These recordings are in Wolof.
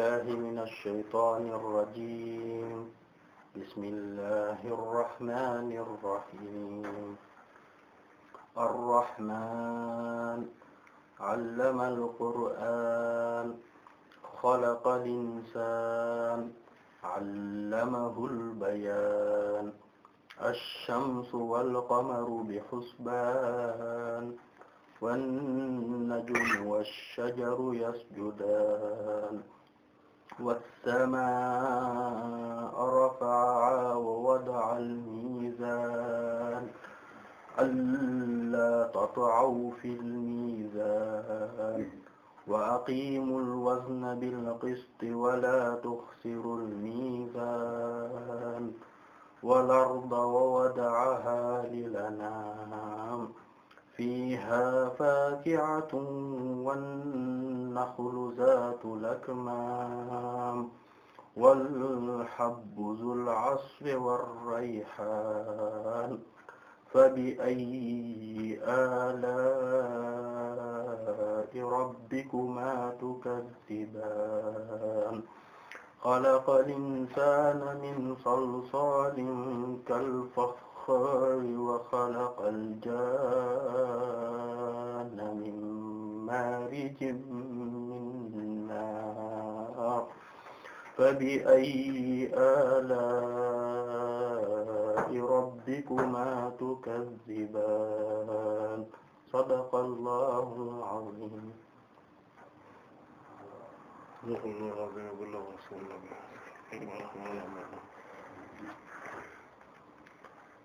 بالله من الشيطان الرجيم بسم الله الرحمن الرحيم الرحمن علم القرآن خلق الإنسان علمه البيان الشمس والقمر بحسبان والنجم والشجر يسجدان والسماء رفعها ووضع الميزان ألا تطغوا في الميزان وأقيموا الوزن بالقسط ولا تخسروا الميزان والأرض ووضعها للأنام فيها فاكهة والنخل ذات الأكمام والحب ذو العصف والريحان فبأي آلاء ربكما تكذبان خلق الإنسان من صلصال كالفخار الأطفال وخلق الجان من مارج من نار فبأي آلاء ربكما تكذبان صدق الله العظيم صدق الله العظيم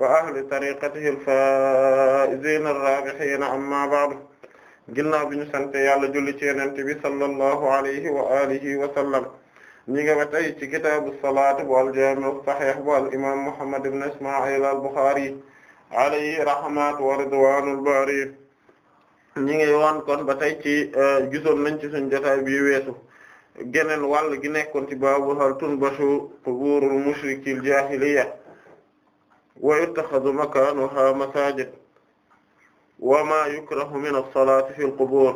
wa ahli tariqatihi al-faa'iziina ar-raabihiina amma ba'du ginnaaw bi ñu sante yàlla julli ci yonent bi sallallahu alayhi wa alihi wa ñi nga ba tey ci kitaabu bu al-jaami' as-sahiih bu al-imaam Muhammad ibn Ismaa'iil al-Bukhaari alayhi rahmatu wa ridwaanul baari ñi ngi woon kon ba tey ci euh, gisoon nañ ci suñu jotaay bi weesu geneen wall gi nekkoon ci baabu hal tunbashu qubuurul mushrikil jaahiliyya wa yuttaxazu makaanuhaa masaajid wa maa yukrahu min as-salaati fil qubuur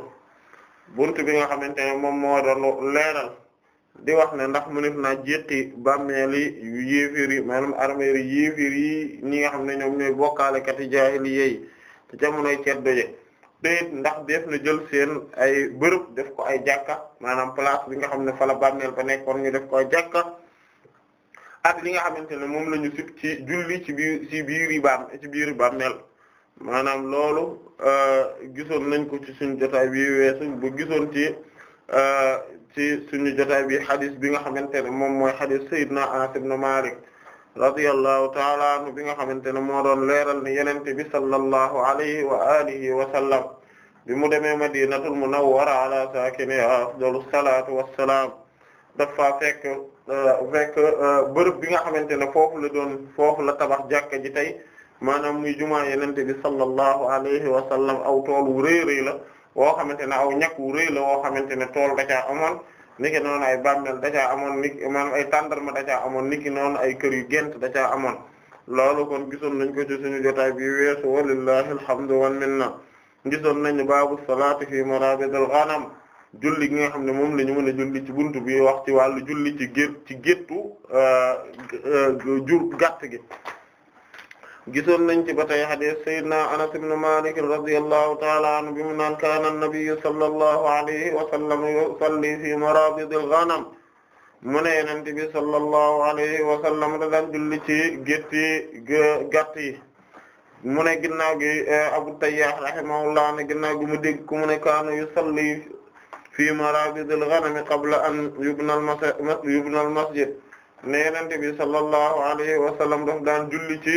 buntu bi nga xamante ne moom moo doon leeral di wax ne ndax mu nef naa jéqi bàmmeeli yéeféer yi maanaam armeeri yéeféer yi ñi nga xam ne ñoom ñooy bokkaalekat yi jaahiliya yi te jamonoy ceddo je te ndax def na jël seen ay bërëb def ko ay jàkka maanaam place bi nga xam ne fala bàmmeel ba nekkoon ñu def ko ay jàkka ak li nga xamante ne moom la ñu ci julli ci biir ci biir yi baam ci biir yi baam maanaam loolu euh, gisoon nañ ko ci suñu jotaay bi weesu ba gisoon ci euh, ci suñu jotaay bi xadis bi nga xamante ne moom mooy xadis Seydina Anas ibn Malik radiyallahu ta'ala anhu bi nga xamante ne moo doon leeral ne yenente bi sallallahu alayhi wa alihi wa sallam bi mu demee Madinatul Munawwara ala saakiniha afdalus salatu wassalam dafa fekk Euh, fekk euh, bërëb bi nga xamante ne foofu la doon foofu la tabax jàkka ji tey maanaam muy jumaa yenente bi sallallahu alayhi wa sallam aw tool wu rëy rëy la woo xamante ne aw ñàkk wu rëy la woo xamante ne tool dacaa amoon niki noonu ay bàmmeel dacaa amoon niki maanaam ay tàndarma dacaa amoon niki noonu ay kër yu gent dacaa amoon loolu kon gisoon nañ ko ci suñu jotaay bi weesu walillahi alhamdu wal minna gisoon nañ baabu salaati fi maraabid al ghanam julli gi nga xam ne moom la ñu mën a julli ci buntu bi wax ci wàllu julli ci gét ci géttu euh, euh, jur gàtt gi gisoon nañ ci ba tey hadith sayyidina Anas ibn Malik radiyallahu ta'ala anhu bi mu naan kaana an sallallahu alayhi wa sallam yusalli fi marabid al-ghanam mu ne yonent bi sallallahu alayhi wa sallam da julli ci gétti gàtt yi mu ne ginnaaw gi euh, Abu Tayyah rahimahullah ne ginnaaw gi mu dégg ku mu ne kaana yusalli fii marabidil ghanami qabla an yubna al yubna al masjid ne Yonent bi sallallahu alayhi wa sallam daf daan julli ci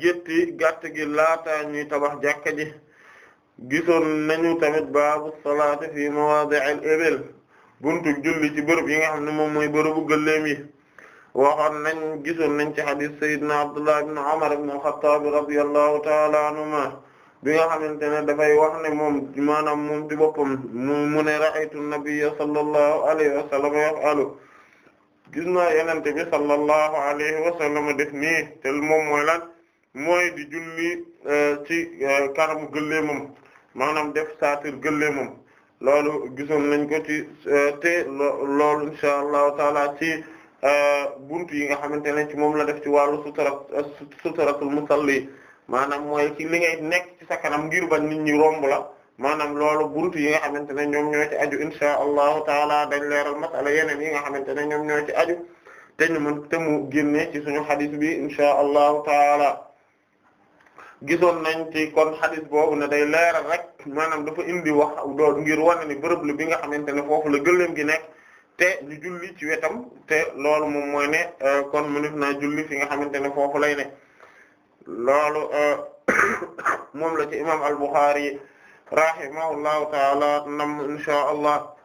gétti gàtt gi laataa ñuy tabax jàkka ji gisoon nañu tamit baabu salaati fi mawaadi'il ibil buntu julli ci bërëb yi nga xam ne moom mooy bërëbu gëléem yi waxoon nañ gisoon nañ ci hadith Sayyidina Abdullah ibn Umar ibn al-Khattab radiyallahu ta'ala anhuma bi nga xamante ne dafay wax ne moom maanaam moom di boppam mu ne ra'aytu nabiyya sallallahu alayhi wa sallam yaf'alu gis naa yonent bi sallallahu alayhi wa def nii te moom mooy lan mooy di julli eh, ci eh, kanamu gëléemam maanaam def saatir gëléemam loolu gisoon nañ ko ci eh, te loolu insha allahu taala ci buntu yi nga xamante ne ci moom la def ci wàllu sutura mu musalli maanaam mooy ci li ngay nekk ci sa kanam ngir ba nit ñi romb la maanaam loolu buntu yi nga xamante ne ñoom ñoo ci aju insha allahu taala dañ leeral masala yeneen yi nga xamante ne ñoom ñoo ci aju te ñu mën te mu génne ci suñu xadis bi insha allahu taala ci kon xadis boobu ne day leeral rek maanaam dafa indi wax doo ngir wane ni bi nga xamante ne foofu la gëléem gi nekk te lu julli ci wetam te loolu moom mooy ne euh, kon mënut naa julli fi nga xamante ne foofu lay ne loolu euh, moom la ci imam al-Bukhari rahimahullahu taala nam inshaa allah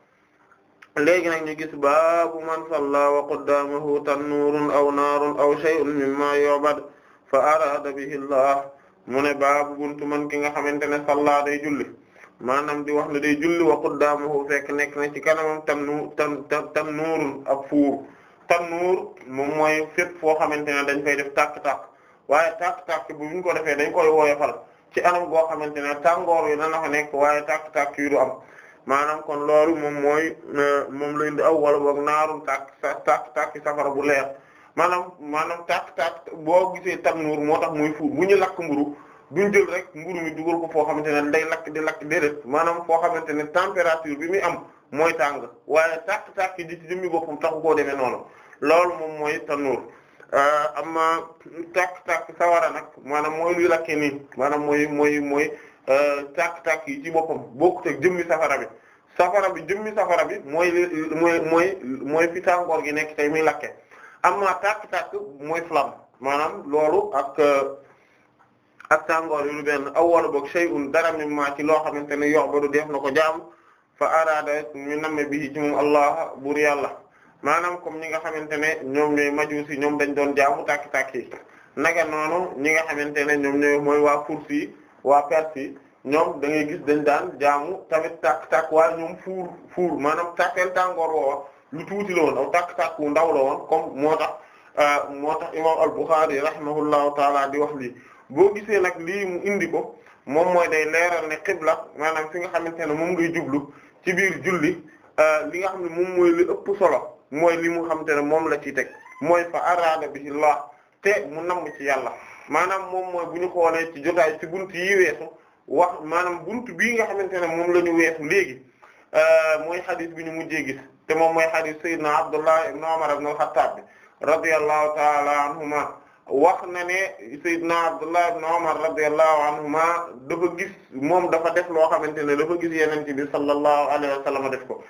léegi gis baabu man salla wa quddaamahu tannuurun aw naarun aw shay'un mimma yu'bad fa araada bihi llah mu ne baabu buntu man ki nga xamante ne salla day julli maanaam di wax ne day julli wa quddaamahu fekk nekk na ci kanamam tannu tan tannuurun ak fuur tannuur moom mooy fépp foo xamante ne dañ fay def tàkk-tàkk waaye tàkk-tàkk bu ñu ko defee dañ koy woyofal ci anam goo xamante ne tàngoor yi dana fa nekk waaye tàkk-tàkk yi du am maanaam kon loolu mooy moom la indi aw wala boog naarul tàkk tàkk safara bu leer maanaam maanaam tàkk boo gisee tannuur moo tax muy fuur bu ñu lakk mburu duñ jël rek mburu mi dugal ko xamante ne day lakk di lakk déedéet maanaam foo xamante ne température bi muy am mooy tàng waaye tàkk-tàkk ji ci jëmmi boppam taxu koo demee noonu loolu moom mooy tannuur Euh, amma tàkk-tàkk sawara nag maanaam mooy luy lakke nii maanaam mooy mooy mooy tàkk-tàkk euh, yi ci boppam bokkut ak jëmmi safara bi safara bi jëmmi safara bi mooy mooy mooy mooy fi tàngoor gi nekk tey muy lakke amma tàkk-tàkk mooy flamme maanaam loolu ak ak tàngoor yi lu benn awwalu boog shay'un dara mimma ci loo xamante ne yox ba du def na ko jaam fa araada ñu namme bi ci moom allah buur yàlla maanaam comme ñi nga xamante ne ñoom ñooy majuusi ñoom dañ doon jaamu tàkki tàkki naga noonu ñi nga xamante ne ñoom ñooy mooy waa Kursi yi waa Perse yi ñoom da gis dañ daan jaamu tamit tàkk tàkk waa ñoom fuur fuur maanaam tàkkeel tàngoor woowa lu tuuti la woon aw tàkk tàkk wu ndaw la woon comme moo tax euh, moo tax imam al-Bukhari rahimahullahu taala di wax lii boo gisee nag lii mu indi ko moom mooy day leeral ne xibla maanaam fi nga xamante ne moom ngay jublu ci biir julli euh, li nga xam ne moom mooy li ëpp solo mooy li mu xam te ne moom la ci teg mooy fa araada bi Allah te mu namm ci yàlla maanaam moom mooy bu ñu xoolee ci jotaay ci bunt yi weesu wax maanaam bunt bii nga xamante ne moom la ñu weesu léegi euh, mooy xadis bi ñu mujjee gis te moom mooy xadis sayyidina Abdullah ibn Umar ibn al-Khattab radiyallahu ta'ala anhuma wax na ne sayyidina Abdullah ibn Umar radiyallahu anhuma dafa gis moom dafa def loo xamante ne dafa gis yenente bi sallallahu alayhi wa sallam def ko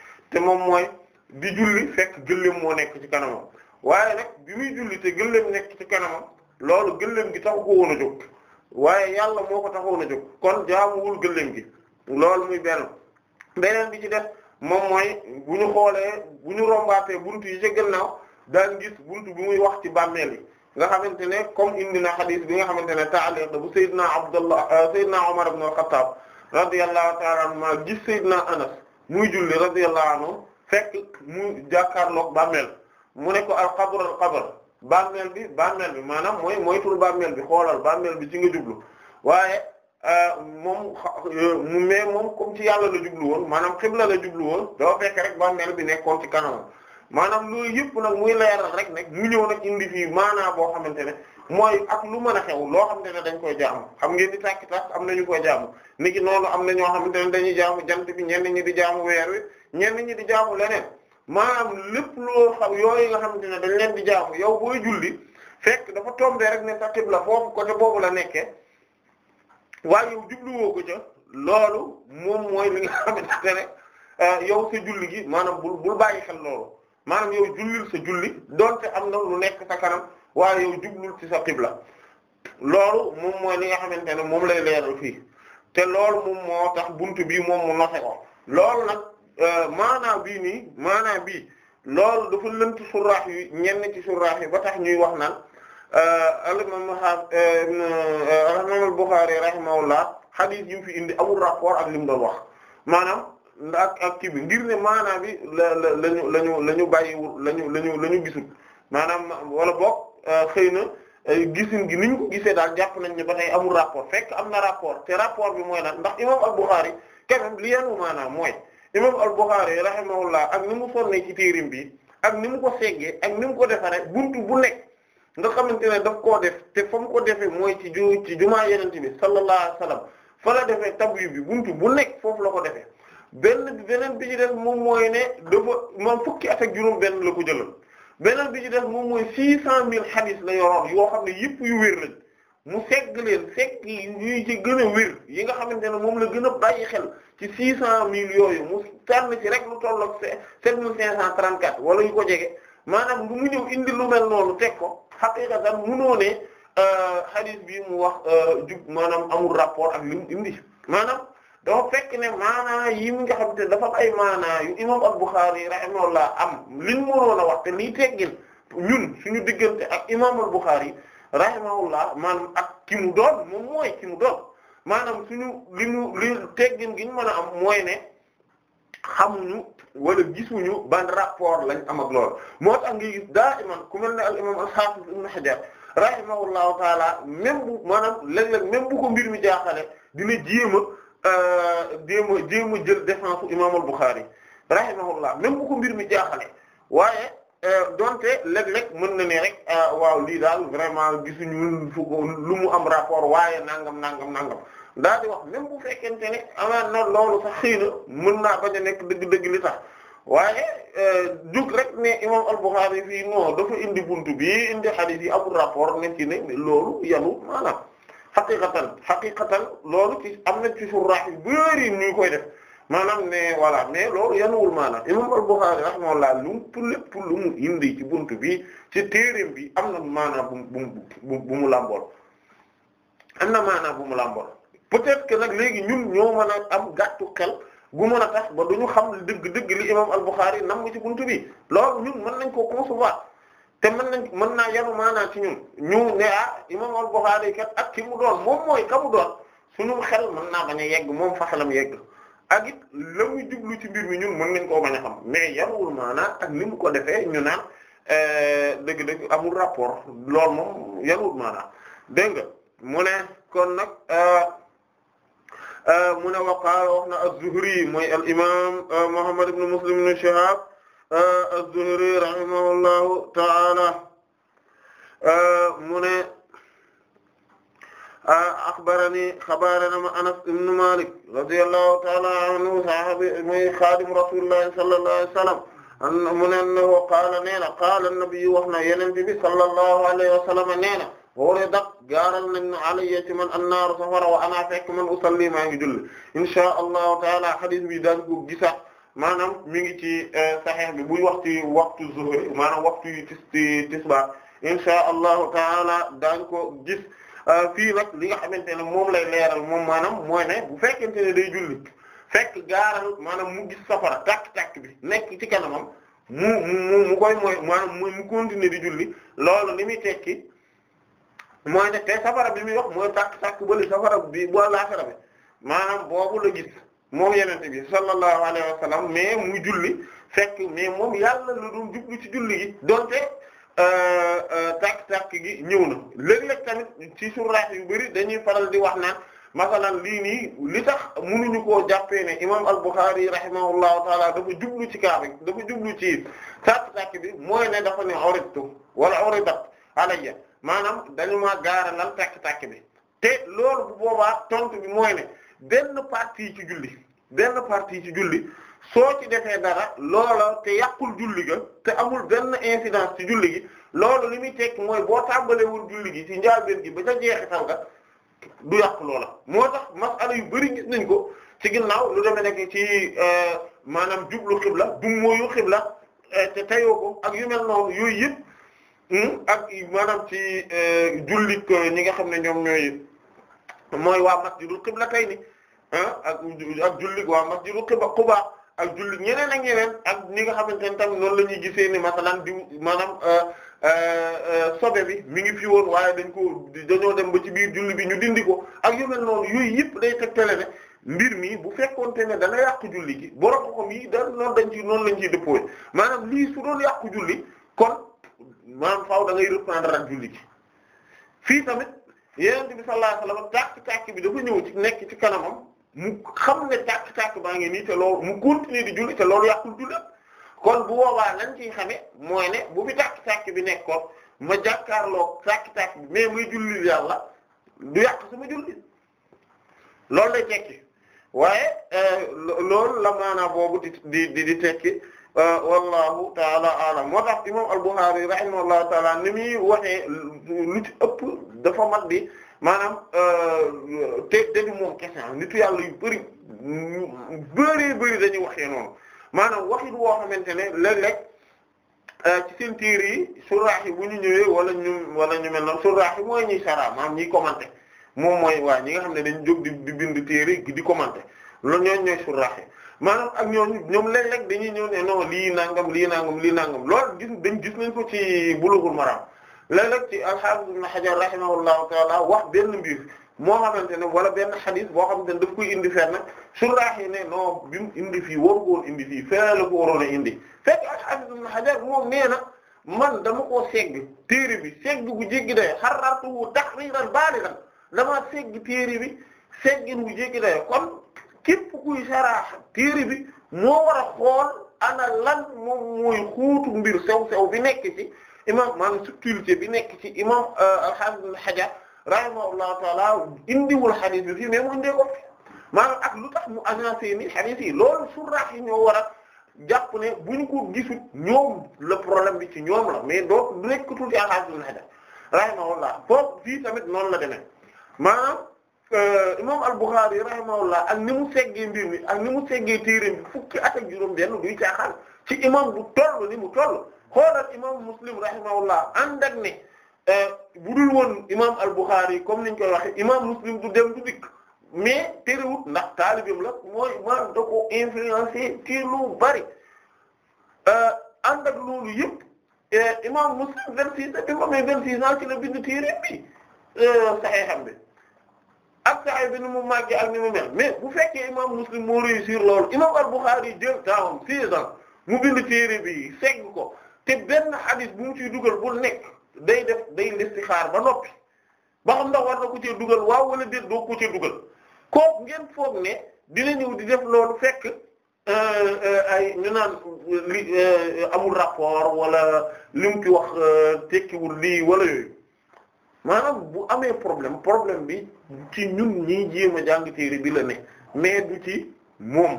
di julli fekk gëléem moo nekk ci kanamam waaye nag bi muy julli te gëléem nekk ci kanamam loolu gëléem gi taxu ko woon a jóg waaye yàlla moo ko taxawoon a jóg kon jaamuwul gëléem gi loolu muy benn beneen bi ci def moom mooy bu ñu xoolee bu ñu rombaatee buntu yi ci gannaaw daa gis buntu bi muy wax ci bàmmeel yi nga xamante ne comme indi na xadiis bi nga xamante ne taaliq bu Seydina Abdullah euh, Seydina Omar ibn al-Khattab radiyallahu ta'ala anhu gis Seydina Anas muy julli radiyallahu anhu fekk mu jàkkaarloog bàmmeel mu ne ko al qabr al qabr bàmmeel bi bàmmeel bi maanaam mooy moytul bàmmeel bi xoolal bàmmeel bi ci nga jublu waaye euh, moom mu euh, mais moom comme ci yàlla la jublu woon maanaam xibla la jublu woon dafa fekk rek bàmmeel bi nekkoon ci kanamam maanaam loolu yëpp nag muy leeral rek nag mu ñëw nag indi fii maanaa boo xamante ne mooy ak lu mën a xew loo xamante ne dañ koy jaamu xam ngeen ni tàkki tàkk am nañu koy jaamu niki noonu am na ñoo xamante ne dañuy jaamu jant bi ñenn ñi di jaamu weer ñenn ñi di jaamu leneen maanaam lépp loo xam yooyu nga xamante ne dañ leen di jaamu yow booy julli fekk dafa tombé rek ne sa xibla foofu côté boobu la nekkee waaye yow jubluwoo ko ca loolu moom mooy li nga xamante ne euh, yow sa julli gi maanaam bul bul bàyyi xel loolu maanaam yow jullil sa donte am na lu nekk sa kanam waaye ci sa xibla loolu moom mooy li nga xamante ne moom lay leeral fii te loolu moom moo tax buntu bii moom mu noxe ko loolu nag. Euh, maanaa bii nii maanaa bi lool dafa lënt surraax yi ñenn ci surraax yi ba tax ñuy wax naan euh, al-imam euh, al-Bukhari rahimahullah hadith yi mu fi indi amul rapport ak li mu doon wax maanaam ak ak kii bi ngir ne maanaa bi la la lañu lañu la ñu bàyyiwul lañu lañu la ñu gisul maanaam wala boog xëy na gisin gi niñ ko gisee daal jàpp nañ ne ba tey amul rapport fekk am na rapport te rapport bi mooy lan ndax imam al-Bukhari quand même maanaam mooy imam al-Bukhari rahimahullah ak ni mu sonnee ci téerim bi ak ni mu ko seggee ak ni mu ko defaree buntu bu nekk nga xamante ne daf koo def te fa mu ko defee mooy ci ju ci jumaa yenente bi sallallahu alayhi wasallam fa la defee tabyu bi buntu bu nekk foofu la ko defee benn bi beneen bi ci def moom mooy ne dafa moom fukki at ak juróom benn la ko jëlal beneen bi ci def moom mooy six cent mille hadith la yoroon yoo xam ne yëpp yu wér lañ mu segg leen segg yi ci gën a wér yi nga xamante ne moom la gën a bàyyi xel ci six cent mille yooyu mu na ci rek lu toll ak sept mille cinq cent trente quatre wala yu ko jege maanaam mu ñëw indi lu mel noonu teg ko xaqiqatan munoo ne euh, hadith bi mu wax euh, jub maanaam amul rapport ak li indi maanaam dafa fekk ne maanaa yi nga xamante ne dafa am ay maanaa yu imam al-Bukhari rahimahullah am liñ mënoon a wax te liy teggin ñun suñu diggante ak imam al-Bukhari rahimahullah maanaam ak ki doon moom mooy ki doon maanaam suñu limu ñu li teggin gi ñu mën a am mooy ne xamuñu wala gisuñu ban rapport lañ am ak loolu moo tax ngi gis daa iman ku mel ne al imam al-Hafiz Ibn Hajar rahimahullahu taala même bu maanaam léeg-léeg même bu ko mbir mi jaaxale dina jéem a euh, jéem a jéem a jël défense u imam al-Bukhari rahimahullah même bu ko mbir mi jaaxale waaye Euh, donte léeg-léeg mën na ne rek euh, waaw lii daal vraiment gisuñu fu lu mu am rapport waaye nangam nangam nangam daal di wax même bu fekkente ne loolu sax xëy mën naa bañ a nekk dëgg-dëgg li tax waaye euh, jug rek ne imam al-Bukhari fii non dafa indi buntu bi indi hadith yi amul rapport ne ci ne loolu yanu maanaam xaqiqatan xaqiqatan loolu ci am na ci surah yu bari koy def maanaam ne voilà mais loolu yanuwul maanaam imam al-Bukhari mu lépp lu mu indi ci bi ci téereem bi am na maanaam bu mu làmbool am na maanaam bu mu làmbool peut-être que nag léegi ñun ñoo mën a am gàttu xel gu mën a tax ba du ñu xam dëgg-dëgg li imam al-Bukhari nam ci buntu bi loolu ñun mën nañ koo concevoir te mën nañ mën naa yanu maanaam ci ñun ñu ne ah imam al-Bukhari kat ak ki mu doon moom mooy ka mu doon suñu xel mën naa bañ a yegg moom fa xelam yegg ak it jublu ci mbir mi ñun mën nañ koo bañ a xam mais yaruwul maanaa ak ko defee ñu naan euh, dëgg-dëgg amul rapport loolu moom yaruwul maanaa dégg nga mu ne kon nag euh, euh, mu ne na az-Zuhri mooy al imam Muhammad ibn Muslim ibn Shihab az-Zuhri rahimahullahu ta'ala mu akhbarani xabarana Anas ibn Malik radiyallahu ta'ala anhu sahabi muy xaadimu rasulillahi sallallahu alayhi wa sallam mu nen wo qaala nee na qaala nabiyyu wax na yonent bi sallallahu alayhi wa sallam nee na woore dak gaaral nañ alayya ci man annaaru safara wa ana fekk man usalli maa ngi julli inshaa allahu taala hadith bi daan ko gisaat maanaam mi ngi ci sahih bi buy waxtu waxtu zuhr maanaam waxtu tis tisbaar inshaa allahu taala daan ko gis Euh, fii nag li nga xamante ne moom lay leeral moom maanaam mooy ne bu fekkente ne day julli fekk gaaral maanaam mu gis safara tàkk-tàkk bi nekk ci kanamam mu mu mu koy mooy maanaam mu continuer di julli loolu li muy tekki mooy te safara bi muy wax mooy tàkk takk bali safara bi bo laafara bi maanaam boobu la gis moom yenente bi sallallahu alayhi wa sallam mais mu julli fekk mais moom yàlla la doon jublu ci julli gi donte tàkk-tàkk euh, euh, gi ñëw na léeg-léeg tamit ci surah yu bari dañuy faral di wax naan masalan lii nii li tax mënuñu ko jàppee ne imam al-Bukhari rahimahullahu taala dafa jublu ci kaaba gi dafa jublu ci tàkk-tàkk bi mooy ne dafa ne uridtu wala uridat alayya maanaam dañu ma gaaralal tàkk-tàkk bi te loolu bu boobaa tontu bi mooy ne benn partie ci julli benn partie ci julli soo ci defee dara loola te yàqul julli ga te amul benn incidence ci julli gi loolu li muy tekk mooy boo tàmbalewul julli gi ci njaalbeen gi ba ca jeexital ga du yàq loola moo tax masala yu bari gis nañ ko ci ginnaaw lu deme nekk ci euh, maanaam jublu xibla du mooyu xibla euh, te tayoo ko ak yu mel noonu yooyu yëpp hmm, ak maanaam ci euh, jullit ñi nga xam ne ñoom ñooy mooy waa masjidul xibla tey ni ak ak jullit waa masjidul xibla Quba ak jullit ñeneen ak ñeneen ak ñi nga xamante ne tamit noonu la ñuy gisee ni masalan diw maanaam euh, euh, euh, sobe bi mu ngi fi woon waaye dañ ko dañoo dem ba ci biir julli bi ñu dindi ko ak yu mel noonu yooyu yëpp day tegtale ne mbir mi bu fekkonte ne dana yàqu julli gi borom xam yi da noonu dañ ci noonu lañ ciy dëppoo maanaam lii su doon yàqu julli kon maanaam faaw da ngay reprendre ak julli gi fii tamit yonent bi sallallahu alayhi wasallam tàkk tàkk bi dafa ñëw nekk ci kanamam. mu xam ne tàkk tàkk baa ngi nii te loolu mu continuer di julli loolu yàqul julli kon bu boobaa lan ciy xame mooy ne bu fi tàkk tàkk bi nekkoon ma jàkkaarloo tàkk tàkk bi mais muy julli yàlla du yàq sama julli loolu lay tekki waaye euh, loolu la maanaam boobu di di di tekki euh, wallahu taala alam moo tax di imam al-Bukhari rahimahullahu taala ni muy waxee lu ci ëpp dafa mat bi maanaam euh, te te du moom kese ah, nitu yàlla yu bëri bëri bëri wax waxee noonu maanaam waxit woo xamante ne léeg-léeg euh, ci seen téere yi surraax yi bu ñu ñëwee wala ñu wala ñu mel noonu surraax yi mooy ñuy saraa maanaam ñiy commenter moom mooy waa ñi nga xam ne dañ jóg di di bind téere di commenter loolu ñooñu ñooy surraax yi maanaam ak ñooñu ñoom léeg-léeg dañuy ñëw ne non lii nangam lii nangam lii nangam loolu gis dañ gis nañ ko ci Bulughul Maram léeg-léeg ci al-Hafiz Ibn Hajar rahimahullahu taala wax benn mbir moo xamante ne wala benn xadis boo xamante ne daf koy indi fenn surraax yi ne indi fii waru ko woon indi fii feneen la ko waroon a indi fekk al-Hafiz Ibn moom nee man dama koo segg téere bi segg bu jéggi day xarartuhu tahriran balighan dama segg téere bi seggin bu jéggi day kon képp kuy saraax téere bi moo war a xool ana lan moom mooy xuutu mbir sew sew bi nekk ci imam maanaam subtilité bi nekk ci imam euh, al-Hafiz Ibn Hajar rahimahullahu taala indiwul xadis bi fii mais mu indee ko maanaam ak lu tax mu agencé ni xadis yi loolu surraax yi ñoo war a bu ñu ko gisul ñoom le problème bi ci ñoom la mais doo du nekkatul ci al-Hafiz Ibn Hajar rahimahullah foofu fii tamit noonu la demee maanaam euh, imam al-Bukhari rahimahullah ak ni mu seggee mbir mi ak ni mu seggee téeréem bi fukki at ak juróom benn duy caaxaan ci imam bu toll xoolal imam muslim rahimahullah ànd ak ne euh, bu dul woon imam al-Bukhari comme niñ ko waxe imam muslim du dem du dikk mais terewut ndax taalibim la mooy maanaam da ko influencé ci lu bari euh, ànd ak loolu yëpp euh, imam muslim vingt-six bi mu amee vingt-six ans ci la bind téere bi saxeexam bi ak saxee bi ni mu màggee ak ni mu mel mais bu fekkee imam muslim moo réussir loolu imam al-Bukhari jël taawam six mu bind téere bi segg ko te benn xadis bu mu ciy dugal bul nekk day def day listixaar ba noppi ba xam ndax war na ko cee dugal waaw wala déet doo ko cee dugal kooku ngeen foog ne dina ñëw di def loolu fekk euh, euh, ay ñu naan li euh, amul rapport wala li mu ci wax tekkiwul lii wala yooyu maanaam bu amee problème problème bi ci ñun ñii jéem a jàng téere bi la ne mais du ci moom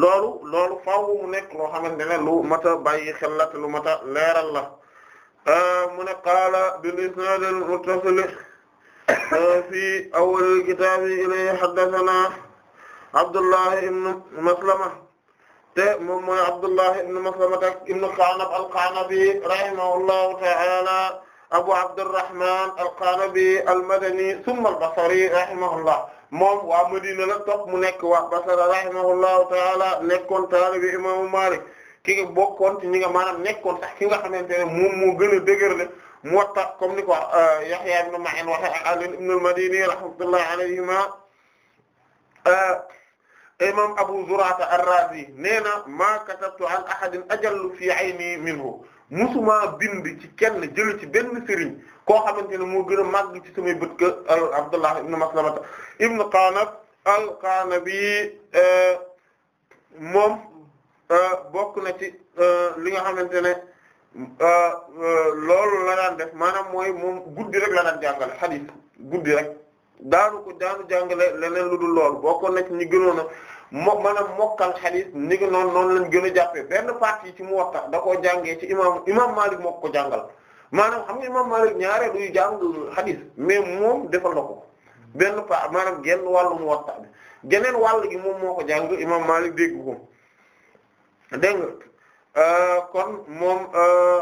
loolu loolu faaw mu nekk loo xamante ne lu mat a bàyyi xel la te lu mat a leeral la euh, mu ne qaala bil isnaad al muttasil euh, fi awwal al kitaab ilayhi haddathanaa Abdullah ibn Maslama te moom mooy Abdullah ibn Maslama ak ibn Qa'nab al-Qa'nabi rahimahullahu ta'ala Abu Abdurrahman al-Qa'nabi al-Madani thumma al-Basri rahimahullah moom waa Madina la topp mu nekk waa Basra rahimahullahu taala nekkoon taalibi imaamu Maalik ki nga bokkoon ci ñi nga maanaam nekkoon sax ki nga xamante ne moom moo gën a dëgër la Muwatta comme ni ko euh, Yahya ibn Ma'in waxe ak Ali ibn al-Madini rahmatullahi alayhima euh, imam Abu Zur'ata ar-Razi nee na ma katabtu an ahadin ajallu fi ayni minhu musuma bind ci kenn jël ci benn sëriñ koo xamante ne moo gën a màgg ci samay bët kër Abdullah ibn Maslamata ibn Qanab al-Qanabi euh, moom euh, bokk na ci euh, li nga xamante ne loolu la daan def maanaam mooy moom guddi rek la daan jàngale hadith guddi rek daanu ko daanu jàngale leneen lu dul loolu bokkoon na ci ñi gënoon mo maanaam mokkal xadis ni ngi noonu noonu lañ gën a jàppe benn partie ci Muwatta da koo jàngee ci imam imam Malik moo ko jàngal maanaam xam nga imam Malik ñaare duy jàng xadis mais moom defal na ko benn pa maanaam genn wàllu Muwatta bi geneen wàll gi moom moo ko jàng imam Malik dégg ko dégg nga euh, kon moom euh,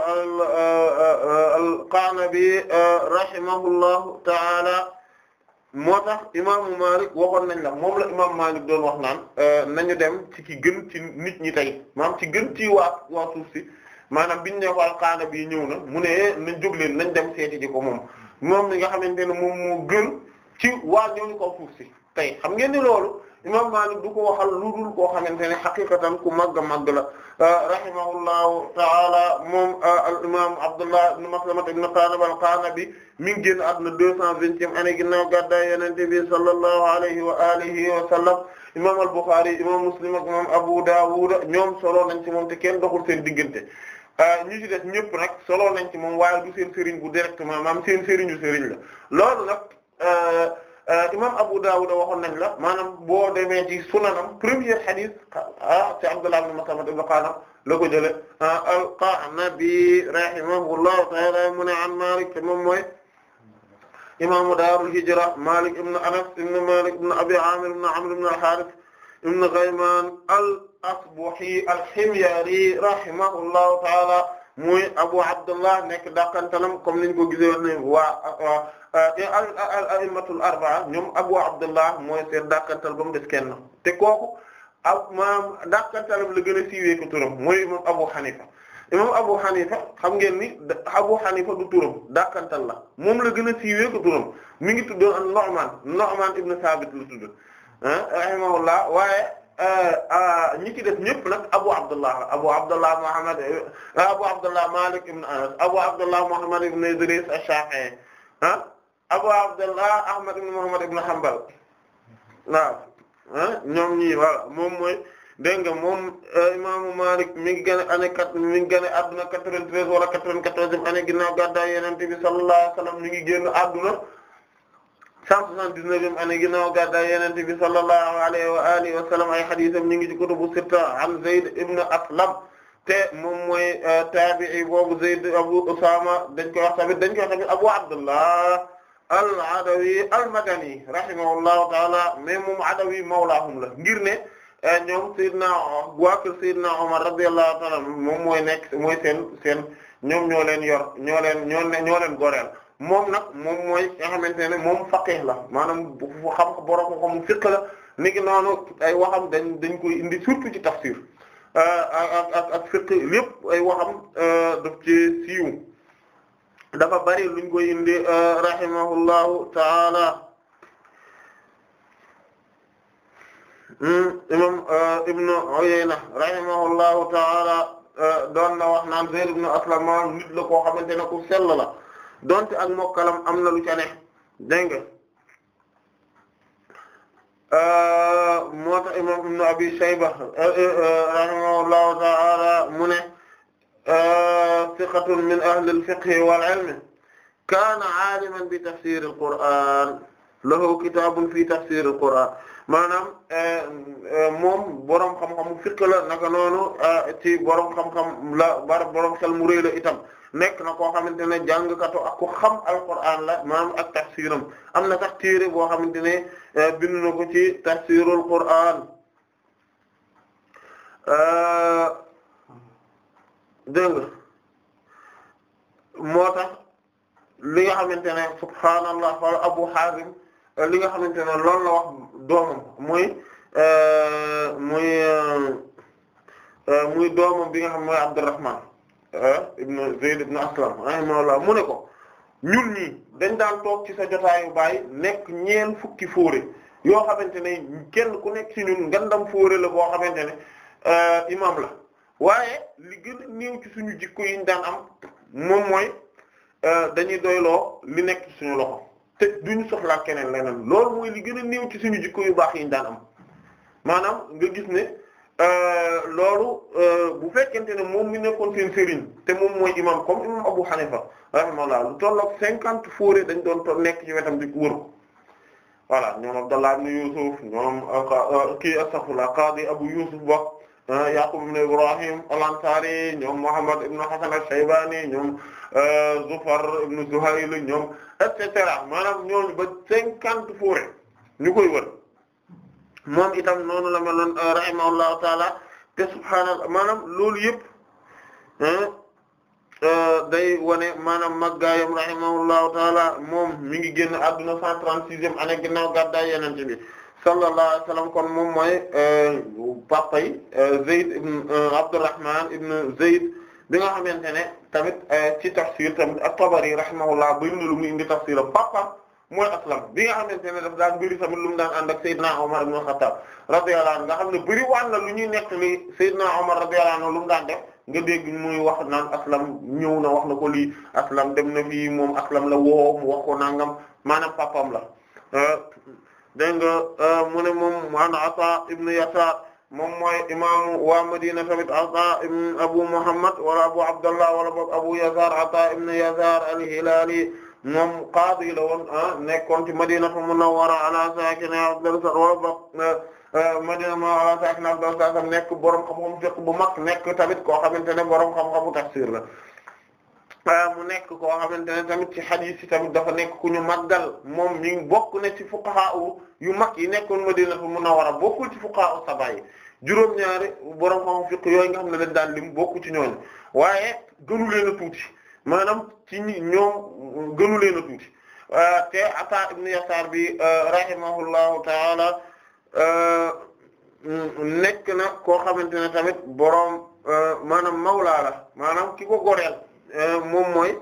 euh, al-Qanabi rahimahullahu ta'ala moo tax imaamu Malik waxoon nañ la moom la imaamu Malik doon wax naan euh, nañu dem ci ki gën ci nit ñi tey maanaam ci gën ci waa waa suuf si maanaam biñ ne wal xaana bii ñëw na mu ne nañ jóg leen nañ dem seeti ji ko moom moom mi nga xamante ne moom moo gën ci waa ñooñu ko suuf si tey xam ngeen ni loolu imam Maalik du ko waxal lu dul koo xamante ne xaqiqatan ku mag a màgg la ah, rahimahullahu ta'ala moom ah, al imam Abdullah ibn Maslama ibn Qanab al-Qanabi mi ngi génn àdduna deux cent vingtième année ginnaaw gàddaay Yonent bi sallallahu alayhi wa alihi wa sallam imam al-Bukhari imam Muslim ak imam Abu Dawud ñoom solo nañ ci moom te kenn doxul seen diggante ah, ñi ci def ñëpp nag solo nañ ci moom waaye du seen sëriñ bu directement maam sen sëriñu sëriñ la loolu nag Euh, imam Abu Dawud waxoon nañ la maanaam boo demee ci sunanam premier hadith ah ci Abdullah ibn Maslama ibn Qa'nab la ko jëlee ah, al-Qa'nabi rahimahullahu ta'ala mu ne an Malik te moom mooy imaamu daarul hijra Malik ibn Anas ibn Malik ibn Abi Amir ibn Amr ibn al-Harith ibn Ghayman al-Asbahi al-Himyari rahimahullahu ta'ala muy Abu Abdullah nekk dàqantalam comme niñ ko gisee woon ne waa. Euh, al-a'immatul arba'a ñoom Abu Abdullah mooy seen dàqantal ba mu des kenn te kooku ak maam dàqantalam la gën a siiwee ko turam mooy imam Abu Hanifa imam Abu Hanifa xam ngeen ni Abu Hanifa du turam dàqantal la moom la gën a siiwee ko turam mi ngi tuddoon ak Nu'man ibn Sabit la tudd rahimahullah waaye euh, euh, ñi ci def ñëpp nag Abu Abdullah Abu Abdullah Muhammad Abu Abdullah Malik ibn Abu Abdullah Muhammad ibn Idris ash-Shafi'i ah Abu Abdullah Ahmad ibn Muhammad ibn Hanbal waaw ah, ñoom ñii voilà moom mooy dégg nga moom euh, imaamu Malik mi ngi gën a année quatre mi ngi a adduna quatre-vingt-treize wala quatre-vingt-quatorzième année ginnaaw gàddaay Yonent bi sallallahu alayhi wa sallam mi ngi cent soixante-dix-neuvième année ginnaaw gàddaay Yonent bi sallallahu alayhi wa alihi wa ay hadiisam ñu ngi ci kutubu sitta an Zayd ibn Aslam te moom mooy euh, taabi'i boobu Zayd Abu Usaama dañ koy wax dañ koy wax Abu Abdullah al-Adawi al-Madani rahimahullahu taala mais moom Adawi mawlaahum la ngir ne eh, ñoom Seydina waa kër Seydina Omar radiyallahu taala anhu moom mooy nekk mooy seen seen ñoom ñoo leen yor ñoo leen ñoo ñoo leen goreel moom nag moom mooy nga xamante ne moom faqih la maanaam xam borom xam fiqh la ni ki ay waxam dañ dañ koy indi surtout ci tafsir eh, ak ak ak fiqh lépp ay waxam eh, daf ci siiw. dafa bari luñ koy indi euh, rahimahullahu taala hmm, imam euh, ibnu euh, wax naan ibn Aslam maanaam nit la koo xamante ne ku sell la donte ak mokkalam am na lu ca ne dégg nga imam ibnu Abi Shayba rahimahullahu taala mu ne thiqatun min ahli al-fiqhi wal-ilmi kaana aaliman bi tafsir al-Qur'an lahu kitaabun fi tafsir al-Qur'an maanaam moom borom xam-xamu fiqh la naka noonu ci borom xam-xam la bar borom xel mu rëy la itam nekk na koo xamante ne jàngkatu ak ku xam Alqur'an la maanaam ak tafsiram am na sax téere boo xamante ne bind na ko ci tafsirul Qur'an. dégg moo tax li nga xamante ne subhaanallah wala Abu Hazim li nga xamante ne loolu la wax doomam muy euh, muy euh, muy doomam bi nga xam mooy Abdurrahman euh, ibn Zayd ibn Aslam mu ne ko ñun ñii dañ daan toog ci sa jotaayu baay nekk ñeen fukki fóore yoo xamante ne kenn ku nekk ci ñun ngandam fóore la boo xamante ne imam la waaye li gën a ci suñu jikko yi ñu daan am moom mooy euh, dañuy doyloo li nekk ci suñu loxo te duñu soxlaa keneen leneen loolu mooy li gën a néew ci suñu jikko yu baax yiñ daan am maanaam nga gis ne euh, loolu euh, bu fekkente ne moom mi nekkoon seen sëriñ te moom mooy imam comme imam Abu Hanifa rahimahullah lu tolloog cinquante fooree dañ doon to nekk ci wetam di wër ko voilà ñoom Abdallah ibn Yusuf ñoom kii astaghfirullah qadi Abu Yusuf ba Ah, Yaqub ibn Ibrahim al-Ansari ñoom Muhammad ibn Hasan al-Shaybani ñoom ah, Zufar ibn Zuhayl ñoom et cetera maanaam ñooñu ba cinquante ñu koy wër moom itam noonu la meloon ah, rahimahullahu taala te subhaanallah maanaam loolu yëpp day wane maanaam maggaayam rahimahullahu taala moom mi ngi génn adduna cent trente-sixième année ginnaaw gàddaay Yonent sallallahu alayhi wa sallam kon moom mooy euh, papay euh, Zayd ibn euh, Abdurrahman ibn Zayd bi nga xamante ne tamit ci tafsir tamit at-Tabari rahimahullah bëri na lu mu indi tafsir am papa mooy Aslam bi nga xamante ne daf daan bëri tamit lu mu daan ànd ak Seydina Omar ibn Khattab radiyallahu anhu nga xam ne bëri waan na lu ñuy nekk li Seydina Omar radiyallahu anhu lu mu daan def nga dégg muy wax naan Aslam ñëw na wax na ko lii Aslam dem na fii moom Aslam la woo mu wax ko nangam maanaam papam la. dégg nga euh, mu ne moom an Ata ibn Yasar moom mooy imaamu waa Madina tamit Ata ibn Abu Muhammad wala Abu Abdallah wala boog Abu Yasar Ata ibn Yasar al-Hilali moom qaadi la woon ah nekkoon ci Madinatu Munawwara ala saakinihaa afdalu salaatu wa salaam euh, Madina ma ala saakinihaa afdalu salaatu wa salaam nekk borom xam-xam fiqh bu mag nekk tamit koo xamante ne borom xam-xamu tafsir la. mu nekk ko xamante ne tamit ci hadith yi tamit dafa nekk ku ñu dal moom mi bokk na ci fuqaha yu mag yi nekkoon Madinatu Munawwara bokkul ci fuqaha saba yi juróom-ñaari borom yooyu nga xam ne dañ daan lim bokku ci ñooñu waaye gënu leen a maanaam ci ñoom gënu leen a tuuti ah, te Ata ibn Yasar bi ah, rahimahullahu taala ah, nekk na koo xamante ne tamit borom maanaam mawlaa la maanaam ki ko goreel Euh, moom mooy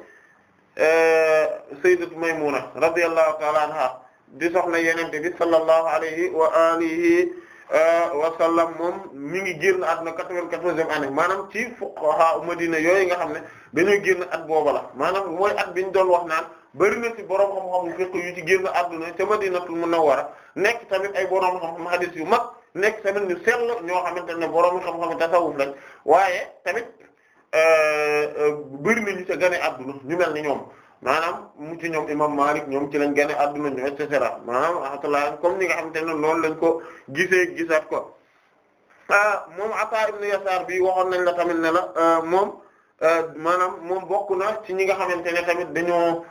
euh, sayyidatu Maymuna radiyallahu ta'ala anha di soxna Yonent bi sallallahu alayhi wa alihi euh, wa sallam moom mi ngi génn àdduna quatre-vingt-quatorzième année maanaam ci fuqaha Madina yooyu nga xam ne dañoo génn at booba la maanaam mooy at biñ doon wax naan bëri na ci borom xam-xam fiqh yu ci génn àdduna ca Madinatul Munawwara nekk tamit ay borom xam-xam hadith yu mag nekk tamit ñu sell ñoo xamante ne borom xam-xam tasawuf lañ waaye tamit. Euh, euh, bëri na ñu ca gane adduna ñu mel ni ñoom maanaam mu ci ñoom imam Malik ñoom ci lañ gane adduna ñoom et cetera maanaam ahmatullah comme ni nga xamante ne loolu lañ ko gisee gisaat ko euh, moom Ataa ibn waxoon nañ la tamit ne la moom maanaam moom bokk na ci ñi nga xamante ne tamit dañoo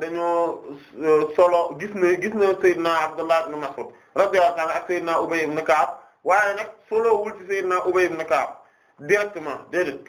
dañoo solo gis na gis na Seydina Abdullah ibn Mas'ud radiyallahu ta'ala ak Seydina Ubay ibn Ka'b waaye nag solowul ci Seydina Ubay ibn Ka'b directement déedéet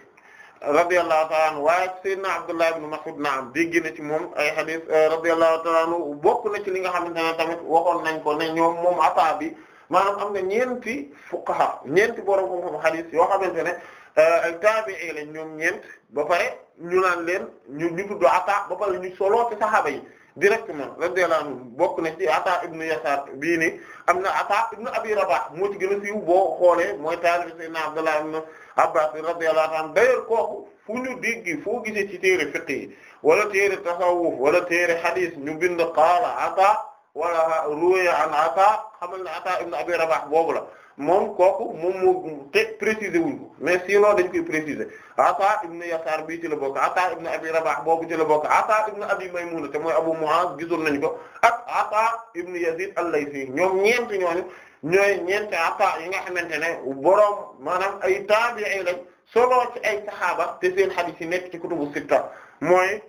radiyallahu ta'ala anhu waaye sayyidina Abdullah ibn Mas'ud naam dégg na ci moom ay hadith euh, radiyallahu ta'ala anhu bokk na ci li nga xamante ne tamit waxoon nañ ko ne ñoom moom ataa bi maanaam am na ñeenti fuqaha ñeenti borom xam-xam hadith yoo xamante ne euh, ay taabi'i lañ ñoom ñeent ba pare ñu naan leen ñu ñu tudd ataa ba pare ñu solo ci saxaaba yi. directement radiyallahu anhu bokk na ci Ata ibn Yasar bii ni am na Ata ibn Abi Rabah moo ci gën a siiw boo xoolee mooy taalibi sayyidina Abdullah ibn Abbas radiyallahu anhu d'ailleurs kooku fu ñu dégg foo gisee ci téere fiqh yi wala téere tasawuf wala téere hadis ñu bind qaala Ata wala ruya an Ata xamal ne Ata ibn Abi Rabah boobu la moom kooku moom moo te préciser wuñ ko mais sinon dañ koy préciser Ata ibn Yasar bii ci la bokk Ata ibn Abi Rabah boobu ci la bokk Ata ibn Abi Maymuna te mooy Abu Muaz gisoon nañ ko ak Ata ibn Yazid al-Laythi ñoom ñeent ñooñu ñooy ñeent Ata yi nga xamante ne boroom maanaam ay taabi'i lañ solo ci ay saxaaba te seen xadiis yi nekk ci kutubu sitta mooy.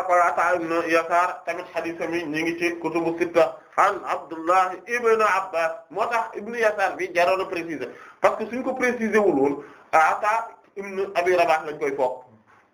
Qatada ibn Yasaar tamit xadisam yi ñu ngi ci kutubu sitta an Abdullah ibn Abbas moo tax ibn Yasaar bi jaroon a préciser parce que suñ ko préciser wul woon Ata ibn Abi Rabah lañ koy foog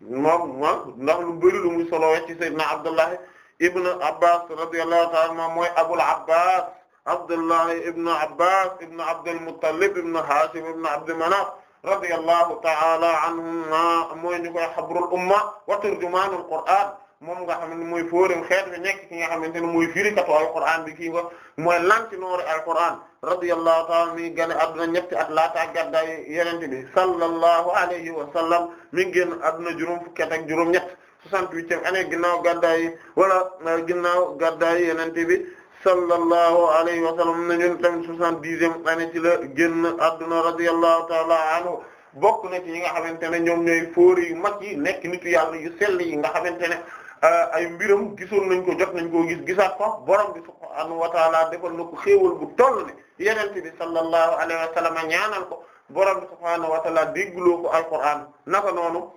moom moom ndax lu bari lu muy solo ci Sayyidina Abdullah ibn Abbas radiyallahu ta'ala anhuma mooy Abul Abbas Abdullah ibn Abbas ibn Abdul Muttalib ibn Hashim ibn Abd Manaf radiyallahu ta'ala anhuma mooy ñu koy habrul umma wa turjumanul Qur'an moom nga xamante ne mooy fóorim xeet bi nekk ki nga xamante ne mooy firikatu alquran bi kii nga mooy lantinoori alquran radiyallahu ta'ala mi gane adduna ñetti at laataa gaddaay yenente bi sallallahu alayhi wa sallam mi ngi génn adduna juróom fukki at ak juróom ñett soixante-huitième année ginnaaw gaddaay wala euh, ginnaaw gaddaay yenente bi sallallahu alayhi wa sallam na ñun tamit soixante-dixième année ci la génn adduna radiyallahu ta'ala anhu bokk na ci ñi nga xamante ne ñoom ñooy fóori yu mag yi nekk nitu yàlla yu sell yi nga xamante ne Euh, ay mbiram gisoon nañ ko jot nañ ko gis gisaat ko borom bi subhaanahu wa taala defal na ko xéewal bu toll ni yenente bi sallallahu alayhi wa a ñaanal ko borom bi subhaanahu wa taala déggloo ko alquran naka noonu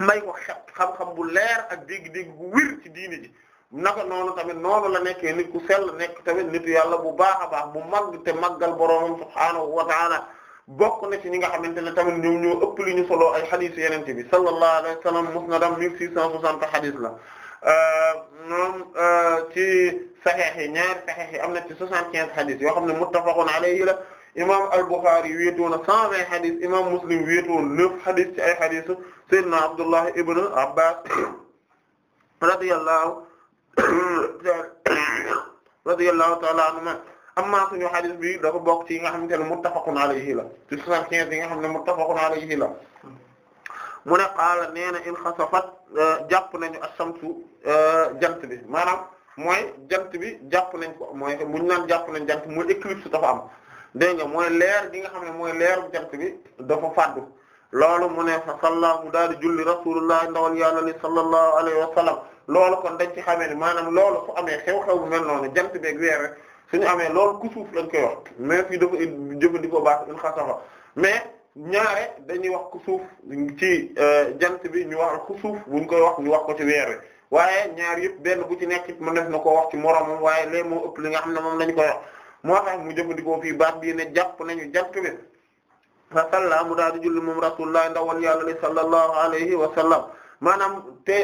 may ko xam-xam bu leer ak dégg-dégg bu wir ci diini ji naka noonu tamit noonu la nekkee nit ku sell nekk tamit nitu yàlla bu baax a baax bu màgg te màggal borom subhaanahu wa bokk na ci ñi nga xamante ne tamit ñoom ñoo ëpp li ñu solo ay xadis yenente bi sallallahu alayhi wa sallam musnadam mille six cent soixante xadis la euh, moom euh, ci saxeex yi ñaari yi am na ci soixante-quinze xadis yoo xam ne muttafaqun alayhi la imam al-Bukhari wéetoo na cent vingt xadis imam Muslim wéetoo neuf xadis ci ay xadisu Seydina Abdullah ibn Abbas radiyallahu radiyallahu ta'ala anhuma amma suñu hadith bi dafa bokk ci yi nga xamante ne muttafaqun alayhi la ci soixante xam ne muttafaqun alayhi la mu ne qaala nee na in xasafat euh, jàpp nañu asamsu euh, jant bi maanaam mooy jant bi jàpp nañ ko mooy buñ naan jàpp nañ jant mooy éclipse dafa am dégg nga mooy leer gi nga xam ne mooy leeru jant bi dafa fàddu loolu mu ne fa sallahu daal di julli rasulullah ndawal yàlla li sallallahu alayhi wa loolu kon dañ ci xamee ni maanaam loolu fu amee xew-xew bu mel noonu jant beeg su ñu amee loolu ku lañ koy wax mais fii dafa jëfandikoo baat in xasafa mais ñaare dañuy wax ku suuf ci euh, jant bi ñu wax ku suuf buñ koy wax ñu wax ko ci weer wi waaye ñaar yëpp benn bu ci nekk mën def na ko wax ci moromam waaye lee moo ëpp li nga xam ne moom lañ koy wax moo tax mu jëfandikoo fii baat bii ne jàpp nañu jant bi fa salla mu daal di julli moom rasulullah ndawal yàlla li sallallahu alayhi wa sallam maanaam te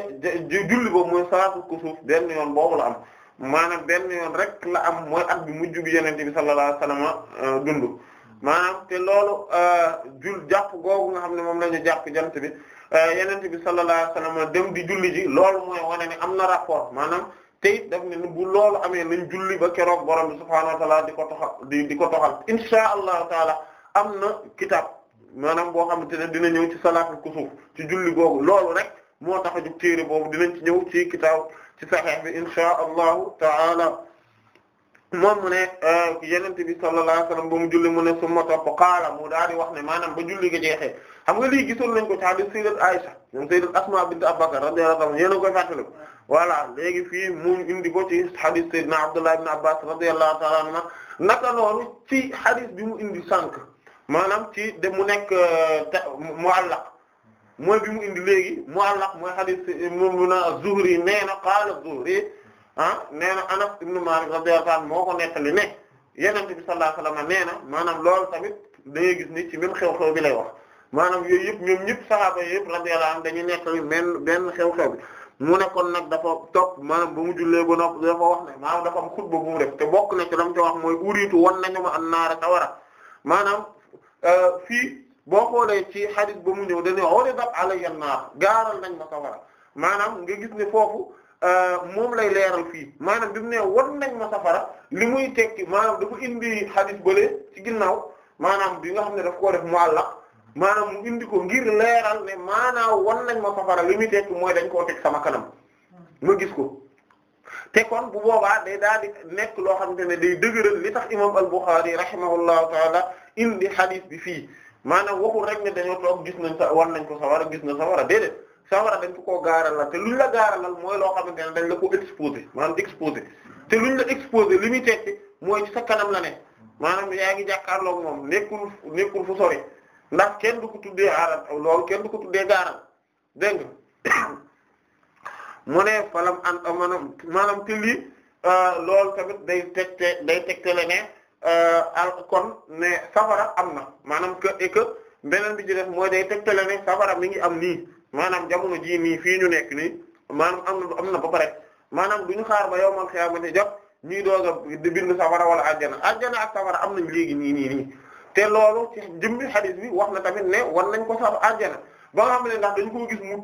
julli boobu mooy salaatu kusuuf benn yoon boobu la am maanaam benn yoon rek la am mooy at bi mujj bi yenente bi sallallahu alayhi wasallam euh, dund maanaam te loolu euh, jul jàpp googu nga xam ne moom la ñu jàpp jant bi euh, yenente bi sallallahu alayhi wasallam dem di julli ji loolu mooy wane ne am na rapport maanaam te it daf ne bu loolu amee nañ julli ba keroog borom bi subhaanahu wa di ko toxal di di ko insha allahu taala am na kitab maanaam boo xamante ne dina ñëw ci salaatul kusuuf ci julli googu loolu rek moo tax a jug téere boobu dinañ ci ñëw ci kitaab ci Sahih bi insha allahu taala moom mu ne euh, Yonent bi sallallahu alayhi wasallam ba mu julli mu ne summa topp qaala mu daal di wax ne maanaam ba julli ga jeexee xam nga lii gisoon nañ ko ci hadith sayyidat Aisha ñoom Asma bint Abu Bakr radiyallahu anha yéen a koy fàttali ko voilà léegi fii mu indi ko ci hadith sayyidina Abdullah ibn Abbas radiyallahu ta'ala anhuma naka noonu ci hadith bi mu indi sànq maanaam ci de mu nekk euh, mu'allaq mooy bi mu indi léegi mu'allaq mooy hadith imam az-Zuhri nee na qaala az-Zuhri ah nee na Anas ibn Malik radiyallahu anhu moo ko nettali ne Yonent bi sallallahu alayhi wasallam nee na maanaam loolu tamit dañuy gis ni ci même xew-xew bi lay wax maanaam yooyu yëpp ñoom ñëpp sahaaba yëpp radiyallahu anhum dañuy nettali benn benn xew-xew bi mu nekkoon nag dafa topp maanaam ba mu jullee ba nopp dafa wax ne maanaam dafa am xutba bu mu def te bokk na ci lam ci wax mooy uriitu wan nañu ma an naara tawara maanaam euh, fii boo xoolee ci xadis ba mu ñëw dañuy uridat alayya naar gaaral nañ ma safara maanaam nga gis ne foofu euh, moom lay leeral fii maanaam bi mu ne won nañ ma safara li muy tekki maanaam dafa indi xadis ginnaaw maanaam bi nga xam ne daf koo def maanaam mu ko ngir leeral ne maanaam won nañ ma safara li muy mooy dañ koo teg sama kanam mu gis ko te kon bu boobaa day daal di nekk loo xam xamante ne day dëgëral li tax imam al-Bukhari rahimahullahu taala indi xadis bi fii maanaam waxul rek ne dañoo toog gis nañ sa war nañ ko war a gis na sawara déedéet sawara dañ ko koo gaaralal te luñ la gaaralal mooy loo xamante ne dañ la ko exposé maanaam exposé te luñ la exposé li muy tekki mooy ci sa kanam la ne maanaam yaa ngi jàkkaarloog moom nekkul nekkul fu sori ndax kenn du ko tuddee aaral loolu kenn du tuddee gaaral dégg nga ne falam an maanaam maanaam te lii euh, loolu tamit day tegte day tegtale ne. Euh, kon ne safara am na maanaam que et que beneen bi ci def mooy day tegtale na safara mi ngi am nii maanaam jamono jii nii fii ñu nekk nii maanaam am na am na ba pare maanaam du ñu xaar ba yow man xiyamate jot ñuy doog a bind safara wala ajjana ajjana a safara am nañ léegi nii nii nii te loolu ci jëmmi hadith bi wax na tamit ne war nañ ko saf ajjana ba nga xam ne ndax dañu ko gis mu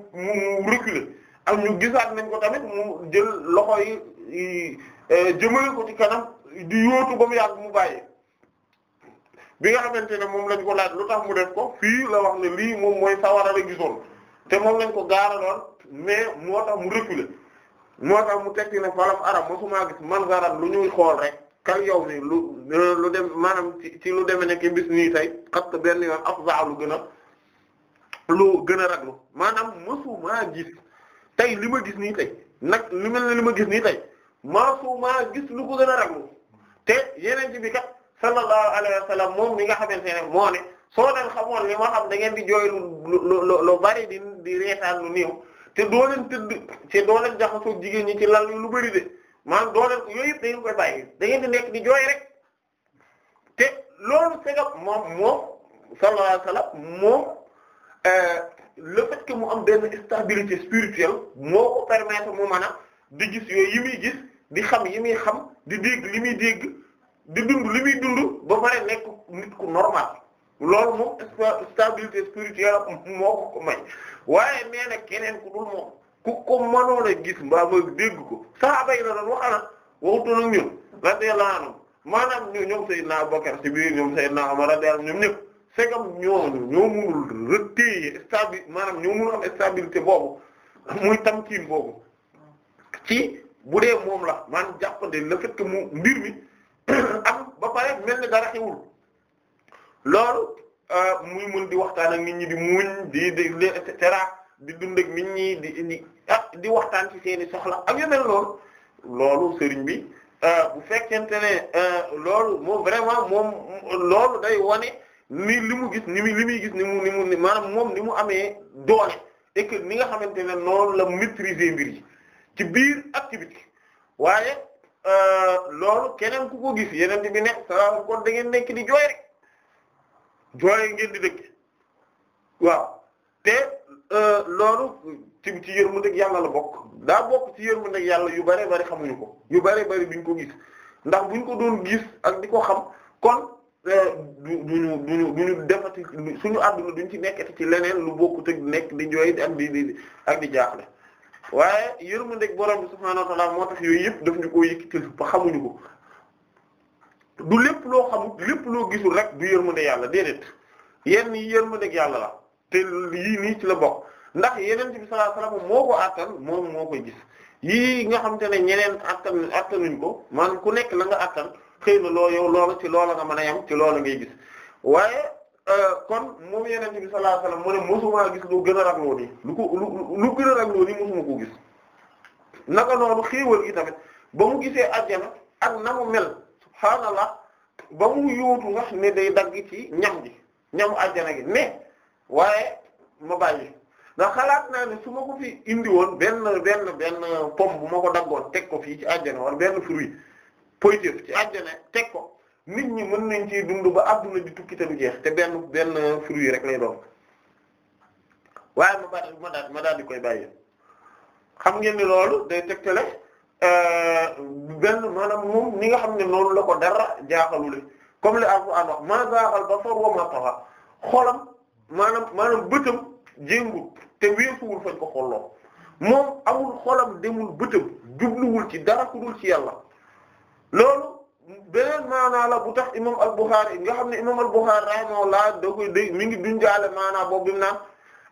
mu reculer am ñu gisaat nañ ko tamit mu jël loxo yi euh, jëmale ko ci kanam di yóotu ba mu yàgg mu bàyyi bi nga xamante ne moom lañ ko laaj lu tax mu def ko fii la wax ne lii moom mooy sawara la gisoon te moom lañ ko gaaraloon mais moo tax mu reculer moo tax mu tekki ne falam arab masumaa gis manzaran lu ñuy xool rek kal yow ni lu lu dem maanaam ci ci lu demee nekk bis nii tey xat benn yoon afza lu gën a lu gën a raglu maanaam masumaa gis tey li ma gis nii tey nag li mel li ma gis nii tey masumaa gis lu ko gën a raglu te yeneen bi kat sallallahu alayhi wa sallam moom mi nga xamante ne moo soo leen xamoon li ma xam da ngeen di jooy lu lu lu lu di di reetaan te doo leen tëdd te doo leen jigéen ñi ci lal lu bari de maanaam doo leen yooyu yëpp da ngeen koy bàyyi da ngeen di nekk di jooy rek te loolu segam moom moom sallallahu alayhi moom euh, le fait mu am benn stabilité spirituelle moo ko permettre mu mën di gis yooyu yi gis. di xam yi muy xam di dégg li muy dégg di dund li muy dund ba pare nekk nit ku normal loolu moom stabilité spirituelle moo ko ko may waaye nee na keneen ku dul moom ku ko mënoon a gis mbaa ma dégg ko sahaaba yi la doon waxana waxutoon ak ñun radiyallahu anhum maanaam ñu ñoom Seydina Abubakar ci biir ñoom Seydina Umar a anhum ñoom ñëpp segam ñooñu ñoo munul retéye stabi maanaam ñoo munul am stabilité boobu muy tamkiin boobu ci bu dee moom la maanaam jàppande le fait que mu mbir mi am ba pare mel ni dara xewul loolu euh, muy mun di waxtaan ak nit ñi di mu di di di dund ak nit ñi di di ah di waxtaan ci seeni soxla ak yu mel loolu loolu sëriñ bi euh, bu fekkente ne euh, loolu moom vraiment moom loolu day wane ni li mu gis ni mu li muy gis ni mu ni mu maanaam moom ni mu amee doole et que ni nga xamante ne noonu la maîtriser mbir yi ci biir ak ci biti waaye euh, loolu keneen ku ko gis yeneen bi ne salaam kon da ngeen nekk di jooy rek jooy ngeen di dëkk waaw te euh, loolu ci ci yërmandeeg yàlla la bokk daa bokk ci yërmandeeg yàlla yu bare bari xamuñu ko yu bare bari duñ ko gis ndax buñ ko doon gis ak di ko xam kon euh, du duñu duñu duñu defati suñu àdduna duñ ci nekkati ci leneen lu bokkut ak nekk di jooy ak di di ak di jaaxle waaye yërmandeeg borom bi subhaanahu wa ta'aala moo tax yooyu yëpp daf ñu koo yëkkitil ba xamuñu ko du lépp loo xamut lépp loo gisul rek du yërmande yàlla déedéet yenn yi yërmandeeg yàlla la te yi nii ci la bokk ndax yeneen bi sallallahu alayhi wasallam moo ko àttan moom moo koy gis yii nga xam xamante ne ñeneen àttan àttanuñ ko man ku nekk la nga àttan xëy na loo yow loola ci loola nga mën a yam ci loola ngay gis waaye Euh, kon moom yeneen bi sallallahu alayhi wasallam mu ne mosuma gis lu gën a ragloo nii lu ko lu lu gën a ragloo nii mosuma ko gis naka noonu xéewal gi tamit ba mu gisee àjjana ak na mu mel subhaanallah ba mu yóotu nga ne day dagg ci ñam gi ñamu àjjana gi mais waaye ma bàyyi ndax xalaat naa ne su ma ko fi indi woon benn benn benn pomme bu ma ko daggoon teg ko fii ci àjjana wala benn fruit positif ci àjjana teg ko nit ñi mën nañ ci dund ba àdduna di tukki te du jeex te benn benn rek lay doon waaye ma bàyyi ma daal ma daal di koy bàyyi xam ngeen ni loolu day tegtale euh, benn maanaam moom ni nga xam ne noonu la ko dara jaaxalule comme li Alxuraan wax ma zaaxal basar wa ma taxa xolam maanaam maanaam bëtam ko xolloo moom amul xolam demul bëtam jubluwul ci dara ku ci yàlla loolu beneen maanaa la bu tax imam al-Bukhari nga xam ne imam al-Bukhari rahimahullah da koy dégg mi ngi duñ jaale maanaa boobu bi mu naan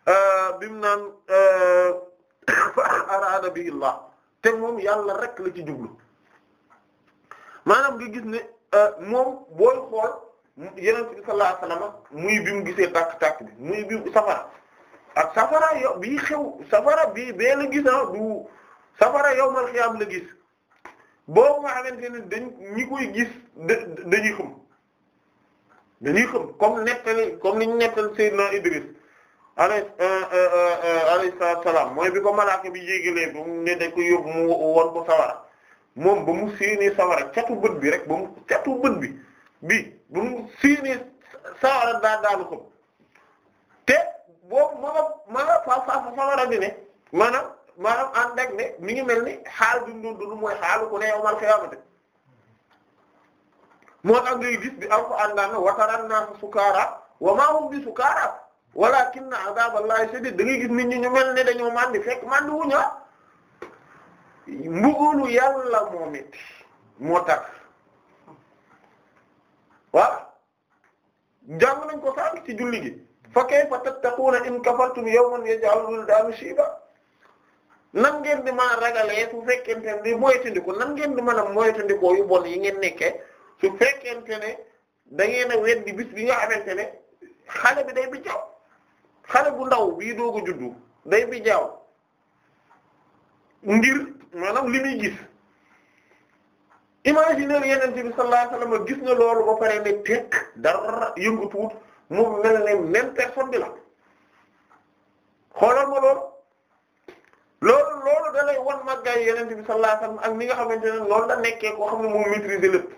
euh, bi mu naan euh, araada bi illah te moom yàlla rek la ci jublu maanaam nga gis ne euh, moom booy xool yeneen bi sallallahu muy bi mu gisee tàkk bi muy bi safara ak safara yo bii safara bii bee la gis ah, du safara yowmal xiyaam la boobu nga xamante ne dañ ñi koy gis dañuy xam dañuy xam comme nettali comme ni ñu nettal Seydina Idris alayhi euh, euh, euh, alayhi salaam mooy bi ko malaaka bi yéegalee ba mu ne dañ ko yóbbu mu won ko sawara moom ba mu séenee sawara catu bët bi rek ba mu catu bët bi bi ba mu séenee sawara daa daanu xam te boobu ma nga ma nga fa fa sawara bi ne maanaam maanaam ànd ak ne mi ngi mel ni xaal bi mu doon dund mooy xaalu ku ne yawmal qiyaamati moo tax ngay gis bi alxuraan daan na wa taran sukaara wa maa hum sukaara walaakinna azaaballahi shadiid da ngay gis nit ñi ñu mel ne dañoo màndi fekk màndi wu ñu ah. mbugalu yàlla moo metti moo tax waaw jàng nañ ko sànq ci julli gi fa kayfa tattaquuna in kafartum yawman yaj'alu wildaanu shiiba nan ngeen di mën a ragalee su fekkente ne di moytandiku nan ngeen di mën a moytandikoo yu bon yi ngeen nekkee su fekkente ne da ngeen a weddi bis bi nga xamante ne xale bi day bi xale bu ndaw bii doog a juddu day bi ngir maanaam li muy gis imaginer yenente bi sallallahu alayhi wasallam gis na loolu ba pare ne tekk dara yëngu tuut mel ne même personne bi la xoolal ma loolu loolu loolu da lay wan màggaay yeneen bi sallallahu alayhi wasallam ak ni nga xam ne loolu la nekkee koo xam ne moom maîtriser lépp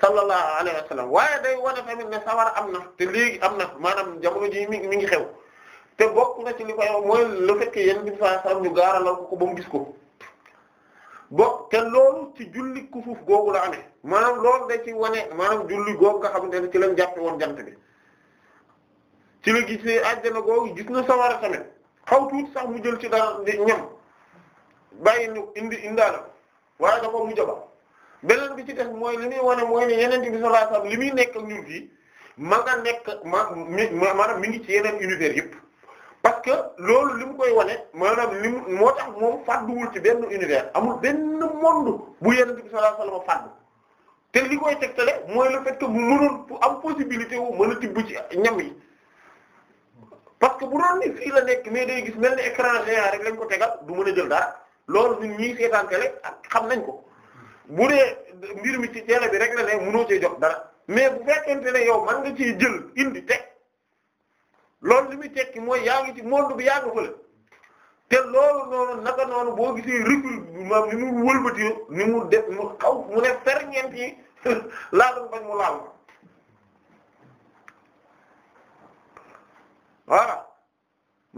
sallallahu alayhi wasallam waaye day wane tamit ne sawar am na te léegi am na maanaam jamono ji mi mi ngi xew te bokk na ci li koy mooy le ñu gaaralal ko ba mu gis ko bokk te loolu ci julli kusuuf googu la amee maanaam loolu da ci wane maanaam julli googu nga xamante ne ci lañ jàppe woon jant bi ci la gisee àjjana googu gis na sawar xaw tuuti sax mu jël ci dara ñam bàyyi ñu indi indaana waaye dafa mujj ba beneen bi ci def mooy li muy wane mooy yeneen bi sallallahu alayhi wasallam li muy nekk ak ñun fii ma nga nekk ma maanaam mi ngi ci yeneen univers yëpp parce que loolu li mu koy wane maanaam li mu moo tax moom fàdduwul ci benn univers amul benn monde bu yeneen bi sallallahu alayhi wasallam fàddu te li koy teg tegtale mooy le fait que mu mënoon am possibilité wu mën a tibb ci ñam yi parce que bu doon ni fii la nekk mais day gis mel ni écran géant rek lañ ko tegal du mën a jël dara loolu ñun ñii seetaan télé ak xam nañ ko bu dee mbir ci télé bi rek la ne mënoo cee jox dara mais bu fekkente ne yow man nga ciy jël indi teg loolu li muy tekki mooy yaa ngi ci monde bi yaa ngi fële te loolu noonu naka noonu boo gisee recul maam ni mu wëlbati ni mu def mu xaw mu ne ferñeent yi laa doon bañ mu laal voilà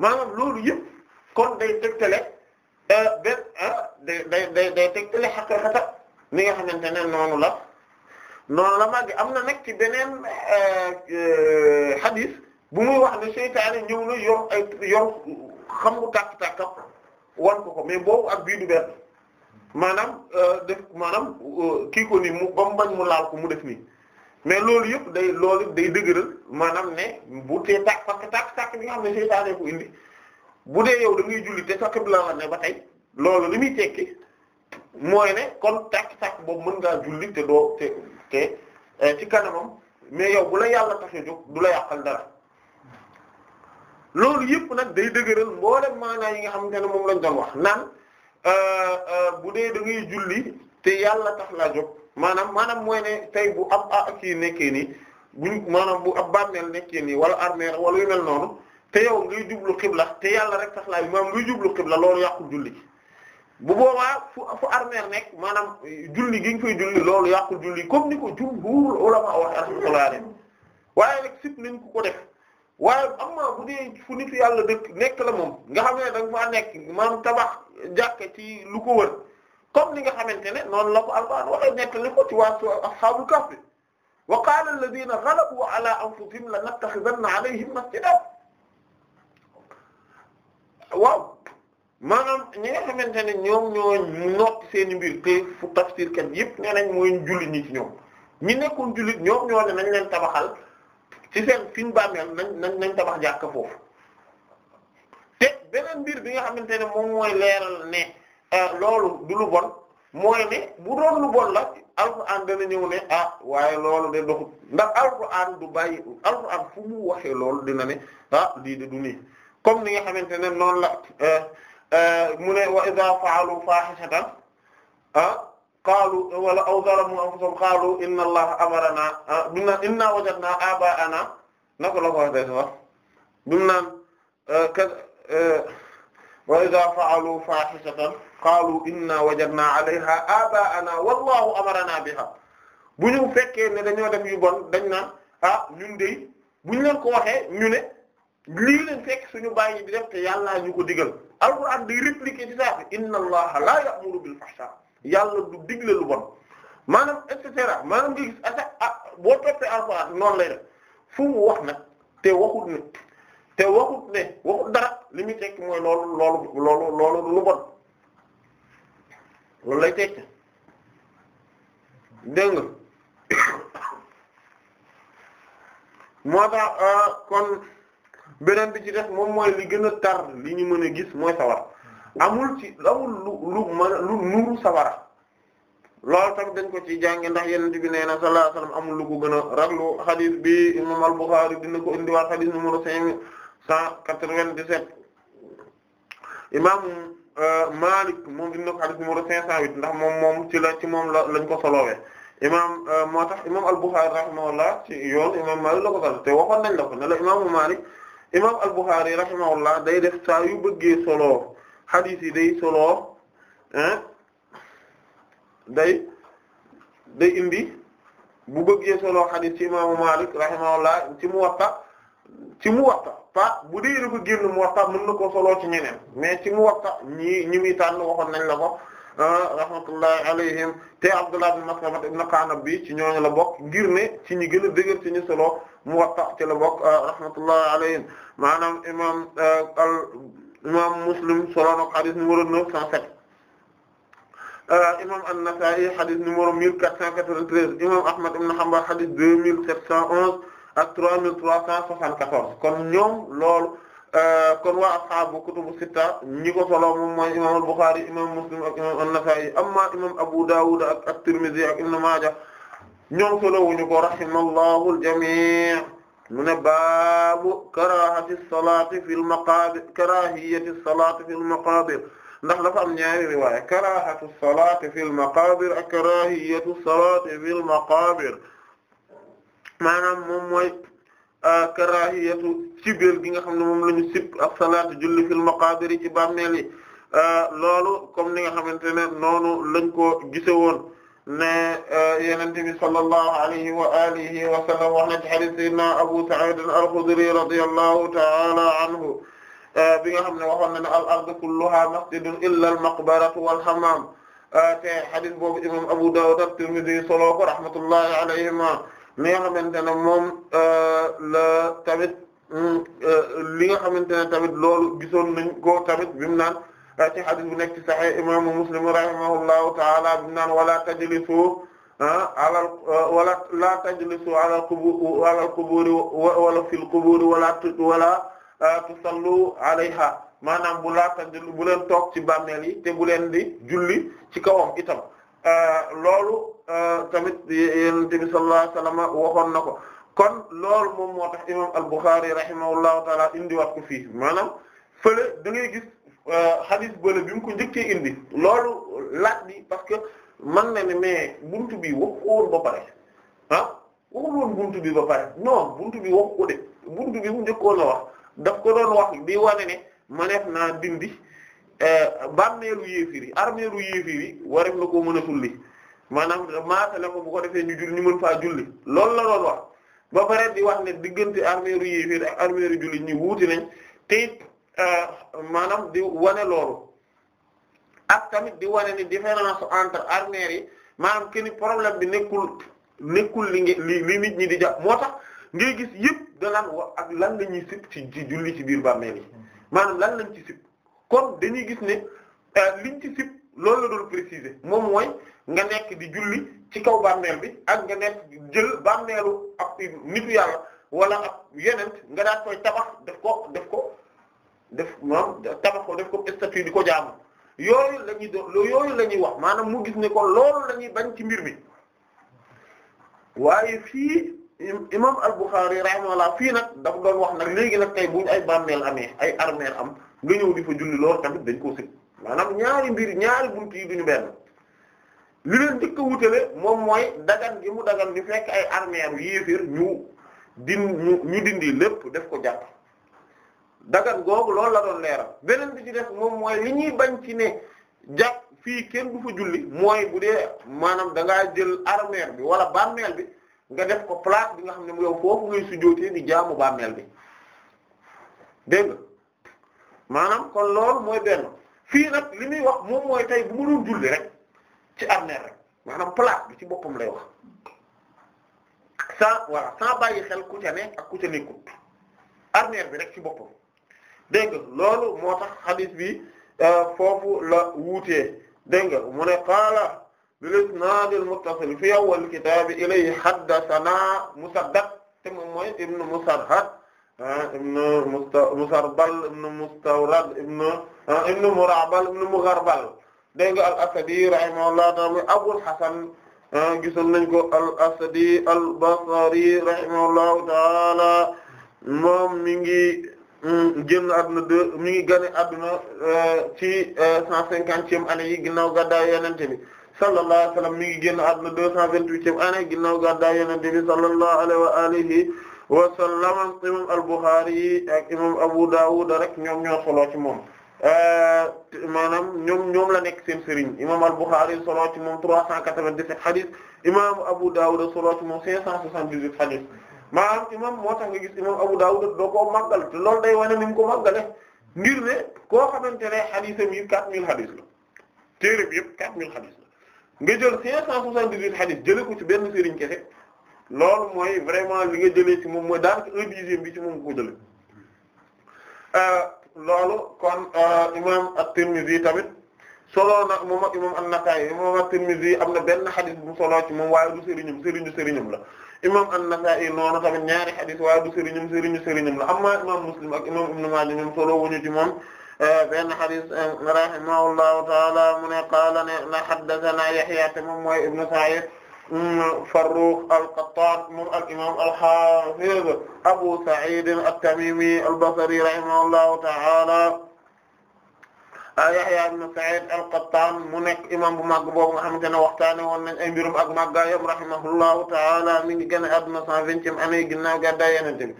maanaam loolu yëpp kon day tegtale euh, benn euh, day day day day tegtale ni nga xamante ne noonu la noonu la màgg am na nag ci beneen euh, xadis bu muy wax ne seytaane a na yor ay yor xam nga tàkk-tàkkam wan ko ko mais boobu ak bii du benn maanaam def maanaam kii ko mu ba mu bañ mu laal ko mu def nii. mais loolu yëpp day loolu day dëgëral maanaam ne bu tee tàkk tàkk tàkk bi nga xam ne seytaane ko indi bu dee yow dangay ngay julli te tàkk bi la wax ne ba tey loolu li muy tekki mooy ne kon tàkk tàkk boobu mën ngaa julli te doo te te eh, ci kanamam mais yow bu la yàlla taxee a jóg du la yàqal dara loolu yëpp nag day dëgëral mboolem maanaam yi nga xamante ne moom lañ doon wax naan euh, euh, bu dee da ngay julli te yàlla tax laa jóg. maanaam maanaam mooy ne tey bu ab a kii nekkee nii buñ maanaam bu ab bàmmeel nekkee nii wala armeel wala yu mel noonu te yow ngay jublu xibla te yàlla rek tax laa bi maanaam ngay jublu xibla loolu yàqul julli gi bu boobaa fu fu armeel nekk maanaam julli gi nga koy julli loolu yàqul julli ko jumhuurul ulamaa wax rahmatullahi alayhi waaye nag sib nañ ko ko def waaye amma bu dee fu nitu yàlla dëkk nekk la moom nga xam ne da maa faa nekk maanaam tabax jàkka ci lu ko wër comme ni nga xamante ne noonu la ko Alxuraan waxee nettali ko ci waa ashaabul kahf wa qaala alladhiina ghalabuu alaa anfusihim lanattakhidanna alayhim masjidan waaw maanaam ñi nga xamante ne ñoom ñoo notti seen mbir te fu tafsir kat yëpp nee nañ mooy jullit ñi ci ñoom ñi nekkoon jullit ñoom ñoo ne nañ leen tabaxal ci seen fi ñu bàmmeel nañ nañ tabax jàkka foofu te beneen mbir bi nga xamante ne moom mooy leeral ne. Eh, loolu du lu bon mooy ne bu doon lu la alxuraan dana ñëw ne ah waaye loolu de doxut ndax alxuraan du bàyyi alxuraan fu mu loolu dina ne ah lii de du nii comme ni nga xamante ne noonu la eh, eh, mu ne wa idha fa'alu fahishatan ah wala aw zalamu anfusahum qaalu inna allaha amarana ah, inna wajadna abaana naka ko wax dee sax bi mu naan wa idha fa'alu fahishatan qaalu inna wajadna alayha abaana wallahu amarana biha bu ñu fekkee ne dañoo def yu bon dañ naan ah ñun de bu ñu leen ko waxee ñu ne lii leen fekk suñu yi di def te yàllaa ñu ko digal alquran di répliquer ci saako inna allaha la ya'muru bil fahsha yàlla du digle lu bon maanaam et cetera maanaam nga ah, ah, ah, boo toppee alquran noonu lay def fu mu wax nag te waxut ne te waxut ne waxut dara li muy tekk mooy loolu loolu loolu lay tekk dégg nga moo tax euh, kon beneen bi ci def moom mooy li gën a tar li ñu mën a gis mooy sawara amul ci amul lu lu lu nuru sawara loolu tamit dañ ko ci jànge ndax yenente bi nee na amul lu ko gën a raglu xadis bi imam al-Bukhari dina ko indiwaat xadis numéro cinq cent quatre-vingt-dix-sept imam Euh, Malik moom dina ko hadith numéro 508 ndax moom moom ci la ci moom la lañ ko solowee imam euh, moo tax imam al-Bukhari rahimahullah ci yoon imam Malik la ko sal te waxoon day def saa yu bëggee solo hadith yi day solo day day indi bu bëggee solo hadith ci imaamu Malik rahimahullah ci Muwatta ci Muwatta Muwatta bu dee ko génn Muwatta mën na ko soloo ci ñeneen mais ci mu Muwatta ñi ñi muy tànn waxoon nañ la ko ah, rahmatullahi alayhim te Abdullah ibn Maslama ibn Qanab bi ci ñooñu la bokk ngir ne ci ñi gën a dëgër ci ñu soloo Muwatta ci la bokk ah, rahmatullahi alayhim maanaam imam ah, al imam Muslim soloo na ko hadith numéro 907 imam an-Nasa'i hadith numéro 1493 imam Ahmad ibn Hanbal hadith 2711 ak 3374 kon ñoom loolu euh, kon waa ashaabu kutubu sitta ñi ko solo moom mooy imam al-Bukhari imam Muslim ak imam an imam Abu Dawud ak at ak Ibn Maaja ñoom solo wuñu ko rahimallahu al-jami' mu ne baabu karahati salati fi al-maqabir karahiyati salati fi al-maqabir ndax dafa am al-maqabir fi al-maqabir maanaam moom mooy euh, karahiyatu sibeel gi nga xam ne moom la ñu sib ak salaatu julli fil maqabiri ci bàmmeel yi euh, loolu comme ni nga xamante ne noonu lañ ko gise woon ne euh, yenente bi sallallahu alayhi wa alihi wa sallam wax na ci hadith sayyidina Abu Sa'id al-Khudri radiyallahu ta'ala anhu bi nga xam ne waxoon na ne al ardu kulluha masjidun illa al maqbaratu wal hammam te hadith boobu imam Abu Dawud at-Tirmidhi soloo ko rahmatullahi alayhima mi nga xamante ne moom euh, la tamit mm, euh, li nga xamante ne tamit loolu gisoon nañ ko tamit bi euh, ci hadith bu nekk ci sahih imaamu muslim rahimahullahu taala bi mu wala tajlisu ah, ala wala la tajlisu ala qubur ala qubur wala fil wala wala tusallu alayha maanaam bu la tajlisu bu leen toog ci bàmmeel yi te bu leen di julli ci kawam itam Euh, loolu euh, tamit yonent bi sallallahu alayhi waxoon na ko kon loolu moom moo tax imam al-Bukhari rahimahullahu indi wax ko fii maanaam fële da ngay gis euh, hadith bële bi mu ko njëkkee indi loolu laaj bi parce que man na ne mais buntu bi wax ko ba pare ah waxul woon buntu bi ba pare non buntu bi wax ko de buntu bi mu njëkkoon a wax daf ko doon wax di wane ne maneef naa dindi Eh, bàmmeelu yéefir yi armeelu yéefir yi wareef na ko mën a tulli maanaam maasale ko bu ko defee ñu jul ñu mën faa julli loolu la doon ba pare di wax ne diggante armeelu yéefir ak armeelu julli ñu wuuti nañ te it eh, maanaam di wane loolu ak tamit di wane ni différence entre armeel yi maanaam kenn problème bi nekkul nekkul li nge ñi di jàpp moo tax ngay gis yëpp da lan wax ak lan la ñuy sip ci ci julli ci biir bàmmeel yi maanaam lañ ci kon dañuy gis ne euh, liñ ci sib loolu la doon préciser moom mooy nga nekk di julli ci kaw bàmmeel bi ak nga nekk jël bàmmeelu ak nitu yàlla wala ak yeneen nga daat koy tabax def ko def ko def maanaam tabax ko def ko statue di ko jaamu yooyu la ñuy yooyu la wax maanaam mu gis ne kon loolu la bañ ci mbir mi waaye fii imam al-Bukhari rahimahullah fii nag dafa doon wax nag léegi nag tey buñ ay bàmmeel amee ay armeel am nga ñëw di fa julli lool tamit dañ ko sib maanaam ñaari mbir ñaari bunt yi duñu benn li leen dëkk wutale moom mooy dagan gi mu dagan di fekk ay armeel yéefir ñu din ñu dindi lépp def ko jàpp dagan googu loolu la doon leeral beneen bi ci def moom mooy li ñuy bañ ci ne jàpp fii kenn du fa julli mooy bu dee maanaam da jël armeer bi wala bàmmeel bi nga def ko place bi nga xam ne mu yow foofu ngay sujjóotee di jaamu bàmmeel bi dégg nga maanaam kon loolu mooy benn fii nag li muy wax moom mooy tey bu mu doon julli rek ci armeel rek maanaam place bi ci boppam lay wax sans voilà sans bàyyi xel ku ca ne ak ku ca nekkut bi rek ci boppam dégg nga loolu moo tax xadiis bi euh, foofu la wuutee dégg nga mu ne qaala bil isnaad al muttasil fi awwal kitaab ilayhi haddasanaa Musaddad te moom mooy ibn Musarhad ah, ibn Musarbal ibn Mustawrad ibn ah, ibn Murabal ibn Mugharbal dégg nga al-Asadi rahimahullahu ta'ala Abul Hasan ah, gisoon nañ ko al-Asadi al-Basri rahimahullahu ta'ala moom mi ngi mm, génn àdduna de mi ngi gane àdduna eh, ci eh, cent cinquantième année yi ginnaaw gàddaay Yonent bi sallallahu mi ngi génn àdduna deux cent vingt-huitième année ginnaaw gàddaay Yonent bi sallallahu alayhi ñoo solo ci moom euh, maanaam ñoom ñoom la nekk seen sëriñ imam al-Bukhari solo ci moom trois cent quatre-vingt-dix-sept hadith imam Abu Dawud solo ci moom cinq cent moo tax nga gis imam Abu Dawud doo koo màggal te loolu day wane ni ko màggale ngir ne koo xamante ne haditham yi quatre mille hadith la téere bi quatre mille hadith nga jël 578 xadis jëlee ko ci benn sëriñ kese loolu mooy vraiment li nga jëlee ci moom mooy daal un dixième bi ci moom ko jëlee euh, loolu kon euh, imam at-Tirmidhi tamit solo na moom ak imam an-Nasa'i imam at-Tirmidhi am na benn xadis bu solo ci moom waaye du sëriñam sëriñu sëriñam la imam an-Nasa'i noonu tamit ñaari xadis waaye du sëriñam sëriñu sëriñam la amma imam Muslim ak imam Ibn Maaja ñoom solo wuñu ci moom. benn hadis eh, rahimahullahu taala mu ne qaala ne haddathana Yahya te moom mooy ibnu Sa'id mm, Farrukh al-Qattan moom al-imam al-hafiz Abu Sa'id at-Tamimi al-Basri rahimahullahu taala ah, Yahya ibn Sa'id al-Qattan mu nekk imam bu mag boobu nga xamante ne waxtaane woon nañ ay mbirum ak màggaayam rahimahullahu taala mi ngi gën a adduna cent vingtième année ginnaaw gàddaay Yonent bi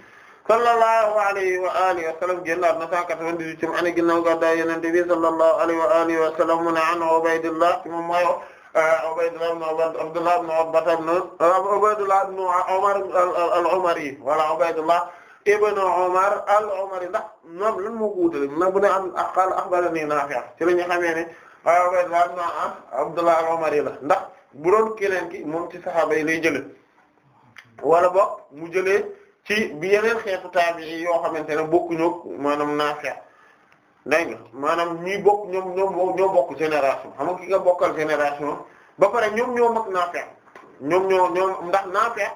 sallallahu alayhi wa alihi wa sallam génn na 198 ani ginnaaw gàddaay Yonent bi sallallahu alayhi wa alihi wa sallam mu ne an Ubaydullah moom mooy euh, Ubaydullah ibn Abdullah ibn Utbata ibn euh, Ubaydullah ibn Umar al-Umari wala Ubaydullah ibn Umar al-Umari ndax moom lan moo ko wutale nag bu ne am qaala axbaranii Naafi' ci la ñu xamee ne euh, Ubaydullah ibn Abdullah al-Umari la ndax bu doon keneen ki moom ci saxaaba yi lay jëlee wala boog mu jëlee. ci bi yeneen xeetu taabii yoo xamante ne bokkuñu maanaam Naafi' dégg nga maanaam ñii bokk ñoom ñoom ñoo bokk génération ba pare ñoom ñoo mag Naafi' ñoom ñoo ñoom ndax Naafi'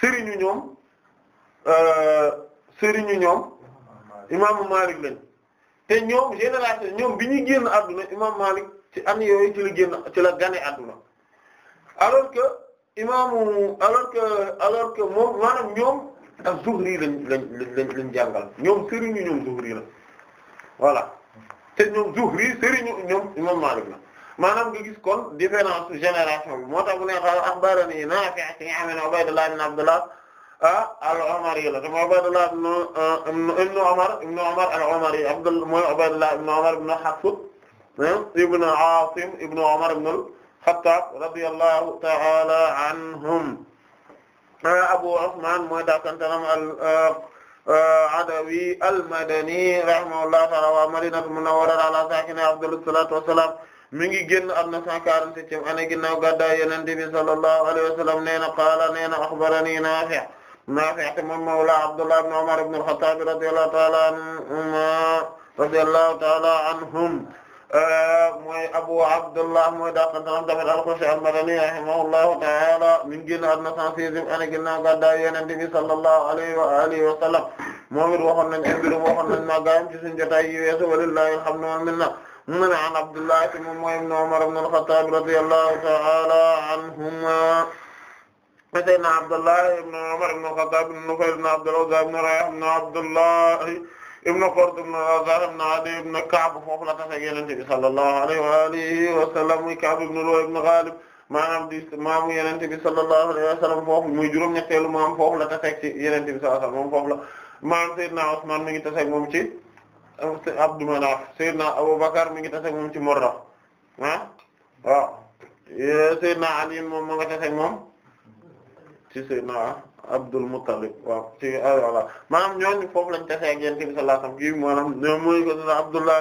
sëriñu ñoom euh, sëriñu ñoom imaamu Maalik lañ te ñoom génération ñoom bi ñuy génn àdduna imaamu Maalik ci année yooyu ci la génn ci la gane àdduna alors que imaamu alors que moom maanaam ñoom ndax Zuhri lañ lañ lañ lañ jàngal ñoom sëriñu ñoom Zuhri la voilà te ñoom Zuhri sëriñu ñoom imam Malik la maanaam nga gis kon différence génération bi moo tax bu ne akhbarani Nafi' ci nga xam ne Ubaydullah ibn Abdullah ah, al-Umari la dama Ubaydullah ah, ibn Umar ibn Umar al-Umari Abdullah mooy Ubaydullah ibn Umar ibn Hafs ah, ibn Asim ibn Umar ibn al-Khattab radiyallahu ta'ala anhum Euh, Abu Usman mooy dakantanam al-Adawi euh, al-Madani rahimahullahu ta'ala wa Madinatul Munawwara ala saakinihaa afdalu salaatu wa salaam mi ngi génn am na 147 année ginnaaw gàddaay Yonent bi sallallahu alayhi wa sallam nee na qaala nee na axbaranii Naafi' Naafi' te moom mawla Abdullah ibn Umar ibn al-Khattab radiyallahu ta'ala anhumaa radiyallahu ta'ala anhum Euh, mooy Abu Abdullah mooy daakantanam tamit al-Qurashi al-Madani rahimahullahu ta'ala min génn adna cent seizième année ginnaaw gàddaay Yonent bi sallallahu alayhi wa alihi wa sallam moom it waxoon nañ ay mbirum waxoon nañ màggaayam ci suñu jotaay yi weesu walillahi alhamdu wal minna mu ne an Abdullah te moom mooy ibn Umar ibn al-Khattab radiyallahu ta'ala anhuma sayyidina Abdullah ibn Umar ibn al-Khattab ibn Nufayl ibn Abdul Uzza ibn Rayh ibn Abdullah ibn Qurt ibn al-Azhar ibn Adiy foofu la tafe Yonent bi sallallahu alayhi wa alihi wa sallam muy Ka'b ibn Lu'ay ibn Ghalib maanaam di maamu Yonent bi sallallahu alayhi wa sallam foofu muy juróom-ñetteelu maam foofu la tafe ci Yonent bi sallallahu alayhi wa foofu la maam Seydina Usman mi ngi tafe moom ci Abdu Manaf Seydina Abubakar mi ngi tafe moom ci Murra ah waaw Seydina Ali moom ma nga tafe moom ci Seydina Abdul Muttalib waaw ci ah, voilà maanaam ñooñu foofu lañ tase ak Yonent bi sallallahu alayhi wasallam gi maanaam ñoom mooy ko suna Abdullah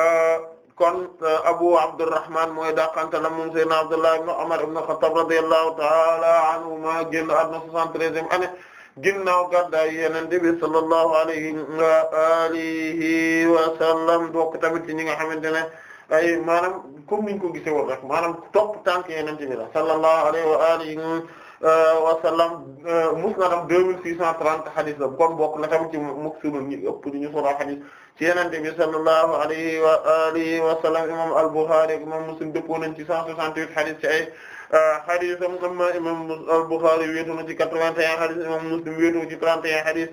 euh, kon euh, Abu Abdurrahman mooy dàqante la moom Seydina Abdullah ibn Umar ibn Khattab radiyallahu ta'ala anhuma génn àdduna 73e année ginnaaw gàddaay Yonent bi sallallahu alayhi wa alihi wa sallam bokk tamit ci ñi nga xamante ne ay maanaam comme niñ ko gisee woon rek maanaam topp wa sallam euh, musnadam 2630 hadith la kon bokk na tam ci muksulu ñi ëpp ñu solo hadith ci Yonent bi sallallahu alayhi wa alihi wa sallam imam al-Bukhari ak imam Muslim dëppoo nañ ci 168 hadith ci ay euh, haditham amma imam al-Bukhari wéetoo na ci 81 hadith imam Muslim wéetoo ci 31 hadith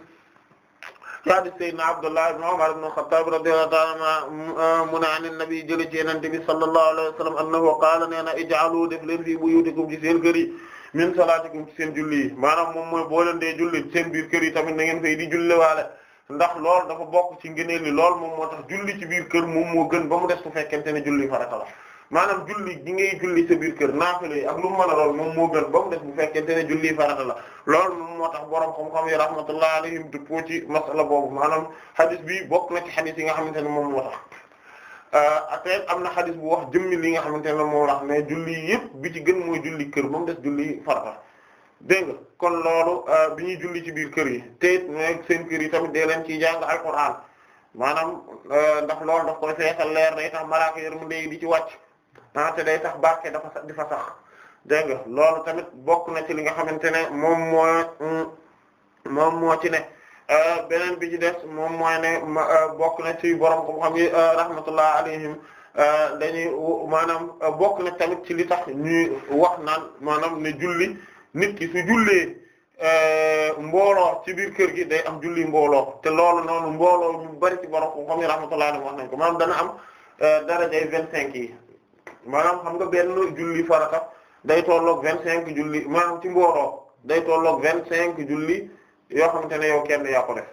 hadith Sayyidina Abdullah ibn Umar ibn al-Khattab radiyallahu ta'ala anhu euh, mu ne an nabi jële ci Yonent bi sallallahu alayhi wa sallam annahu qaala nee na ij'alu def leen fi buyutikum ci seen kër yi min salaatikum ci seen julli yi maanaam moom moo boo leen dee julli seen biir kër yi tamit na ngeen fay di julli waale ndax loolu dafa bokk ci ngëneel li lool moom moo tax julli ci biir kër moom moo gën ba mu des fekkente ne julli farata la maanaam julli gi ngay julli sa biir kër naafila yi ak lu mu mën a lool moom moo gën ba mu des bu fekkente ne julli farata la loolu moom moo tax borom xam-xam yi rahmatullah alayhim dëppoo ci masala boobu maanaam hadith bi bokk na ci hadith yi nga xamante ne moom moo tax Euh, atee am na xadis bu wax jëmmi li nga xamante ne moo na ne julli yëpp bi ci gën mooy julli kër moom mu des julli farata dégg nga kon loolu euh, bi ñuy julli ci biir kër yi te it seen yi tamit dee leen ciy jàng alquran maanaam euh, ndax loolu daf koy feexal leer day tax malaaka mu yi di ci wàcc ah te day tax barke dafa sax di dégg nga loolu tamit bokk na ci li nga xamante ne moom moo mm, moom moo ci ne. Euh, beneen bi ci des moom mooy ne euh, bokk na ci borom xam-xam yi euh, rahmatullah alayhim dañuy maanaam bokk na tamit ci li tax ñuy wax naan maanaam ne julli nit ki su jullee mbooloo ci biir kër gi day am julli mbooloo te loolu noonu mbooloo ñu bari ci borom xam-xam yi rahmatullah alayhim wax nañ ko maanaam dana am dara darajay vingt cinq yi maanaam xam nga benn julli farata day tolloog vingt cinq julli maanaam ci mbooloo day tolloog vingt cinq julli yoo xamante ne yow kenn yaa ko def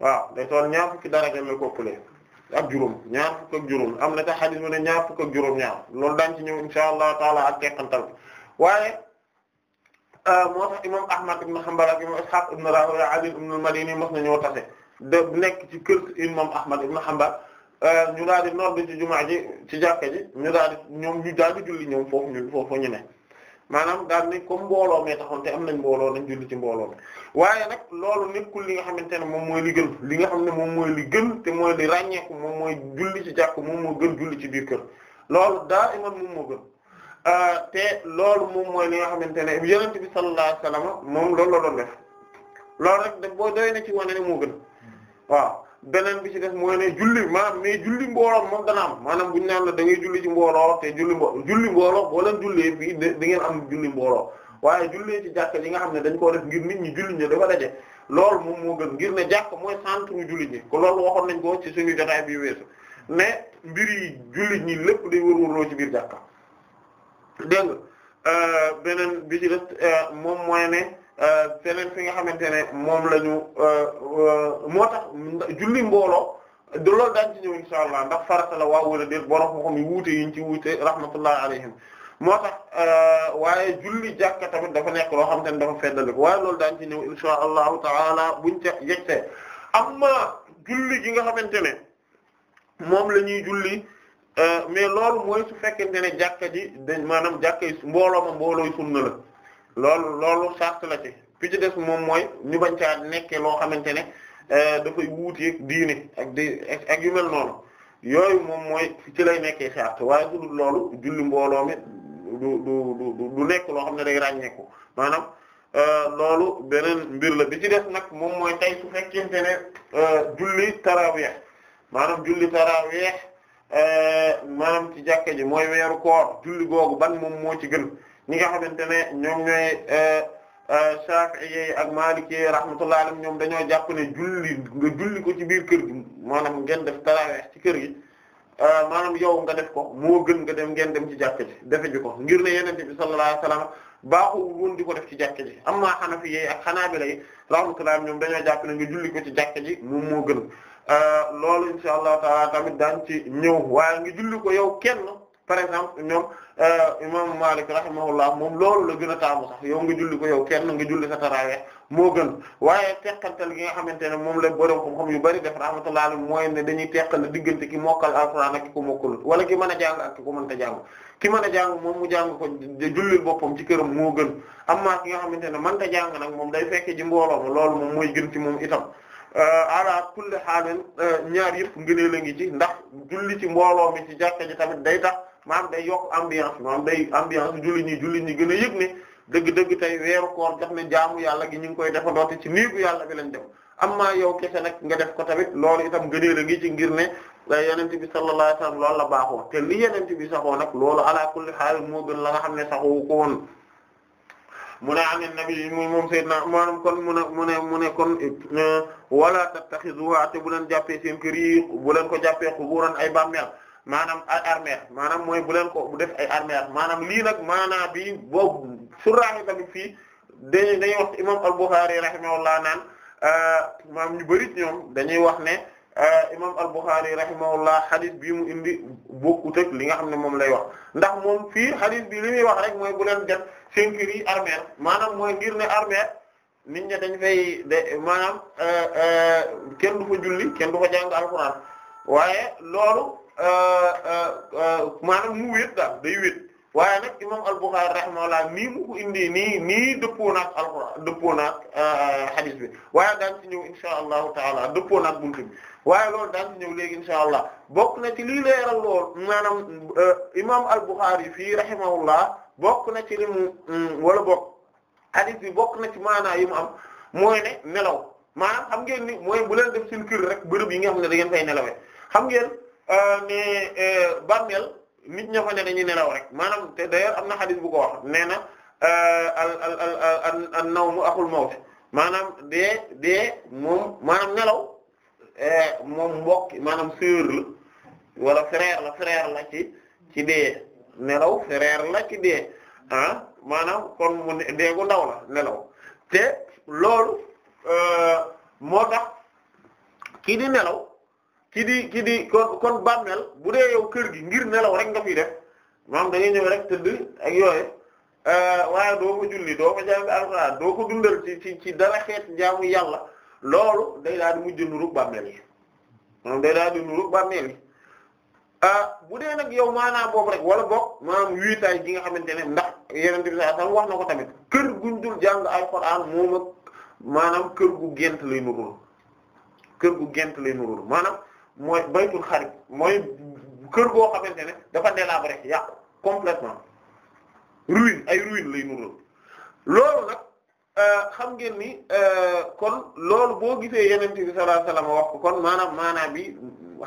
waaw day toll ñaar fukki daraja la ko ëppale ak juróom ñaar fukk ak juróom am na tax xadis ñaar fukk ak juróom ñaar loolu daañ ci ñëw insha allah taala ak teqantal waaye euh, moo tax imam ahmad ibn hanbal ak imam ishaq ibn rahoya ali ibn al-madini mos na ñoo tase nekk ci kër imam ahmad ibn hanbal euh, ñu daal di ci jumaa ji ci jàkka ji ñu daal ñoom ñu daal julli ñoom foofu ñu foofu ñu ne maanaam daal ni comme mbooloo mee taxoon te am nañ mbooloo nañ julli ci mbooloo mi waaye nag loolu nekkul li nga xamante ne moom mooy li gën li nga xam ne moom mooy li gën te mooy li ràññeeku moom mooy julli ci jàkk moom moo gën julli ci biir kër loolu daa iman moom moo gën euh, te loolu moom mooy li nga xamante ne yonent bi sallallahu alayhi wasallam moom loolu la doon def loolu rek da boo doy na ci wane ne moo gën waaw beneen bi ci def mooy ne julli maanaam mais julli mbooloo moom dana am maanaam bu ñu naan la da ngay julli ci mbooloo te julli mbooloo julli mbooloo boo ngeen am julli mbooloo waaye jullee ci jàkk yi nga xam ne dañ koo def ngir nit ñi julli ñi dafa daje loolu moom moo gën ngir ne jàkk mooy centre julli ñi ko loolu waxoon nañ ko ci suñu jotaay bi weesu mais mbir yi julli ñi lépp day wërwërloo ci biir jàkka dégg nga euh, beneen bi ci def euh, moom mooy ne Euh, feneen fi nga xamante ne moom la ñu euh, euh, moo tax julli mbooloo de loolu daañu ci insha allah ndax farata la waa wala déet borom xam-xam yi wuute yiñ ci wuute rahmatullahi alayhim moo tax waaye julli jàkka tamit dafa nekk loo xamante ne dafa feddali ko waaye loolu daañu ci ñëw insha allahu taala buñ ca yegtee amma julli gi nga xamante ne moom la ñuy julli mais loolu mooy su fekkente ne jàkka ji dañ maanaam jàkka yi mbooloo ma mboolooy sunna la loolu loolu sart la ci fi ci des moom mooy ñu bañ caa nekkee loo xamante ne euh, dafay wuuteeg diine ak di ak yu mel noonu yooyu moom mooy ci lay nekkee sart waaye su dul loolu julli mbooloo mi du du loo xam ne day ràññeeku maanaam euh, loolu beneen mbir la bi ci des nag moom mooy tey su fekkente ne euh, julli taraweex maanaam julli taraweex maanaam ci jàkka ji mooy weeru koor julli googu ban moom moo ci gën. ñi nga xamante ne ñoom ñooy euh, euh, Shafi'i ak Maliki rahmatullahi alayhim ñoom dañoo jàpp ne julli nga julli ko ci biir kër gi maanaam ngeen def tarawih ci kër gi euh, maanaam yow nga def ko moo gën nga dem ngeen dem ci jàkk ji defe ji ko ngir ne yenente bi sallallahu alayhi wasallam baaxul di ko def ci jàkk ji amma Hanafi yi ak Hanabila yi rahmatullah ñoom dañoo jàpp ne nga julli ko ci jàkk ji moom moo gën loolu insha allah taala tamit daan ci ñëw waaye nga julli ko yow kenn par exemple ñoom Euh, imaamu Malik rahimahullah moom loolu la gën a taamu sax yow nga julli ko yow kenn nga julli sa taraawee moo gën waaye teqantal gi nga xamante ne moom la borom xam-xam yu bari def rahmatullah alayhi mooy ne dañuy teqal diggante ki mokkal alxuraan ak ki ko mokkalul wala ki mën a jàng a ki ko mënta jàng ki mën a jàng moom mu jàng ko julli boppam ci këram moo gën amma ki nga xamante ne mënta jàng nag moom day fekk ji mbooloo ma loolu moom mooy gën ci moom itam euh, ala kulli xaalan euh, ñaar yëpp ngëneel a ngi ci ndax julli ci mbooloo mi ci ji tamit day tax maanaam day yokk ambiance maanaam day ambiance jullit ñi jullit ñi gën a yëg ne dëgg-dëgg tey weeru koor jox ne jaamu yàlla gi ñu ngi koy defa doote ci néegu yàlla bi lañ def amma yow kese nag nga def ko tamit loolu itam gënee la i ci ngir ne eh, yenente bi sallallahu alayhi wasallam loolu la baaxoo te li yenente bi saxoo nag loolu ala kulli haal moo gën la nga xam ne saxoo ko woon mu ne am nabi moom sayyidna maanaam kon mu ne mu ne mu ne kon eh, wala tattaxizuha te bu leen jàppee seen kër yi bu leen ko jàppee xuburan ay bàmmeel maanaam ay armeer maanaam mooy bu leen ko bu def ay armeer maanaam lii nag maanaam bi boobu surraaxe tamit fii dañuy dañuy wax imam al-Bukhari rahimahullah naan euh, maam ñu bari ñoom dañuy wax ne euh, imam al-Bukhari rahimahullah hadith bii mu indi bokkut ak li nga xam ne moom lay wax ndax moom fii hadith bi li wax rek mooy bu leen def seen kër yi armeer maanaam mooy ngir ne armeer nit ñi dañ fay de maanaam euh, kenn du fa julli kenn du fa jàng alxuraan waaye loolu Euh, euh, euh, maanaam mu wéet daal day wéet waaye nag imam al-Bukhari rahimahullah nii mu indi nii nii dëppoo naag alxuraan dëppoo naag hadith bi waaye daan ci ñëw insha allahu taala dëppoo naag buntu bi waaye loolu daan ci ñëw léegi insha allah bokk na ci lii leeral lool maanaam imam al-Bukhari fii rahimahullah bokk na ci li mu mm, wala bokk hadith bi bokk na ci maanaa yi mu am mooy ne nelaw maanaam xam ngeen ni mooy bu leen def seen kër rek bërëb yi nga xam ne da ngeen fay nelawee ngeen. Euh, mais euh, bàmmeel nit ña fa ne nelaw rek maanaam te d'ailleurs am na xadis bu ko wax nee na euh, al al al maanaam dee dee moom maanaam nelaw moom mbokk maanaam sœur la wala frère la frère la ci ci dee nelaw frère la ci dee ah maanaam kon dee gu ndaw la nelaw te loolu moo tax kii di nelaw ki di ki di kon kon bàmmeel bu dee yow kër gi ngir nelaw rek nga fiy def maanaam da ngay rek tëdd ak yooyu euh, waaye doo ko julli doo ko jàng alxuraan doo ko dundal ci ci ci dara xeet jaamu yàlla loolu day daal mujj nuru bàmmeel yi maanaam day daal di nuru bàmmeel yi euh, bu dee nag yow maanaam boobu rek wala boog maanaam wiitaay gi nga xamante ne ndax yeneen bi sallallahu alayhi wax na ko tamit kër guñ dul jàng alxuraan moom ak maanaam kër gu gént lay nurul kër gu gént lay nurul maanaam. mooy baytul xarib mooy kër goo xamante ne dafa délabré yàqu complètement ruine ay ruine lay nural loolu nag euh, xam ngeen ni euh, kon loolu boo gisee yeneen bi sallallahu alayhi wax ko kon maanaam maanaam bi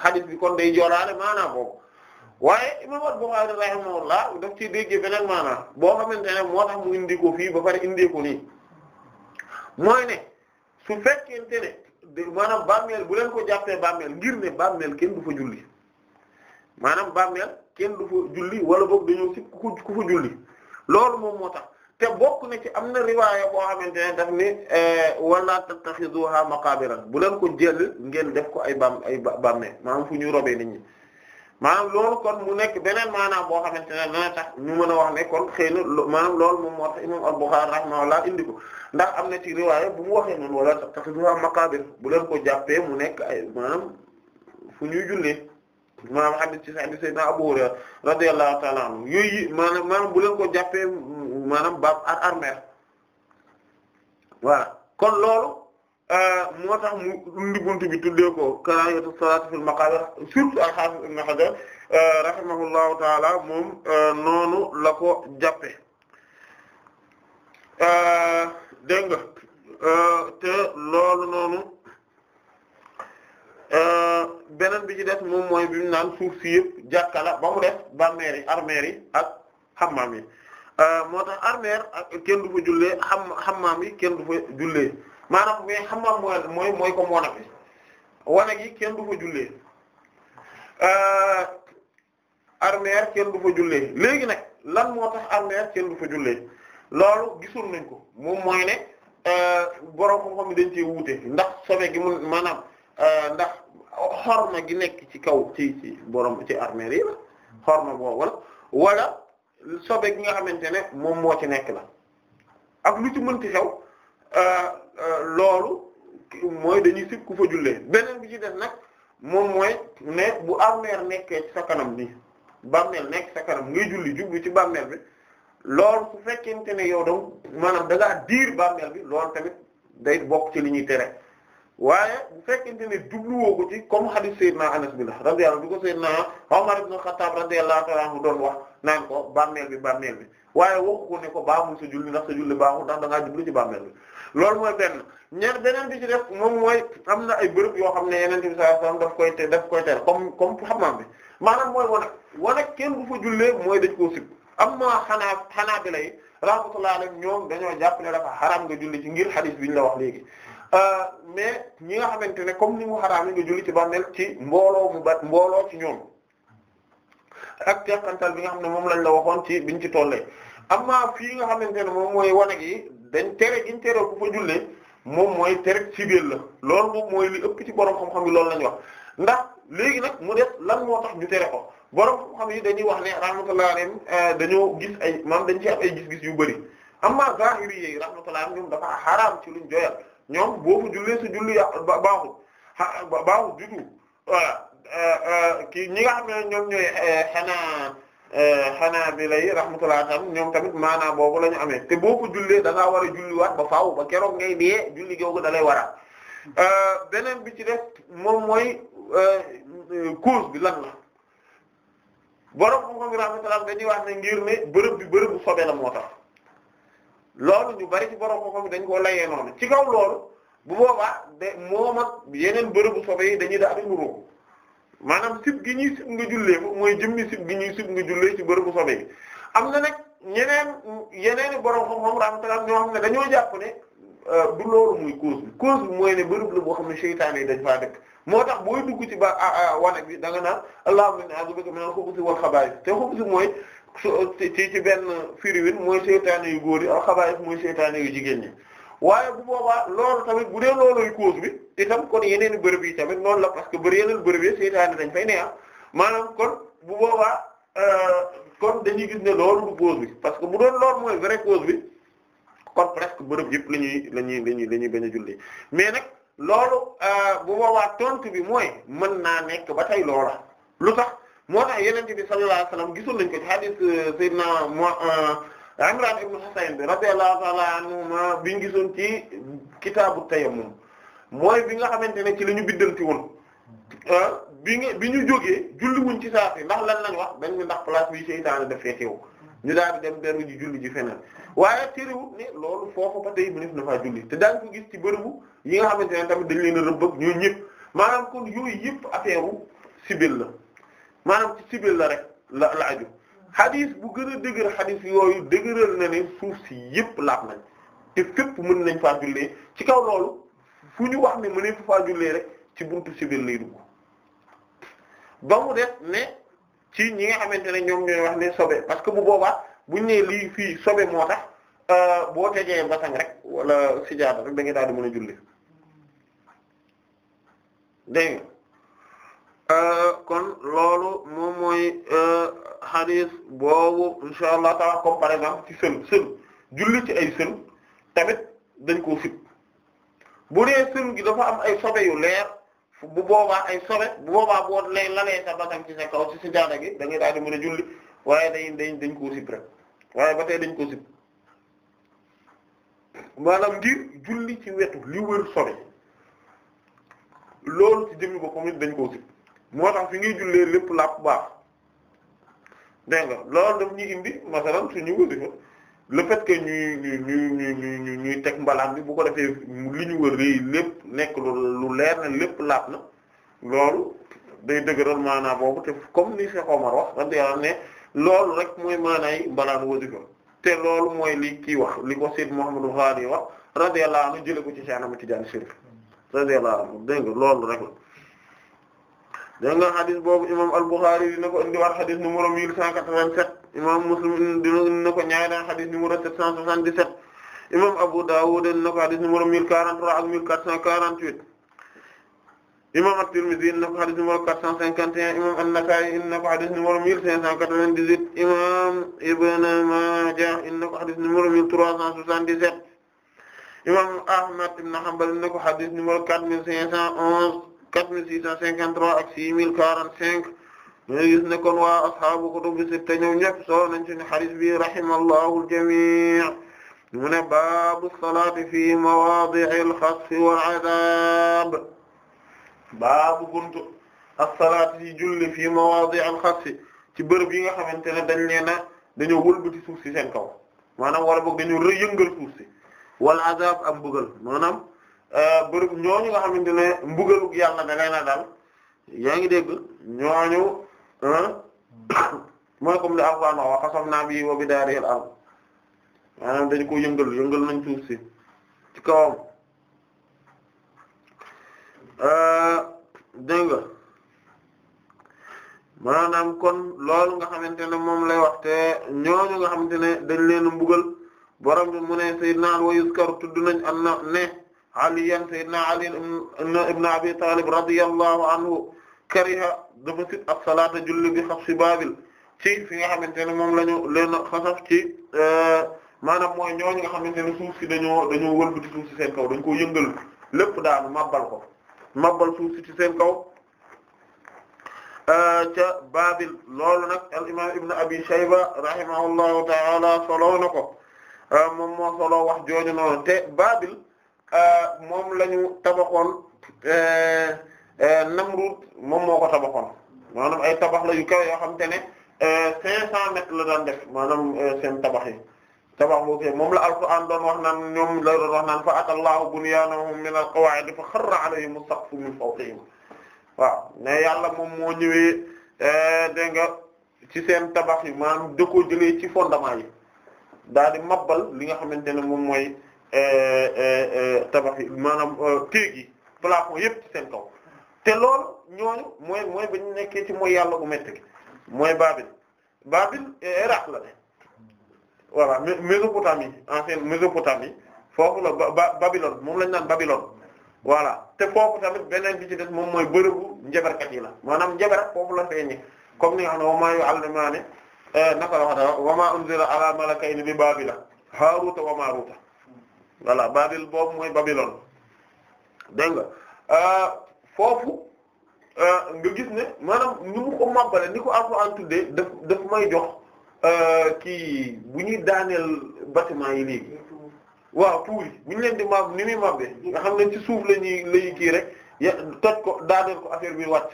hadith bi kon day joolaale maanaam boobu waaye imam al-Bukhari rahimahullah daf ci déggee beneen maanaam boo xamante ne moo tax mu indi fii ba pare indi nii mooy ne su fekkente ne maanaam bàmmeel bu leen ko jàppee bàmmeel ngir ne bàmmeel kenn du fa julli maanaam bàmmeel kenn du fa julli wala boog dañoo si ku ku fa julli loolu moom moo tax te bokk na ci am na riwaaya boo xamante ne daf ni eh, wala tattaxizuha maqabiran bu leen ko jël ngeen def ko ay baam ay bàmmeel maanaam fu ñuy robee ni ñi maanaam loolu kon mu nekk beneen maanaam boo xamante ne dana tax ñu mën a wax ne kon xëy na maanaam loolu moom moo tax imam al-Bukhari rahimahullah indi ndax am na ci riwaaya bu mu waxee noonu wala tattaxiduhaa maqaabir bu leen ko jàppee mu nekk ay maanaam fu ñuy jullee maanaam hadith ci hadith sayyidina Abu Hurayra radiyallahu ta'ala anhu yooyu maanaam maanaam bu leen ko jàppee maanaam baab ar armère voilà kon loolu Euh, moo tax mu undi buntu bi tuddee ko karaahiyatu salaati fil maqaabir surtout al-Haafiz Ibn Hajar euh, rahimahullahu taala moom euh, noonu la ko jàppe dégg nga te loolu noonu beneen bi ci def moom mooy bi naan suuf si yëpp jàkka la ba mu def bàmmeel ak xammaam yi moo tax armeel kenn du fa jullee xam kenn du fa jullee maanaam mais xam mooy mooy mooy comme wanag bi yi kenn du fa jullee euh, armeer kenn du fa jullee léegi nag lan moo tax armeer kenn du fa jullee loolu gisul nañ ko moom mooy ne euh, borom xam-xam dañ cee wuute ndax sobe gi mu maanaam euh, ndax xorma gi nekk ci kaw ci ci borom ci armeer yi la xorma boobu la wala sobe gi nga xamante ne moom moo ci nekk la ak lu ci mënti xew Euh, loolu mooy dañuy sib ku fa jullee beneen bi ci def nag moom mooy ne bu armeer nekkee ci sa kanam nii bàmmeel nekk sa kanam ngay julli jublu ci bàmmeel bi lool bu fekkente ni yow donc maanaam da ngaa diir bàmmeel bi loolu tamit day bokk ci li ñuy tere waaye bu fekkente ne jubluwoo ko ci comme hadith Seydina Anas bi la radiyallahu anhu ko Seydina Umar ibn Khattab radiyallahu ta'ala anhu doon wax naan ko bàmmeel bi bàmmeel bi waaye waxu ko ne ko baaxul sa julli ndax sa loolu mooy benn ñaar beneen bi ci def moom mooy am na ay bërëb yoo xam ne yeneen bi sallallahu alayhi wasallam daf koy te daf koy tere comme comme xamaam bi maanaam mooy wane wane kenn bu fa jullee mooy dañ koo sib am na xanaa xanaa bi lay rahmatullahi alayhim ñoom dañoo jàpp ne nga julli ci ngir hadith bi ñu la wax léegi euh, mais ñi nga xamante ne comme ni mu xaraam yi nga ci bàmmeel ci mbooloo mu ba mbooloo ci ak teqantal bi nga xam ne moom lañ la waxoon ci biñ ci tollee am na fii nga xamante ne moom mooy wane gi dañ tere giñ tere ku fa jullee moom mooy tere cibéel la loolu moom mooy li ëpp ci borom xam-xam yi loolu lañu wax ndax léegi nag mu def lan moo tax ñu tere ko borom xam-xam yi dañuy wax ne rahmatullah alayhim euh, dañoo gis ay maam dañ ci am ay gis-gis yu bëri amma zahiri yi rahmatullah ñoom dafa xaraam ci lu luñ joyal ñoom boo fa jullee sa julli yà baaxul baaxul judu voilà euh, euh, kii ñi nga xam ne ñoom ñooy xanaa Hanaabila eh, yi rahmatullahi alayhim ñoom tamit maanaam boobu la amee te boo ko jullee da war a julliwaat ba faaw ba keroog ngay dee julli googu da lay wara eh, beneen bi ci def moom mooy eh, cause bi lan la borom moom mi rahmatullah dañuy wax ne ngir ne bërëb bi bërëb bu sobe la moo tax loolu ñu bari ci borom moom dañ koo layee noonu ci kaw loolu bu boobaa de moom ak yeneen bu sobe yi dañuy daal di nuroo maanaam sib gi ñuy sib nga jullee ko mooy jëmmi sib gi ñuy sib nga jullee ci bërëbu sobe bi am na nag ñeneen yeneen i borom xam-xam rahmatullah ñoo xam ne dañoo jàpp ne euh, du loolu muy cause bi cause bi mooy ne bërëb la boo xam ne seytaane yi dañ faa dëkk moo tax booy dugg ci ba wanag bi da nga naan allahumma inni a'udhu bika minal khubuthi wal khaba'ith te xubusi mooy ci ci benn firiwin mooy seytaane yu góor yi al khaba'ith mooy seytaane yu jigéen ñi waaye bu boobaa loolu tamit bu dee looluy cause bi itam kon yeneen bërëb yi tamit noonu la parce que bëri yeneen bërëb yi seytaane dañ fay ne ah maanaam kon bu boobaa euh, kon dañuy gis ne loolu bu cause bi parce que bu doon loolu mooy vrai cause bi kon presque bërëb yëpp la ñuy la ñuy la ñuy la ñuy bañ a jullee mais nag loolu euh, bu boobaa tontu bi mooy mën naa nekk ba tey loola lu tax moo tax yeneen bi sallallahu alayhi wasallam gisul nañ ko ci hadith euh, sayyidina Imran ibn Husayn bi bi ñu gisoon ci kitaabu tayammum mooy bi nga xamante ne ci lañu ñu biddanti woon ah bi nga bi ñu jógee julli wuñ ci saa ndax lan lañ wax dañ ñu ndax place bi seytaane daf fee teew ñu daal di dem beru ji julli ji feneen waaye terewut ne loolu foofu ba tey na faa julli te daañ ko gis ci bërëbu yi nga xamante ne tamit dañ leen a ñu ak maanaam kon yooyu yëpp affaire u sibil la maanaam ci sibil la rek la la aju xadis bu gën a dëgër xadis yooyu dëgëral na ne suuf si yëpp laab nañ te fépp mën nañ faa jullee ci kaw loolu fu ñu wax ne mu ne fu faa jullee rek ci buntu sibil lay dugg ba mu def ne ci ñi nga xamante ne ñoom ñooy wax ne sobe parce que bu boobaa buñ ne lii fii sobe moo tax euh, boo tegee basang rek wala sijaada rek da ngay daal mën a julli dégg euh, kon loolu moom euh, ci ay sën tamit fit bu dee sëru gi dafa am ay sobe yu leer bu boobaa ay sobe bu boobaa boo lay lalee sa basam ci sa kaw ci sa jaada gi da ngay daal di mën a julli waaye day dañ dañ koo sib rek waaye ba tey dañ ko sib maanaam ngir ci wetu li wër sobe loolu ci jëmmi dañ koo sib moo tax fi ngay jullee lépp làpp baax dégg nga loolu daf ñu indi masalan suñu wasifa le fait que ñuy ñuy ñuy ñuy ñuy teg mbalaan bi bu ko defee li ñu wër léegi lépp nekk lu leer na lépp laat na loolu day dëgëral maanaa boobu te comme ni Cheikh Omar wax radiyallahu ne loolu rek mooy maanaay mbalaan wasifa te loolu mooy li kii wax li ko Seyd Mouhamadou Ghali wax radiyallahu anhu jële ko ci Cheikh Ahmad Tidiane Chérif radiyallahu anhu dégg nga loolu rek la dégg nga xadis boobu imam Al-Bukhârî dina ko indiwaat xadis numéro 1187 imam Muslim dina ko ñaari hadith numéro 777 imam Abu Dawud dina ko hadith numéro 1043 ak 1448 imam At-Tirmidhi dina ko hadith numéro 451 imam An-Nasa'i dina ko hadith numéro 1598 imam Ibn Majah dina ko hadith numéro 1377 imam Ahmad ibn Hanbal dina ko hadith numéro 4511 4653 ak 6045 dañu gis ne kon waa ashaabu kutubu sitta ñoom ñëpp solo nañ ci hadith mu ne baabu salaati fi mawaadi'i al-xasfi wal-'adaab baabu buntu as ci julli yi nga xamante ne dañ nee na dañoo wëlbati suuf si seen kaw maanaam wala boog dañoo yëngal suuf si wal-'adaab am mbugal euh, nga xamante ne mbugalug yàlla da ngay na daal ñooñu. mooy comme li Alxuraan wax xasafnaa bihi wa bidaarihi al-ard maanaam dañu ko yëngal yëngal nañ suuf ci kawam euh, dégg nga maanaam kon loolu nga xamante ne moom lay wax ñooñu nga xamante ne dañ leen mbugal borom bi mu ne Seydina wa yuskaru tudd nañ an ne Aliyan Seydina Ali ibn Abi Talib radiyallahu anhu kariha dafa sit ak salaata julli bi xas si baabil ci fi nga xamante ne moom lañu ñu leen xasaf ci euh, maanaam mooy ñooñu nga xamante ne suuf si dañoo dañoo wëlbati suuf si seen kaw dañ ko yëngal lépp daanu mabbal ko mabbal suuf si ci kaw euh, ca baabil loolu nag al imam ibn abi shayba rahimahullahu taala soloo na ko euh, moom moo soloo wax jooju te baabil moom la ñu tabaxoon Namrud eh, moom moo ko tabaxoon maanaam ay tabax la yu kaw yoo xam te ne eh, cinq cent mètres la daan def maanaam eh, seen tabax yi tabax boobu moom la alquran doon wax naan ñoom la doon wax naan fa atallahu bunyanahum min alqawaa'id fa kharra alayhim as-saqfu min fawqihim waaw mais yàlla moom moo ñëwee dégg nga ci seen tabax yi maanaam da jëlee ci fondement yi daal di mabbal li nga xamante ne moom mooy tabax yi maanaam téeg yi plafond yëpp ci seen kaw te lool ñooñu mooy mooy ba ñu nekkee ci mooy yàlla bu métti gi mooy Babil Babil Irak la ne voilà Mésopotamie ancienne Mésopotamie foofu la ba Babylone moom lañ naan Babylone voilà te foofu tamit beneen bi ci des moom mooy bërëbu njabarkat yi la maanaam njabar foofu la feeñee comme ni xam ne wama yu'allimaani eh, naka la wax dara wama unzila ala malakayni bi Babila Haaruta wa Maaruta voilà Babil boobu mooy Babylone dégg foofu euh, nga gis ne maanaam ni mu ko màbbale ni ko Alxuraan tuddee daf daf may jox euh, kii bu ñuy daaneel bâtiment yi lii waaw tuuri bu ñu leen di màbb ni muy màbbee nga xam ne ci suuf la ñuy lay kii rek ya toj ko daaneel ko affaire bi wàcc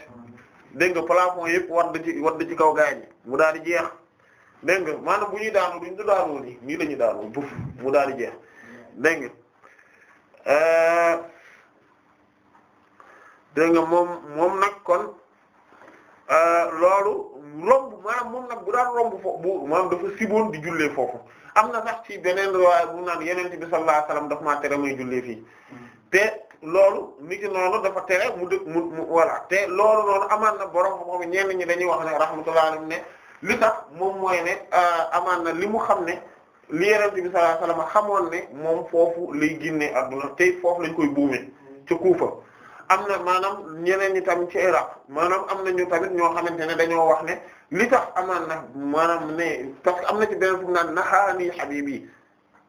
dégg nga plafond yëpp war da ci war da ci kaw gaañ mu daal di jeex dégg nga maanaam bu ñuy daanu duñ du daanoo nii nii lañuy daan daanoo buuf mu daal di jeex dégg nga euh, dégg nga moom moom nag kon euh, loolu romb maanaam moom nag bu daan romb foofu bu maanaam dafa siboon di jullee foofu am na sax ci beneen riwaaya bu naan yeneen bi sallallahu alayhi wasallam hmm. te loolu niki noonu dafa tere mu mu mu voilà te loolu amaan na borom moom ñenn ñi dañuy wax ne rahmatullahi ne li tax moom mooy euh, xam ne li yeneen bi sallallahu alayhi wasallam xamoon ne moom foofu lay génnee adduna te foofu lañ koy buumee ca Kuufa. am na maanaam ñeneen ñi tamit ci Iraq maanaam am na tamit ñoo xamante ne dañoo wax ne li tax amaan na maanaam ne parce am na ci beneen fum naan nahaani habibi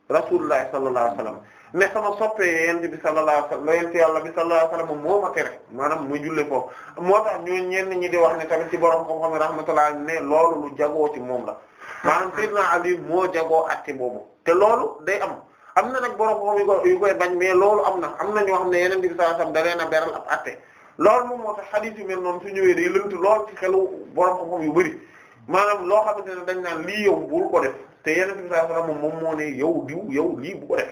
rasulullah sallallahu alayhi wasallam ne sama soppe yent bi sallallahu alayhi wasallam yent yàlla bi sallallahu alayhi wasallam moo ma tere maanaam muy julle foofu moo tax ñoo ñenn ñi di wax ne tamit ci borom xam-xam rahmatullah ne loolu lu jagoo ti moom la maanaam naa Ali moo jagoo atte boobu te loolu day am am na nag borom moom yu koy bañ mais loolu am na am na ñoo xam ne yeneen bi sallallahu alayhi wasallam da leen a beral ab atte loolu moom moo tax xadiis yu mel noonu su ñëwee xam yu bëri maanaam loo xamante ne dañ naan lii yow bul ko def te yeneen bi sallallahu alayhi wasallam moom moo ne yow diw yow lii bu ko def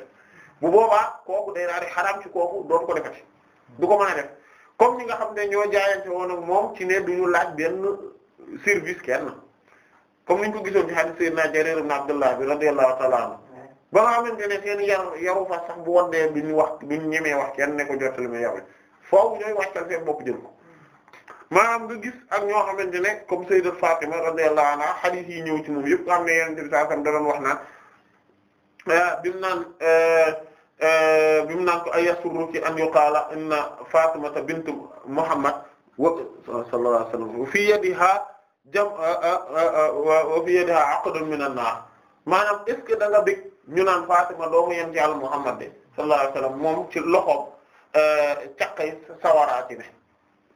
bu boobaa kooku day daal di xaraam ci kooku doon ko defati du ko mën a def comme ñi nga xam ne ñoo jaayante woon ak moom ci ne duñu laaj benn service kenn comme niñ ko gisoon ci hadith sayyidina Jarir ibn bi radiyallahu ta'ala anhu ba nga xamante ne seen yaru sax bu waddee biñu wax wax kenn ne ko jottali ma yaru foofu ñooy waxtaan seen bopp jël ko maanaam nga gis ak ñoo xamante ne comme sayyidat Fatima radiyallahu anha hadith yi ñëw ci moom yëpp nga xam ne yenente bi sallallahu alayhi wasallam da wax naan ah, bi mu naan ah, ah, bi mu naan ko ay yasurruki an yuqaala inna Fatimata bint Muhammad wa sallallahu alayhi wasallam fi yadiha jam wa fi ñu naan Fatima doomu yent yàlla Muhammad de sallallahu alayhi wasallam moom ci loxoom euh, caqay sawaraati ne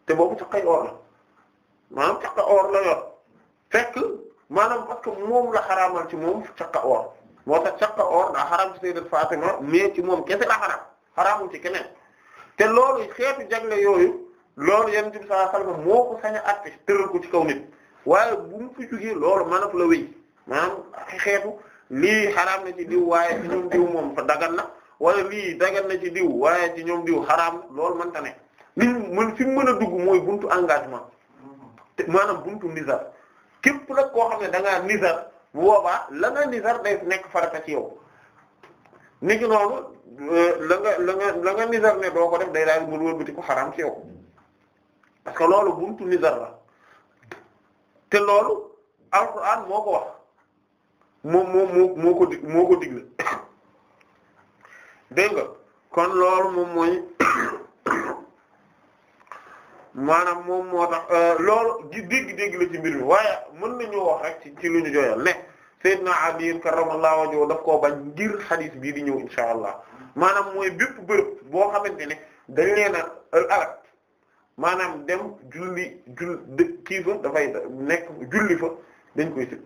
te boobu caqay or la maanaam caqa or la yor fekk maanaam parce que moom la xaraamal ci moom caqa or moo tax caqa or daa xaraam ci sayyidat Fatima mais ci moom kese la xaraam xaraamul ci keneen te loolu xeetu jagle yooyu loolu yent bi sallallahu alayhi moo ko sañ a àtte tëral ko ci kaw nit waaye bu mu fi jugee loolu maanaam la wéy maanaam xeetu lii xaraam na ci diw waaye ci ñoom diw moom fa dagan na wala lii dagan na ci diw waaye ci ñoom diw xaraam lool mënta ne li mën fi mu mën a dugg mooy buntu engagement te maanaam buntu nizar képp nag koo xam ne da ngaa nizar boobaa la nga nizar day nekk farata ci yow nit ki euh, la nga la nga la nga nizar ne doo ko def day daal mën wëlbati ko xaraam ci yow parce que loolu buntu nizar la te loolu alxuraan moo ko wax moom moom moo moo ko dig moo ko digle dégg nga kon loolu moom mooy maanaam moom moo tax euh, loolu di dégg-dégg la ci mbir mi waaye mën nañoo wax rek ci ci lu ñu jooyal ne Seydina Ali karramallahu wajhu daf koo bañ ngir xadiis bii di ñëw insha allah maanaam mooy bépp bërëb boo xamante ne dañ leen a alal maanaam dem julli jull dë kii fa dafay nekk julli fa dañ koy sib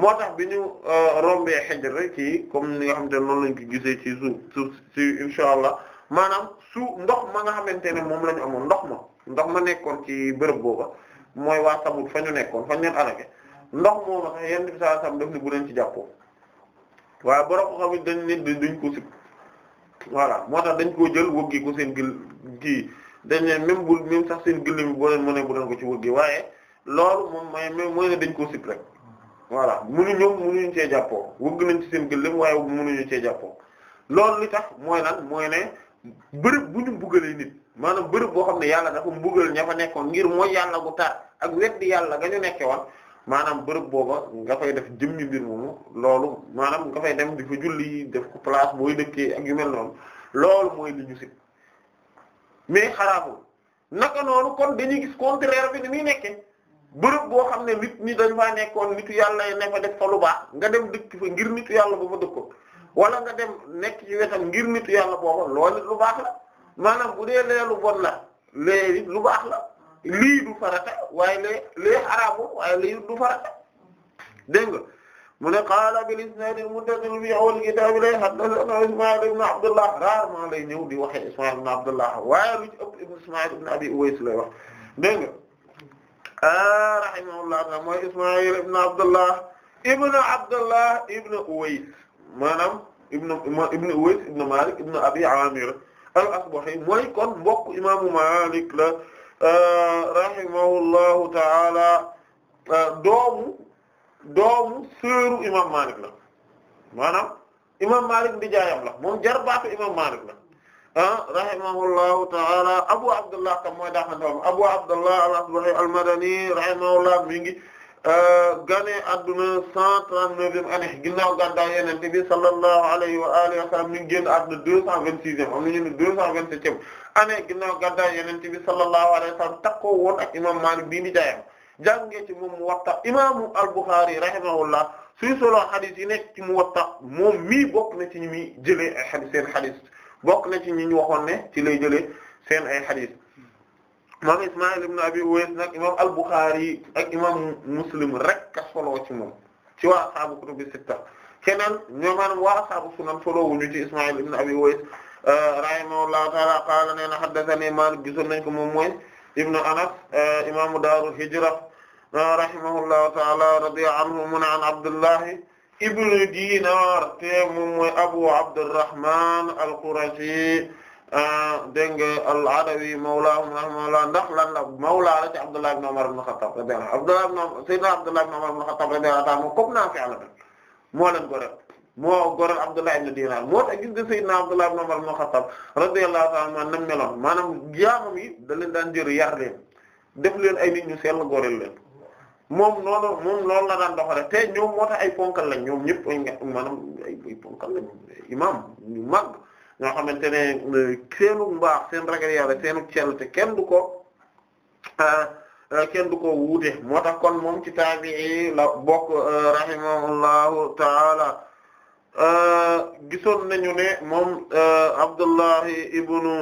moo tax bi ñu euh, rombee xejr rek ci comme ni nga xamante ne noonu lañ ko gisee ci suuf suuf si insha allah maanaam su ndox ma nga xamante ne moom la ñu amoon ndox ma ndox ma nekkoon ci bërëb booba mooy waa sabut fa ñu nekkoon fa ñu leen alage ndox moom sax yenn bi saa sam def ni bu leen ci jàppoo waaye borom ko xamit dañ ne duñ ko sib voilà moo tax dañ koo jël wëggi ko seen gil kii dañ ne même bu même sax seen gilli mi boo leen mënee bu leen ko ci wëggi waaye loolu moom mooy mooy ne dañ koo sib rek voilà munuñu munuñu cee jàppoo wëgg nañ ci seen gëléem waaye munuñu cee jàppoo loolu li tax mooy lan mooy ne bërëb bu ñu mbugalee nit maanaam bërëb boo xam ne yàlla dafa mbugal ña fa nekkoon ngir mooy yàlla gu tar ak weddi yàlla nga ñu nekke woon maanaam bërëb booba nga fay def jëmmi mbir moomu loolu maanaam nga fay dem di fa julli def ko place booy dëkkee ak yu mel noonu loolu mooy li ñu si mais xaraamul naka noonu kon dañuy gis contraire bi ni muy nekkee bërëb boo xam ne nit ñi dañ faa nekkoon nitu yàlla yi ne fa def fa lu baax nga dem dëkk fa ngir nitu yàlla ba fa dëkkoon wala nga dem nekk ci wetam ngir nitu yàlla booba lu baax la maanaam bu dee lee lu la lu baax la lii du farata waaye lee lee xaraamu waaye lii du farata mu ne qaala bil isnaad al muttasil fi awwal kitaab lay haddathana Isma'il ibn Abdullah ñëw di waxe Isma'il ibn Abdullah waaye lu ci ëpp ibn Isma'il ibn Abi lay wax dégg rahimahullah taala mooy Ismaïl ibn Abdullah ibn Abdullah ibn Uways maanaam ibn ibn Uways ibn Malik ibn Abi Amir al-Asbahi mooy kon mbokk imaamu Malik la rahimahullahu taala doomu doomu seeru imam Malik la maanaam imam Malik di jaayam la moom jarbaatu imam Malik la Ah, rahimahullahu ta'ala Abu Abdullah kam mooy daaxantaam Abu Abdullah al-Asbahi al-Madani rahimahullah mi ngi ah, gane adduna 139e année ginnaaw gàddaay Yonent bi sallallahu alayhi wa alihi wa sallam mi ngi génn adduna 226e am nañu ne 227e année ginnaaw gàddaay sallallahu alayhi wa sallam takkoo woon ak imam Malik bii di jaayam jàngee ci moom Muwatta imaamu al-Bukhari rahimahullah suy solo xadis yi nekk ci Muwatta moom mii bokk na ci ñi muy jëlee ay xadis seen bokk na ci ñi waxoon ne ci lay jëlee seen ay xadis moom Ismaïl ibn Abi Uways nag imam al-Bukhari ak imam Muslim rek ka solo ci moom ci waa ashaabu kutubi sitta keneen ñoo maanaam waa ashaabu sunan solo wuñu ci Ismaïl ibn Abi Uways euh, rahimahullahu ta'ala qaala nee na haddathani Maalik gisoon nañ ko moom mooy ibnu Anas euh, imaamu daaru hijra euh, rahimahullahu ta'ala radiya anhu mun an Abdullahi ibnu Dinar te moom mooy Abu Abdurrahman al-Qurashi ah, dégg nga al-Adawi mawlaahum rahimahullah ndax lan la mawlaa la ci Abdullah ibn Umar ibn Khattab radiyallahu anhu Abdullah ibn Umar sayyidina Abdullah ibn Umar ibn Khattab radiyallahu anhu comme Naafi' la def moo leen goreel moo goreel Abdullah ibn Dinar moo tax gis nga sayyidina Abdullah ibn Umar ibn Khattab radiyallahu ta'ala anhu nam meloon maanaam jaamam yi da leen daan jël yar leen def leen ay nit ñu sell goreel leen moom noonu moom loolu la daan doxale te ñoom moo tax ay ponkal lañ ñoom ñëpp ay nga maanaam ay ponkal mag ñoo xamante ne euh, seenu mbaax seen ragal yàlla seenu cell kenn du ko euh, euh, du ko wuute moo tax kon moom ci taabii la bokk rahimahullahu taala gisoon nañu ne moom Abdullahi ibnu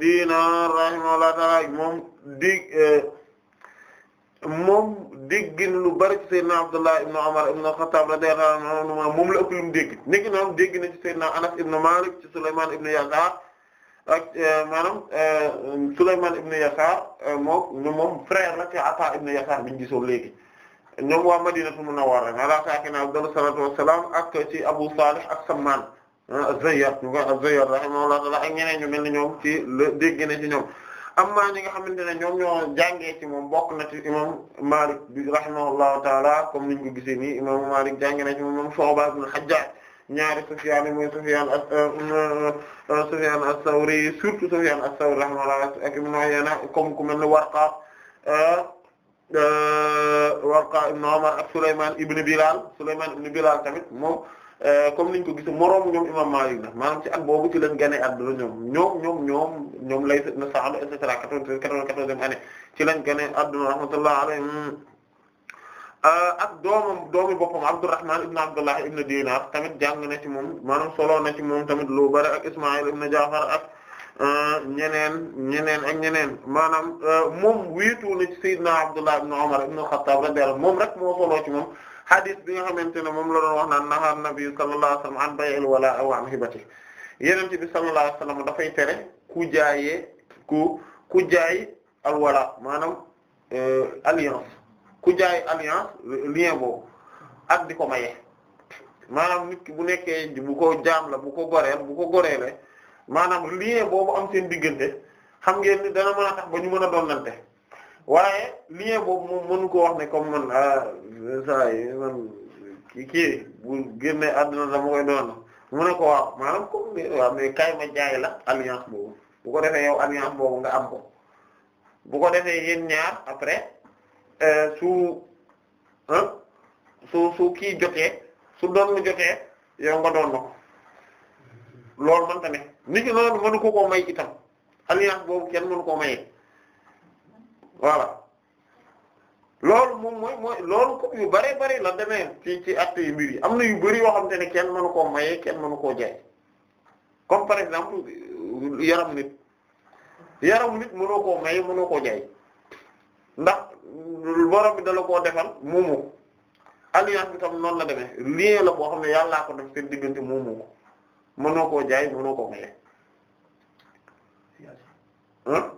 Dinar rahimahullahu taala moom di moom déggin lu bari ci Seydina Abdullah ibn Umar ibn Khattab radiyallahu anhu moom la ëpp lu mu dégg nekk noonu dégg na ci Seydina Anas ibn Malik ci Sulayman Yasar ak euh, maanaam euh, Sulayman ibn Yasar euh, moom moom frère la ci Ata ibn Yasar biñu gisoo léegi ñoom waa Madinatu Munawwara ala saakina afdalu salaatu wassalaam ak ci Abu Salih ak Samman Zayyat ñu koy Zayyat rahimahullah ta'ala ak ñeneen ñu mel ni ñoom ci la dégg ci ñoom amma ñi nga xamante ne ñoom ñoo jàngee ci moom bokk na ci imam Malik bi rahimahullahu taala comme ni ko gisee nii imam Malik jàngee na ci moom moom Shu'ba ibn al ñaari Sufyan yi mooy Sufyan euh, um, euh, euh, Sufyan as-Sawri surtout Sufyan as-Sawri rahimahullah ak Ibn Uyayna comme ku mel ne Warqa Warqa ibn Umar ak Sulayman tamit moom Euh, comme niñ ko gis moroomu ñoom imam Maalik la maanaam ci at boobu ci lañ gane adduna ñoom ñoom ñoom ñoom lay na saxlu et cetera quatorze quatorzième année ci lañ gane adduna rahmatullah alayhim euh, ak doomam doomi boppam Abdurrahman ibn Abdullah ibn Dinar tamit jàng na ci moom maanaam solo na ci moom tamit lu bari ak Ismaïl ibn Jaafar ak euh, ñeneen ñeneen ak ñeneen maanaam moom wéetu na ci Sayyidina Abdullah ibn Umar ibn Khattab radiyallahu moom rek moo solo ci moom hadith bi nga xamante ne moom la doon wax naan naha nabi sallallahu alayhi wasallam wa an hibati yenente bi sallallahu alayhi wasallam dafay tere ku jaayee ku ku jaay al maanaam euh, alliance ku jaay alliance lien boobu ak di ko maye maanaam nit ki bu nekkee bu ko jaam la bu ko goreel bu ko goreele maanaam lien boobu am seen diggante xam ngeen ni dana mën a tax ba ñu mën a doon nante waaye lien boobu moom mënu ko wax ne comme man euh, saa yi man kii kii bu génne àdduna dama koy doon mu ne ko waaw maanaam comme ni waaw kay ma la alliance boobu bu defee yow alliance boobu nga am ko bu ko defee yéen ñaar après euh, su su su kii jotee su doon mu jotee yow nga doon na ko loolu man tamit nit ñi noonu mënu ko koo may itam alliance boobu kenn mënu koo maye loolu moom mooy mooy loolu coupe yu bare bari la demee ci ci actes yu mbir am na yu bari yoo xam xamante ne kenn mënu koo maye kenn mënu koo jaay comme par exemple euh, yaram nit yaram nit mënoo koo maye mënoo koo jaay ndax borom dala koo defal moomu ko alliance bi tam noonu la demee lien la boo xam ne yàllaa ko def seen diggante moomu ko koo jaay mënoo koo maye. ah.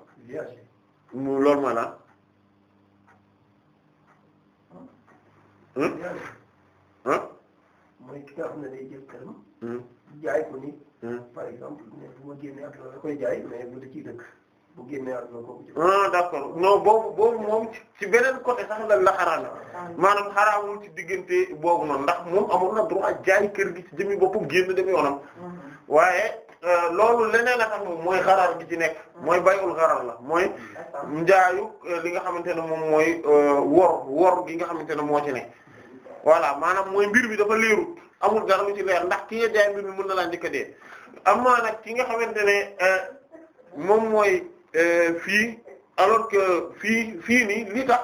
loolu maanaam. ah. mooy ki nga xam ne day jël këram. jaay ko ni. par exemple bu ma koy jaay mais bu da dëkk bu génnee ak loolu kooku ci. ah d'accord non boobu boobu moom ci beneen côté sax la la xaraam ah. maanaam xaraamul ci diggante boobu noonu ndax moom amoon na droit jaay kër gi ci jëmmi boppam génn dem yoonam. waaye euh, loolu leneen la tax moom mooy xaraar gi ci nekk. mooy bayul xaraar la mooy. njaayu euh, li nga xamante ne moom mooy euh, wor wor gi nga xamante ne moo ci nekk. voilà maanaam mooy mbir mi dafa leerul amul dara mu ci leer ndax ki nga jaay mbir mi mën na laa njëkk a dee amaa nag ki nga xamante ne euh, moom mooy euh, fii alors que fii fii nii li tax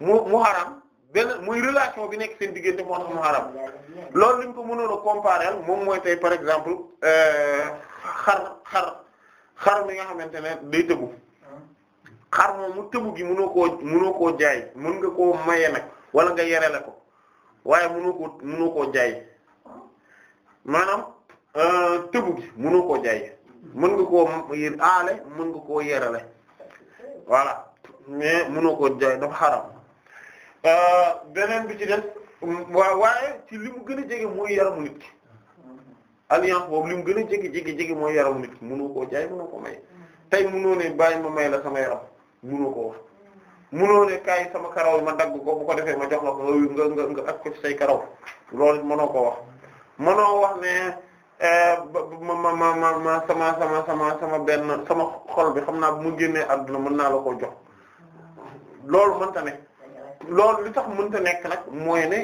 mu mu xaram benn muy relation bi nekk seen diggante moo tax mu xaram loolu li ko mënoon a comparer moom mooy tey par exemple euh, xar xar xar mi nga xamante ne day tëbu xar moom mu tëbu gi mënoo koo mënoo koo jaay mën nga ko maye nag wala nga yerele ko. waaye mënu ko mënu koo jaay maanaam euh, tëbu gi mënu koo jaay mën nga koo aale mën nga koo yerale voilà mais mënu koo jaay dafa xaram euh, beneen bi ci def waa waaye ci li gën a jege mooy yaramu nit alliance boobu li mu gën a jege jege jege mooy yaramu nit ki mënu koo jaay mënu ko may tey mënoo ne bàyyi ma may la sama yaram mënu ko wax munoo ne kaay sama karaw ma dagg ko bu ko defee ma jox la ko nga nga nga ak ko say karaw loolu mënoo ko wax mënoo wax ne eh, ma ma ma ma sama sama sama benn sama xol bi xam naa bu mu génnee àdduna mën naa la koo jox loolu mënta ne loolu li tax mënta nekk nag mooy ne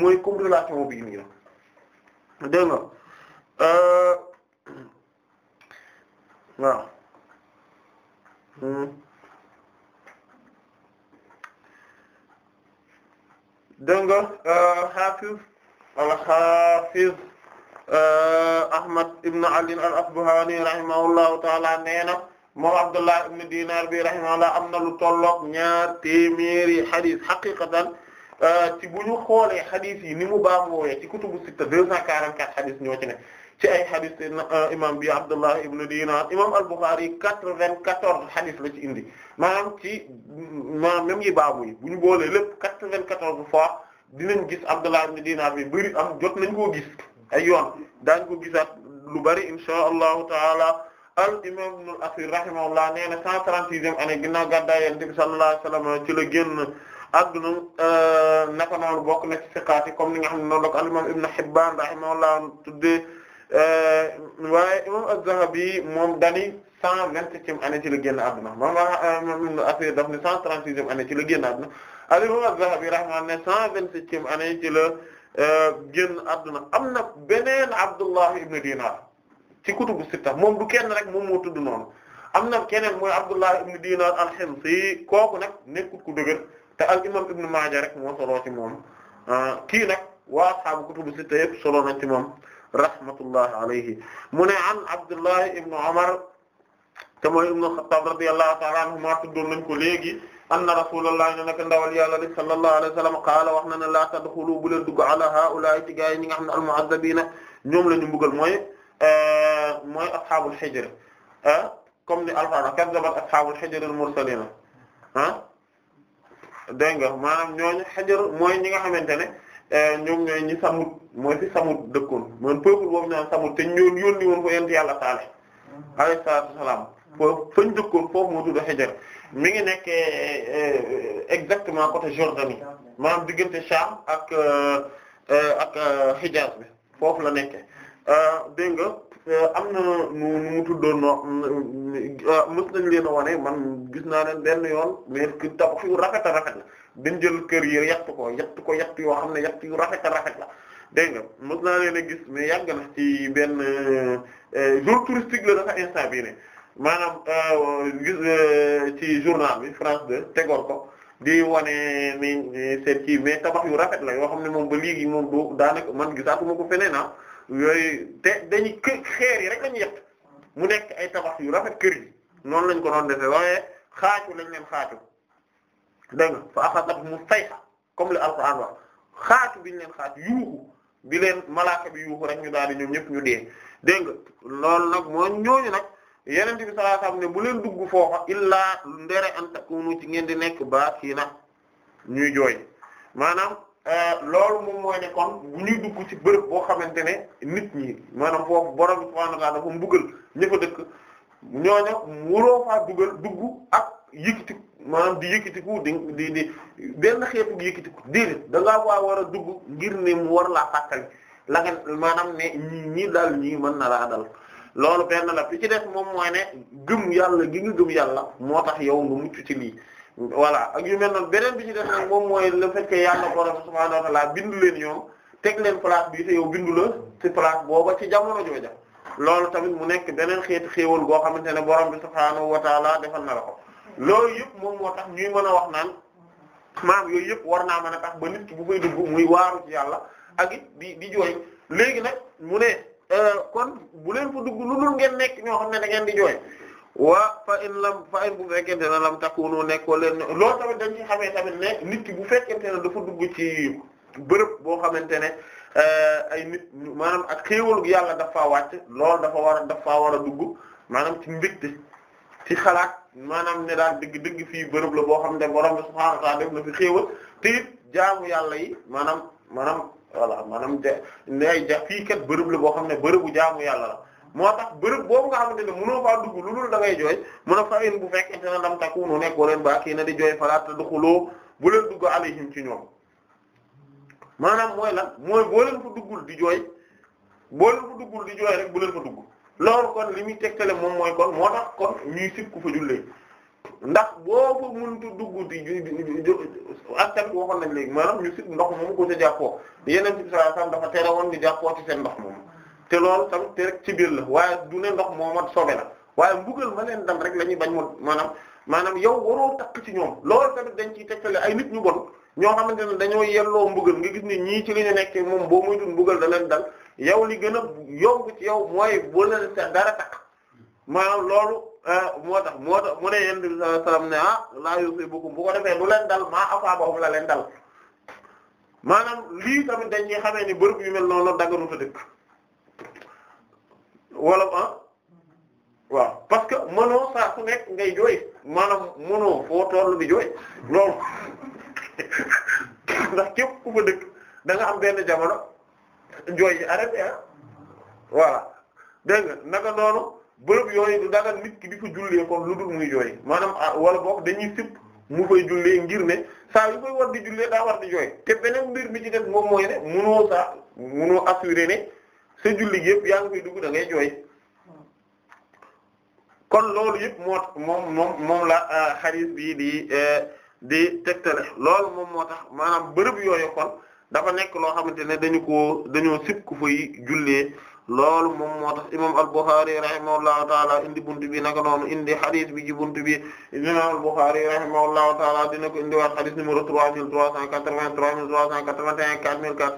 mooy comme relation bi nii la dégg nga eh, waaw. Hmm. dégg nga euh, Hafiz al-Hafiz euh, Ahmad ibn Ali al-Asbahani rahimahullahu taala nee na moom Abdullah Dinar bi rahimahullah am na lu tolloog ñaar téeméeri xadis xaqiqatan euh, ci bu ñu xoolee xadis yi ni mu baax mooyee ci kutubu sitta deux cent quarante-quatre xadis ñoo ci ci ay xadis te euh, imam bi Abdullah ibn Dinar imam al-Bukhari quatre-vingt-quatorze la ci indi maanaam ci maanaam même yi baabu yi bu ñu boolee lépp quatre-vingt-quatorze fois dinañ gis Abdullah ibn Dinar bi bëri am jot nañ koo gis ay yoon daañ ko gisaat lu bëri inshaa allahu taala al imam ibn al-Athir rahimahullah nee na cent trente-sixième année ginnaaw gàddaay yonent bi sallallahu alayhi ci la génn adduna euh, naka noonu bokk na ci siqaat ni nga xam ne noonu la ko a imam Ibn Hibban rahimahullah Euh, waaye imam Az-Zahabi moom dani cent vingt-septième année ci la génn àdduna moom affaire daf ne cent trente-sixième année la génn àdduna al imam Az-Zahabi rahimahullah ne cent vingt-septième année ci la euh, génn adduna am na beneen Abdullah ibn Dinar ci kutubu sitta moom du kenn rek moom moo tudd noonu am na keneen mooy Abdullah ibn Dinar al-Himsi kooku nag nekkut ku dëgër te al imam Ibn Maaja rek moo soloo ci moom euh, kii nag waa ashaabu kutubu sitta yëpp soloo na ci moom rahmatullahi alayhi mu ne an Abdullahi ibn Umar te mooy ibn Khattab radiyallahu ta'ala anhuma tuddoon nañ ko léegi anna rasulullah ne naka ndawal yàlla li sallallahu alayhi wa sallam qaala wax na ne la tadxulu bu leen dugg ala haa'ulaa'i ci gaa yi ñi nga xam ne al-mu'azzabiina ñoom la ñu mbugal mooy eh, mooy ashaabul hijr eh, comme ni alfaana kazzabat ashaabul hijr al-mursaliina ah dégg nga maanaam ñooñu hijr mooy ñi nga xamante ne Eh, ñoom ñooy ñi samut mooy ci samut dëkkoon man peuple boobu ñaan samut te ñoon yónni woon ko yent yàlla taale mhm. alayhi salaatu wasalaam foofu dëkkoon foofu moo tudd Hijr mi ngi nekke eh, eh, exactement côté Jordanie maanaam diggante Sham ak ak Hijaz bi foofu la nekke dégg nga am na nu nu mu tuddoon no mës nañ leen a wane man gis naa ne benn yoon mais tabax yu rafet a rafet la dañ jël kër yi yàq ko yàq ko yàq yoo xam ne yàq yu rafet rafet la dégg nga mos naa leen a gis mais yàgg na ci benn euh, euh, jour touristique la dafa instant bii ne maanaam euh, gis ci journal bi France 2 tegoor ko di wane ni seet ci mais tabax yu rafet la yoo xam ne moom ba léegi moom du daanaka man gisaatuma ko feneen ah yooyu te dañ kë xeer rek lañu yàq mu nekk ay tabax yu rafet kër yi noonu lañ ko doon defee waaye xaaju lañ leen xaaju. dégg nga fa axasat mu sayxa comme li alquran wax xaatu biñu leen xaat yuuxu bi leen malaaka bi yuuxu rek ñu daal di ñoom ñëpp ñu dee dégg nga loolu nag moo ñooñu nag yeneen bi sallallahu alayhi wasallam ne bu leen dugg foofa illaa ndere an takunu ci ngeen di nekk baa kii nag ñuy jooy maanaam euh, loolu moom mooy ne kon bu ñuy dugg ci bërëb boo xamante ne nit ñi maanaam foofu borom subhanahu wa ta'ala dafa mbugal ñëfa faa dugal dugg ak yëkkati maanaam di yëkkatiku di di di benn xeetu yëkkatiku di da ngaa waa war a dugg ngir ne mu war laa fàttali la nga maanaam ne ñii ñii daal ñii mën na laa dal loolu benn la bi ci def moom mooy ne gëm yàlla gi nga gëm yàlla moo tax yow nga mucc ci lii voilà ak yu mel noonu beneen bi ci def moom mooy la fait que yàlla borom subhaanahu wa ta'aala bindu leen ñoom teg leen place bii te yow bindu la ci place booba ci jamono jooja loolu tamit mu nekk beneen xeetu xéewal goo xamante ne borom bi subhaanahu wa defal na loolu yëpp moom moo tax ñuy mën a wax naan maam yooyu yëpp war naa man a tax ba nit ki bu fay dugg muy waaru ci yàlla ak it di di jooy léegi nag mu ne euh, kon bu leen fa dugg lu ngeen nekk ñoo xam ne da ngeen di jooy waa fa in lam fa in bu fekkente ne lam nekkoo leen loolu tamit dañ ci xamee tamit ne nit ki bu fekkente ne dafa dugg ci bërëb boo xamante ne euh, ay nit maanaam ak xéewalu yàlla dafa wàcc loolu dafa war a dafa war a dugg maanaam ci mbégte ci xalaat. maanaam ne daal dëgg dëgg fii bërëb la boo xam ne borom subhaanahu wa ta'aala def na fi xéewal te it jaamu yàlla yi maanaam maanaam voilà maanaam ja nay ja fii kat bërëb la boo xam ne bërëbu jaamu yàlla la moo tax bërëb boobu nga xamante ne mënoo faa dugg lu dul da ngay jooy mun a fayin bu fekk inte na lam takunu nekk waleen baa kii na di jooy falaata duxuloo bu leen dugg alayhim ci ñoom maanaam mooy lan mooy boo leen fa duggul di jooy boo leen fa duggul di jooy rek bu leen fa dugg loolu kon li muy tegtale moom mooy kon moo tax kon ñuy sib ku fa jullee ndax boo fa mëntu dugg di askan bi waxoon nañ léegi maanaam ñu sib ndox moomu ko ca jàppoo yeneen bi sallallahu alayhi wasallam dafa tere woon di jàppoo ci seen ndox moomu te loolu tamit te rek ci biir la waaye du ne ndox moomat sobe la waaye mbugal ma leen dam rek la ñuy bañ ma maanaam maanaam yow waroo takk ci ñoom loolu tamit dañ ciy tegtale ay nit ñu bon ñoo xamante ne dañoo yelloo mbugal nga gis ne ñii ci li ñu nekk moom boo muy dun mbugal da leen dal yow li gën a yomb yow mooy bu la dara takk maanaam loolu eh, moo tax moo tax mu ne yonent bi sallallahu alayhi wasallam ne ah laa yusibukum bu ko defee lu leen dal maa asaabahum la leen dal maanaam lii tamit dañ xamee ni bërëb yu mel noonu dagganut a dëkk wala ah waaw parce que mënoo saa su nekk ngay jooy maanaam mënoo foo toll di jooy loolu ndax képp ku fa dëkk da am benn jamono. jooy ji arrêté ah voilà dégg nga naka noonu bërëb yooyu du dagal nit ki di fa jullee kon lu dul muy jooy maanaam ah, wala boog dañuy sipp mu koy jullee ngir ne saa yu koy war di jullee daa war di jooy te beneen mbir mi ci def moom mooy ne munoo saa munoo assuré ne sa julli yëpp yaa ngi koy dugg dangay jooy kon loolu yëpp moo moom moom la xaris ah, bi di eh, di tegtale loolu moom moo tax maanaam bërëb yooyu kon dafa nekk loo xamante ne dañu ko dañoo sib ku fay jullee loolu moom moo tax imam al-Bukhari rahimahullahu taala indi buntu bi naka noonu indi hadith bi ci buntu bi imam al-Bukhari rahimahullahu taala dina ko indi waat hadith numéro 3383 3381 4419 4420 ak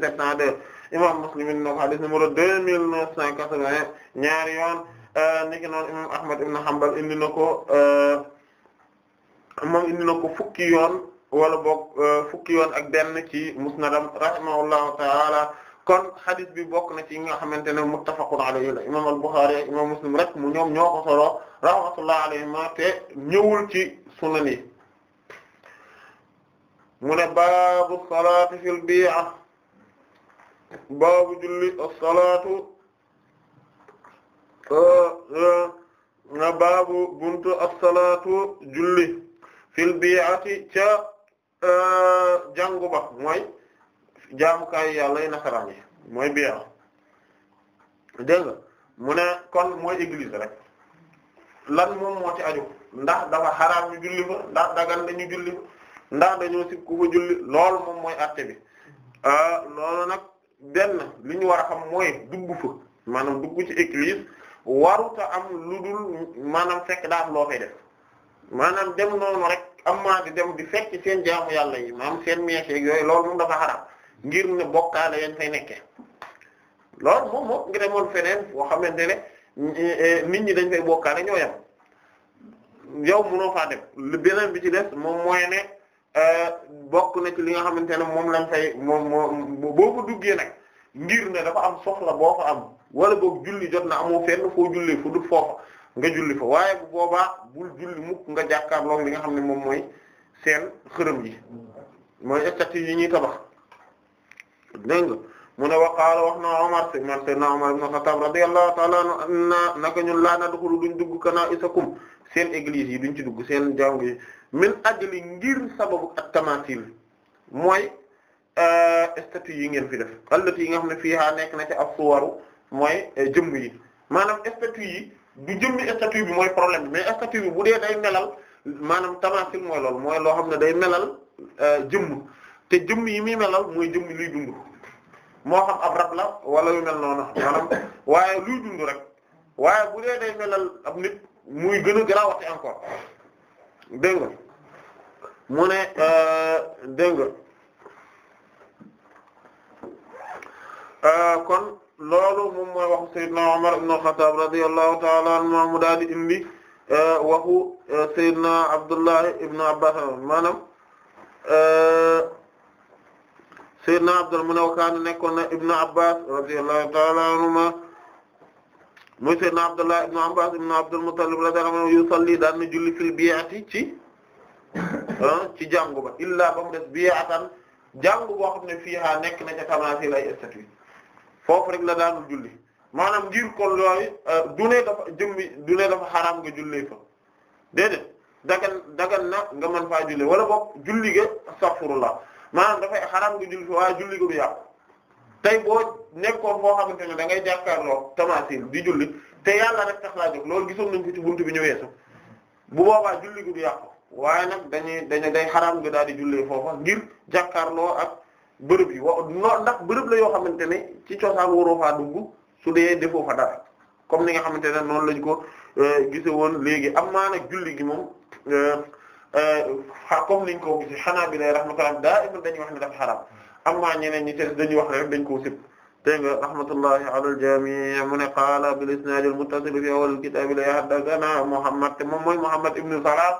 4702 imam Muslim indi na ko hadith numéro 2980 ñaari yoon euh, niki noonu imam Ahmad ibn Hanbal indi na ko euh, moom indi na ko fukki yoon wala boog euh, fukki ak benn ci musnadam rahimahullahu taala kon hadith bi bokk na ci nga xamante ne muttafaqun alayhi la imam al imam Muslim rek mu ñoom ñoo ko solo rahmatullahi te ñëwul ci sunan yi mu ne baabu salaati fil bi'a baabu julli as-salaatu na euh, baabu buntu as-salaatu julli fil bi'ati ca Euh, jàngu ba mooy jaamukaayu yàlla yi nasaraan yi mooy biir dégg nga mu ne kon mooy église rek lan moom moo ci aju ndax dafa xaraam ñu julli fa ndax dagan nañu julli fa ndax dañoo sib ku fa julli loolu moom mooy àtte bi euh, loolu nag benn li ñu war a xam mooy dugg fa maanaam dugg ci église waruta am lu dul maanaam fekk daal loo fay def maanaam dem noonu rek. amma di dem di fekk seen jaamu yàlla yi maam seen meeseeg yooyu loolu moom dafa xaram ngir ne bokkaale yeen fay nekke lool moom moom ngi boo xamante ne nit ñi dañ fay bokkaale ñoo yam yow mënoo dem beneen bi ci des moom mooy ne euh, bokk na ci li nga xamante ne moom lañ fay moom boo ko duggee nag ngir ne dafa am soxla boo fa am wala boog julli jot na amoo fenn foo julli fu dul foofa nga julli fa waaye bu boobaa bul julli mukk nga jàkkaarloog li nga xam ne moom mooy seen xërëm yi mooy statues yi ñuy tabax dégg nga mu ne waqaala wax na Umar man sayyidina Umar ibn Khattab radiyallahu ta'ala anna naka ñun laa nadxulu duñ dugg kana isakum seen église yi duñ ci dugg seen jàng yi min ajli ngir sababu ak tamasil mooy euh, statue yi ngeen fi def allati yi nga xam ne fiihaa nekk na ci as-suwaru mooy jëmm yi maanaam statue yi du jëmmi statut bi mooy problème mais statut bu dee day melal maanaam tamasil mooy loolu mooy loo xam ne day melal euh, jëmm te jëmm yi mi melal mooy jëmm luy dund moo xam ab rab la wala yu mel noonu waaye luy dund rek waaye bu dee day melal ab nit muy gën a garawati encore dégg nga mu ne euh, dégg euh, kon loolu moom mooy waxu Seydina Umar ibn al-Khattab radiyallahu ta'ala anhu mu daal di e, waxu e, Seydina Abdullah ibn Abbas maanaam e, Seydina Abdullah mu ne kaana nekkoon na ibn Abbas radiyallahu ta'ala anhuma muy Seydina Abdullah ibn Abbas ibn Abdul Muttalib radiyallahu anhu yusalli daan na julli fil bi'ati ci ci jàngu ba illa des bi'atan jàngu boo xam ne fiiha nekk na ca tamasil ay statue foofu rek la daanul julli maanaam ngir kon yooyu euh, du ne dafa jëmmi du ne dafa xaraam nga jullee fa déedéet dagan dagan na nga mën faa jullee wala boog julli ga astaghfirullah maanaam dafay xaraam nga julli fa waaye julli ga du yàqu tey boo xamante ne da ngay jàkkaarloo tamasil di julli te yàlla rek tax laa jóg loolu gisoon nañ ko ci buntu bi ñu weesu bu boobaa julli gi du yàqu waaye nag dañuy dañu day xaraam nga daal di jullee foofa ngir jàkkaarloo ak bërëb yi wa no bërëb la yoo xamante ne ci cosaan waroo faa dugg su dee defoo fa dara comme ni nga xamante ne noonu lañ ko euh, gise woon léegi am maa nag julli gi moom euh, euh, comme niñ ko gise xanaa bi lay rahmatullah daa iman dañuy wax ne dafa xaraam am maa ñeneen ñi te dañuy wax rek dañ koo sib dégg nga rahmatullahi ala al-jami' mu ne qaala bil isnad al-muttasil fi awwal al-kitab la haddathana Muhammad te moom mooy Muhammad ibn Salah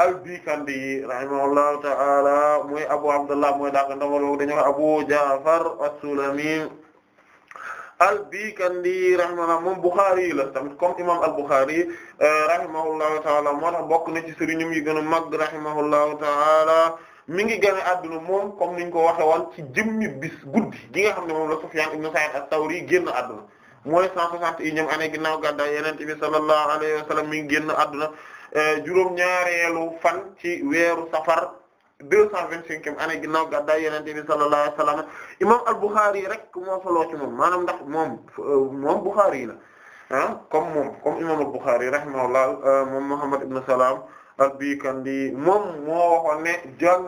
al-Bikandi rahimahullahu ta'ala muy Abu Abdullah mooy daa ko ndawal dañu wax Abu Ja'far as-Sulami al-Bikandi rahimahullah moom Bukhari la tamit comme imam al-Bukhari euh, rahimahullahu ta'ala moo tax bokk na ci sëriñam yi gën a mag rahimahullahu ta'ala mi ngi gën a adduna moom comme niñ ko waxe woon ci jëmmi bis guddi gi nga xam ne moom la Sufyan ibn a at-Tawri génn adduna mooy 160 yi ñoom année ginnaaw gàddaay Yonent bi sallallahu alayhi wa mi ngi génn adduna Eh, juróom-ñaareelu fan ci weeru safar deux cent vingt-cinquième année ginnaaw gàddaay Yonent bi sallallahu alayhi wa al-Bukhari rek moo solo ci moom maanaam moom euh, moom Bukhari la ah comme moom comme imam al-Bukhari rahimahullah euh, moom Muhammad ibn Salam al-Bikandi moom moo waxoon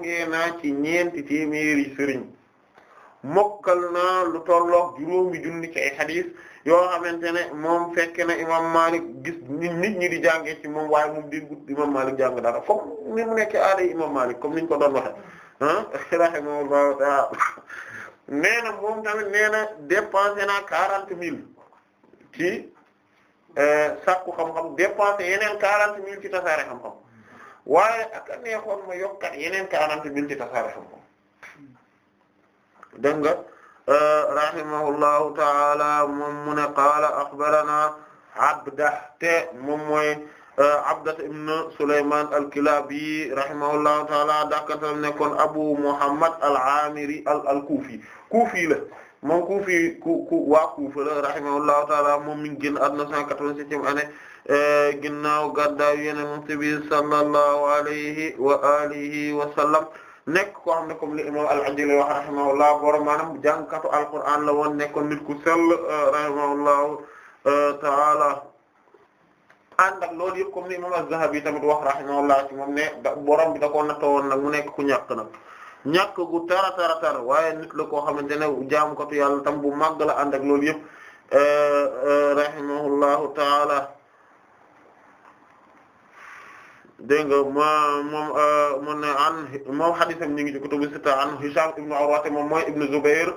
ne naa ci ñeenti téeméeri sëriñ mokkal naa lu tolloog juróomi junni ci ay hadith yoo xamante ne moom fekk na imam Malik gis nit ñi di jàngee ci moom waaye moom déggut imam Malik jàng dara foofu ni mu nekk aada imam Malik comme niñ ko doon waxe ah rahimahullahu ta'ala na moom tamit nee na naa quarante mille ci euh, sàkku xam-xam dépensé yeneen quarante mille ci tasaare xam-xam waaye ak a ma yokkat yeneen quarante mille ci tasaare xam-xam dégg rahimahullahu taala moom mu ne qaala axbarana abdah te moom mooy uh, abdah ibn sulayman al-kilabi rahimahullahu taala dakkatam nekkoon abu muhammad al-amiri al-kufi kufi la moom kufi ku ku waa kuufa la rahimahullahu taala moom mi ngi génn àdduna 187 année uh, ginnaaw gàddaay Yonent bi sallallahu alayhi wa alihi wa sallam nekk ko xam ne comme li imam al-Ajli wax rahimahullah borom maanaam jàngkatu alquran la woon nekkoon nit ku sell euh, rahimahullahu euh, taala ànd ak loolu yëpp comme ni imam az-Zahabi tamit wax rahimahullah ci moom ne borom bi da koo nattoo woon nag mu nekk ku ñàkk nag ñàkk gu tara tara tara waaye nit la koo xamante ne jaamukatu yàlla tam bu màgg la ànd ak loolu yëpp euh, rahimahullahu taala dégg nga moom euh, mu ne an moom xadisam ñu ngi ci kutubu sitta an Hisham ibnu Urwa moom mooy ibnu Zubair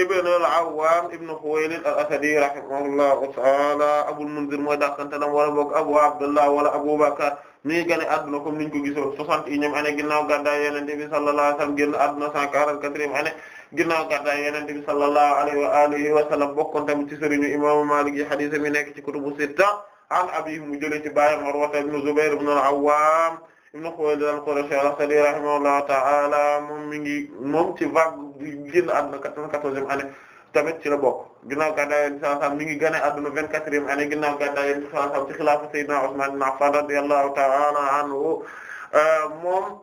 ibn al-Awwam ibn Khuwaylid al-Asadi rahimahullahu ta'ala Abul Munzir mooy dàqantalam wala boog Abu Abdullah wala Abu Bakr mi ngi génn àdduna comme niñ ko gisoon soixante et unième année ginnaaw gàddaay Yonent bi sallallahu alayhi wa sallam génn àdduna cent quarante-quatrième année ginnaaw gàddaay Yonent bi sallallahu alayhi wa alihi wa sallam bokkoon ci sëriñu imaamu Maalik mi nekk ci sitta an abi mu jëlee ci baayam Urwata ibn Zubayr ibn al-Awwam ibn Khuwaylid al-Qurashi al-Asadi rahimahullahu ta'ala moom mi ngi moom ci vague génn àdduna quatre-vingt-quatorzième année tamit ci la bokk ginnaaw gàddaay Yonent bi sallallahu alayhi wa sallam mi ngi gane àdduna vingt-quatrième année ginnaaw gàddaay Yonent bi sallallahu alayhi wa sallam ci xilaafa Sayyidina Usman ibn Affan radiyallahu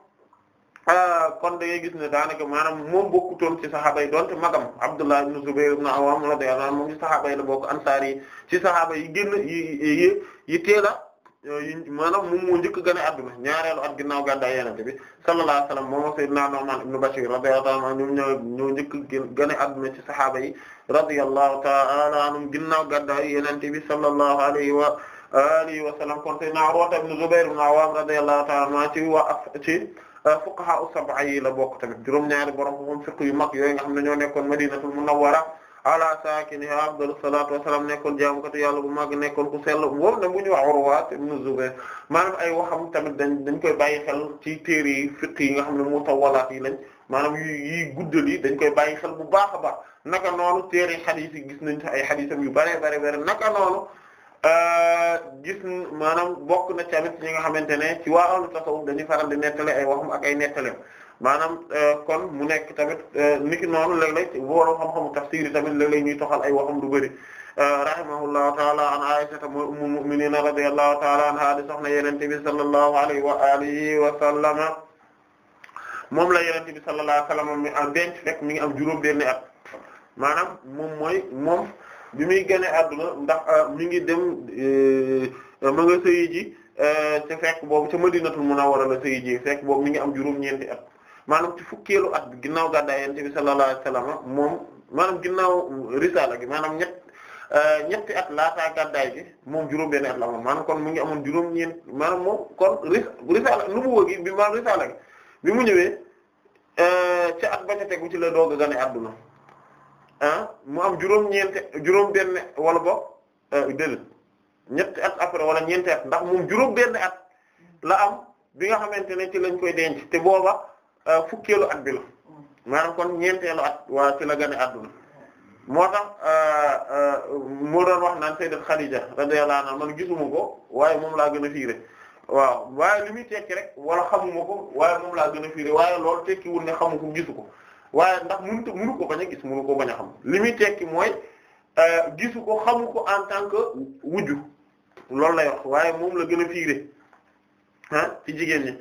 kon da ngay gis ne daanaka maanaam moom bokkutoon ci saxaaba yi donte magam Abdullah ibn Zubayr ibn Awwam radiyallahu anhu moom ci saxaaba yi la bokk ansaar yi ci saxaaba yi génn yi yi teel a maanaam moom moo njëkk gën a adduna ñaareelu at ginnaaw gàddaay Yonent bi sallallahu alayhi wasallam moom Sayyidina Nu'man ibn Bashir radiyallahu anhu ñoom ñoo ñoo njëkk gën a adduna ci saxaaba yi radiyallahu ta'ala anhum ginnaaw gàddaay Yonent bi sallallahu alayhi wa alihi wa sallam kon Sayyidina Urwa ibn Zubayr ibn Awwam radiyallahu ta'ala anhu ci wa ci Euh, fuqaha as-sab'a yi la bokk tamit juróom-ñaari borom moom fiqh yu mag yooy nga xam ne ñoo nekkoon madinatul munawwara ala saakinihaa afdalu salaatu wa salaam nekkoon jaamukatu yàlla bu mag nekkoon ku sell moom ne bu ñu wax Urwa ibn Zubayr maanaam ay waxam tamit dañ dañ koy bàyyi xel ci téere yi fiqh yi nga xam ne mutawwalaat yi lañ maanaam yu yi guddal yi dañ koy bàyyi xel bu baax a baax naka noonu téere xadiis yi gis nañ ay xadiisam yu bare bare bare naka noonu Euh, gis maanaam bokk na tamit ñi nga xamante ne ci waa ahlu tasawuf dañuy faral di nettale ay waxam ak ay nettaleem maanaam euh, kon mu nekk tamit euh, niki noonu léeg-léeg ci borom xam-xamu tafsir yi tamit léeg-léeg ñuy toxal ay waxam lu bari rahimahullahu taala an Aisha mooy ummul mu'minina radiyallahu taala anha di soxna Yonent bi sallallahu alayhi wa alihi wa sallama moom la Yonent bi sallallahu alayhi wa mi am denc fekk mi ngi am juróom benni at maanaam moom mooy moom. bi muy génne àdduna ndax euh, mu ngi dem euh, ma nga sëyi ji te euh, fekk boobu ca Madinatul Munawwara la sëyi ji fekk boobu mi ngi am juróom-ñeenti at maanaam ci fukkeelu at ginnaaw gàddaay Yonent bi sallallahu alayhi wasallam moom maanaam ginnaaw risaala gi maanaam ñett ñetti at laataa gàddaay gi moom juróom-benn at la moom maanaam kon mu ngi amoon juróom-ñeent maanaam moom kon risaala nubuwa gi bi maanaam risaala gi bi mu ñëwee ca at ba ca tegu ci la doog a gane àdduna ah mu am juróom-ñeente juróom-benn wala boog ah, déedéet ñetti at après wala ñeenti ndax moom juróom-benn at la am bi nga xamante ne ci lañ koy denc te booba ah, fukkeelu at bi la maanaam kon ñeenteelu at waa ci la gane àdduna moo tax ah, moo doon wax naan sayyidat Khadija radiyallahu anha man gisuma ko waaye moom laa gën a fiire waaw waaye li muy tekki rek wala xamuma ko waaye moom laa gën a fiire waaye loolu tekkiwul ne xamu ko gisu ko waaye ndax mënut ko bañ gis mënu ko bañ xam li muy tekki mooy euh, gisu ko xamu ko en tant que wujju loolu lay wax waaye moom la gën a fiiré ah ci jigéen ñi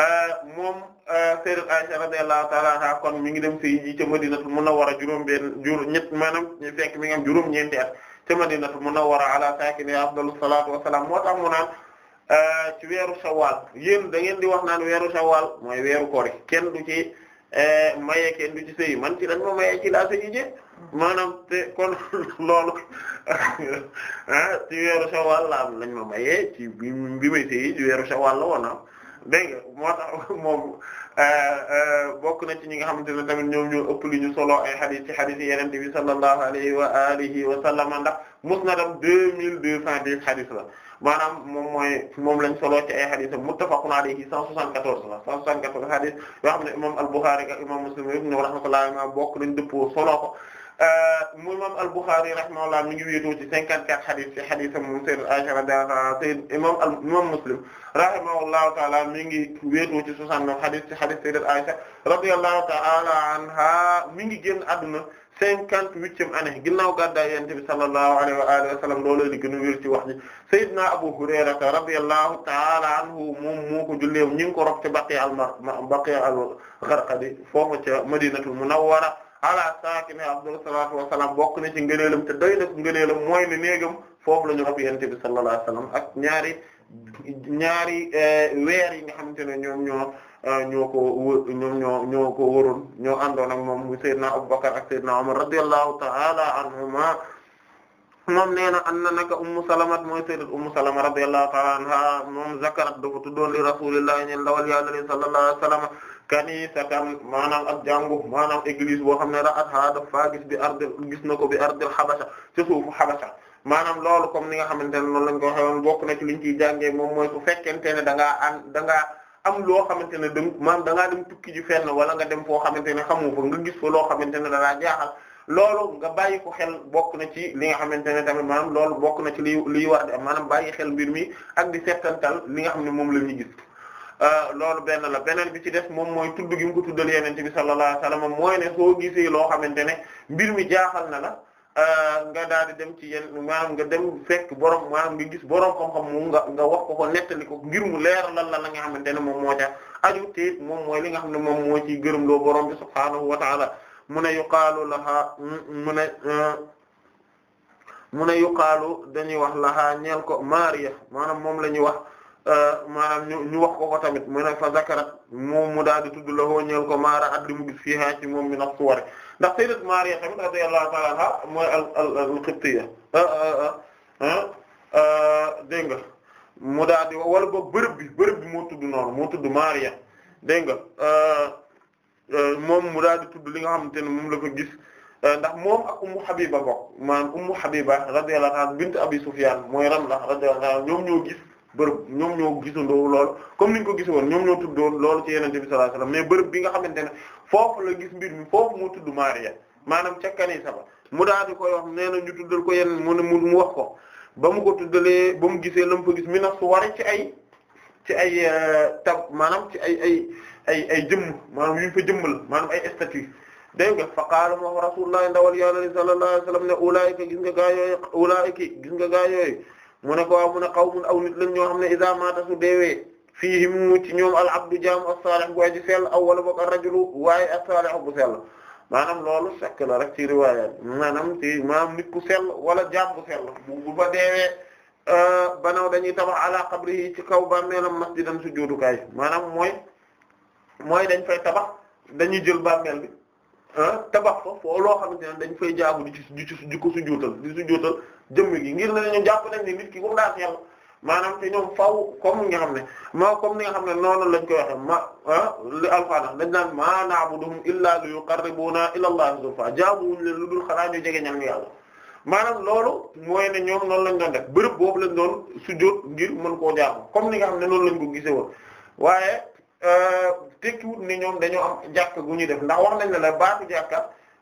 euh, moom euh, sayyidat Aisha radiyallahu kon mi ngi dem sëy ji ca Madinatul Munawwara juróom benn jur ñett maanaam ñu fekk mi ngi am juróom ñeenti at ca Madinatul Munawwara ala saakini afdalu salaatu wassalaam moo tax mu naan ci weeru Shawwal yéen da ngeen di wax naan weeru Shawwal mooy weeru koor kenn du ci Eh, maye kenn du ci sëy man ci lañ ma maye ci laa sëy je maanaam te kon loolu ah ci weeru Shawwal la am lañ ma maye ci bi bi may sëy ci weeru Shawwal la woon am ah. dégg nga moo moom eh, eh, bokk na ci ñi nga xamante ne tamit ñoom ñoo ëpp li ñu solo ay hadith ci hadith yeneen bi sallallahu alayhi wa alihi wa sallam ndax musnadam deux mille deux cent hadith la maanaam moom mooy moom lañ solo ci ay hadith muttafaqun alayhi cent soixante-quatorze la cent soixante-quatorze hadith yoo xam ne imam al-Bukhari ak imam Muslim ibn rahmatullah ma bokk nañ dëppoo solo ko euh, mu imam al-Bukhari rahimahullah mi ngi wéetoo ci cinquante-quatre hadith ci hadith moom sayyid Aisha ta'ala mi ngi wéetoo ci soixante-neuf hadith ci hadith sayyid Aisha radhiyallahu ta'ala anha mi ngi génn àdduna cinquante-huitième année ginnaaw gàddaay yonent bi sallallahu alayhi wa alihi wa sallam looloo li gën a wér wax ji Seydina Abu Hurayra radiyallahu ta'ala anhu moom moo ko jullee ñi ngi ko rop ci Baqi al-Baqi al-Gharqadi foofu ca Madinatul Munawwara ala saakini afdalu salaatu wa salaam bokk na ci ngëneelam te doy na ngëneelam mooy ne néegam foofu la ñu rop yonent bi sallallahu ak ñaari ñaari eh, weer yi nga xamante ne ñoom Euh, ñoo ko wë ñoom ñoo ñoo ko waroon ñoo àndoon ak moom muy Seydina Abubakar ak Seydina Umar radiyallahu ta'ala anhuma moom nee na an na naka ummu salamat mooy sayyidat ummu salama radiyallahu ta'ala anha moom zakarat dafa tuddoon li rasulillahi ñeen dawal yàlla li sallallahu alayhi wasallam kanisatan maanaam ak jàngu maanaam église boo xam ne ra'at ha daf faa gis bi ardil gis ko bi ardil xabasa ci suufu xabasa maanaam loolu kom ni nga xamante ne noonu lañ ko waxee bokk na ci liñ moom mooy su fekkente ne am loo xamante ne dem maam da ngaa dem tukki ji fenn wala nga dem foo xamante ne xamu fa nga gis fa loo xamante ne dalaa jaaxal loolu nga bàyyi ko xel bokk na ci li nga xamante ne tamit maanaam loolu bokk na ci li liy wax di am maanaam bàyyi xel mbir mi ak di settantal li nga xam ne moom la ñuy gis euh, loolu benn la beneen bi ci des moom mooy tudd gi mu ko tuddal yeneen bi sallallahu alayhi wasallam mooy ne soo gisee loo xamante ne mbir mi jaaxal na la Euh, nga daal di dem ci yenn maanaam nga dem fekk borom maanaam nga gis borom xam-xam mu nga wax ko ko nettali ko ngir mu leer lan la la nga xamante ne moom moo ca aju te moom mooy li nga xam ne moom moo ciy gërëm loo borom bi subhaanahu wa taala mu ne yuqaalu laha mm, mu euh, mu ne yuqaalu dañuy wax laha ñeel ko Maria maanaam moom la ñuy wax euh, maanaam ñu ñu wax ko ko tamit mu ne fa zakarat moom mu daal di tudd la ñeel ko Mara at li mu gis fii ci moom mi nag su ndax sayyidat Maariya tamit radiyallahu ta'ala anha mooy al-Qibtiyya euh, euh, euh, dégg nga mu daal di wala boog bërëb bi bërëb bi moo tudd noonu moo tudd Maariya dégg nga moom mu daal di tudd li nga xamante ne moom la ko gis ndax moom ak Ummu Habiba bokk maanaam Ummu Habiba radiyallahu ta'ala bint Abi Sufyan mooy Ramla radiyallahu ta'ala ñoom ñoo gis bërëb ñoom ñoo gisandoo lool comme niñ ko gisoon ñoom ñoo tuddoo lool ci Yonent bi sallallahu alayhi wasallam mais bërëb bi nga xamante ne foofu la gis mbir mi foofu mu tudd Maria maanaam ca kanisa ba mu daal di koy wax nee na ñu tuddal ko yenn mun ne mu wax ko ba mu ko tuddalee ba mu gisee la mu fa gis mi nag su waree ci ay ci ay euh, tab maanaam ci ay ay ay ay jëmm maanaam yu ñu fa ay statue dégg nga fa qaala ma rasulullah ndawal yàlla ni sallallahu alayhi wasallam ne yooyu ulaayiki gis nga gaa yooyu mu ne ko waaw mu ne qawmun aw nit lañ xam ne iza maata su deewee fiihim ci ñoom al abdu jaam as-salih bu aji sell aw wala boog ar-rajulu waaye as-salih bu sell maanaam loolu sakk la rek ci riwaaya maanaam ci maanaam nit ku sell wala jaam bu sell bu euh, ba deewee banaw dañuy tabax ala qabrihi ci kaw bàmmeelam masjidan sujudukaay maanaam mooy mooy dañ fay tabax dañuy jël bàmmeel bi euh, tabax fa foo loo xamante ne dañ fay jaabu di ci di ko sujuutal di sujuutal jëmm gi ngir ne ñu jàpp nañ ni nit ki daa sell maanaam te ñoom faw comme nga xam ne moo comme ni nga xam ne noonu lañ koy waxe ma ah, li alxuraan dañ naan ma na'buduhum illaa li yuqarribuna ila allahi zulfa jaamuwuñ leen lu dul xanaa ñu jege ñam maanaam loolu mooy ne ñoom noonu lañ doon def bërëb boobu lañ doon sujjóot ngir mën koo jaamu comme ni nga xam ne noonu lañ ko gisee woon waaye euh, tekkiwut ni ñoom dañoo am jàkka gu ñuy def ndax wax nañ ne la baatu jàkka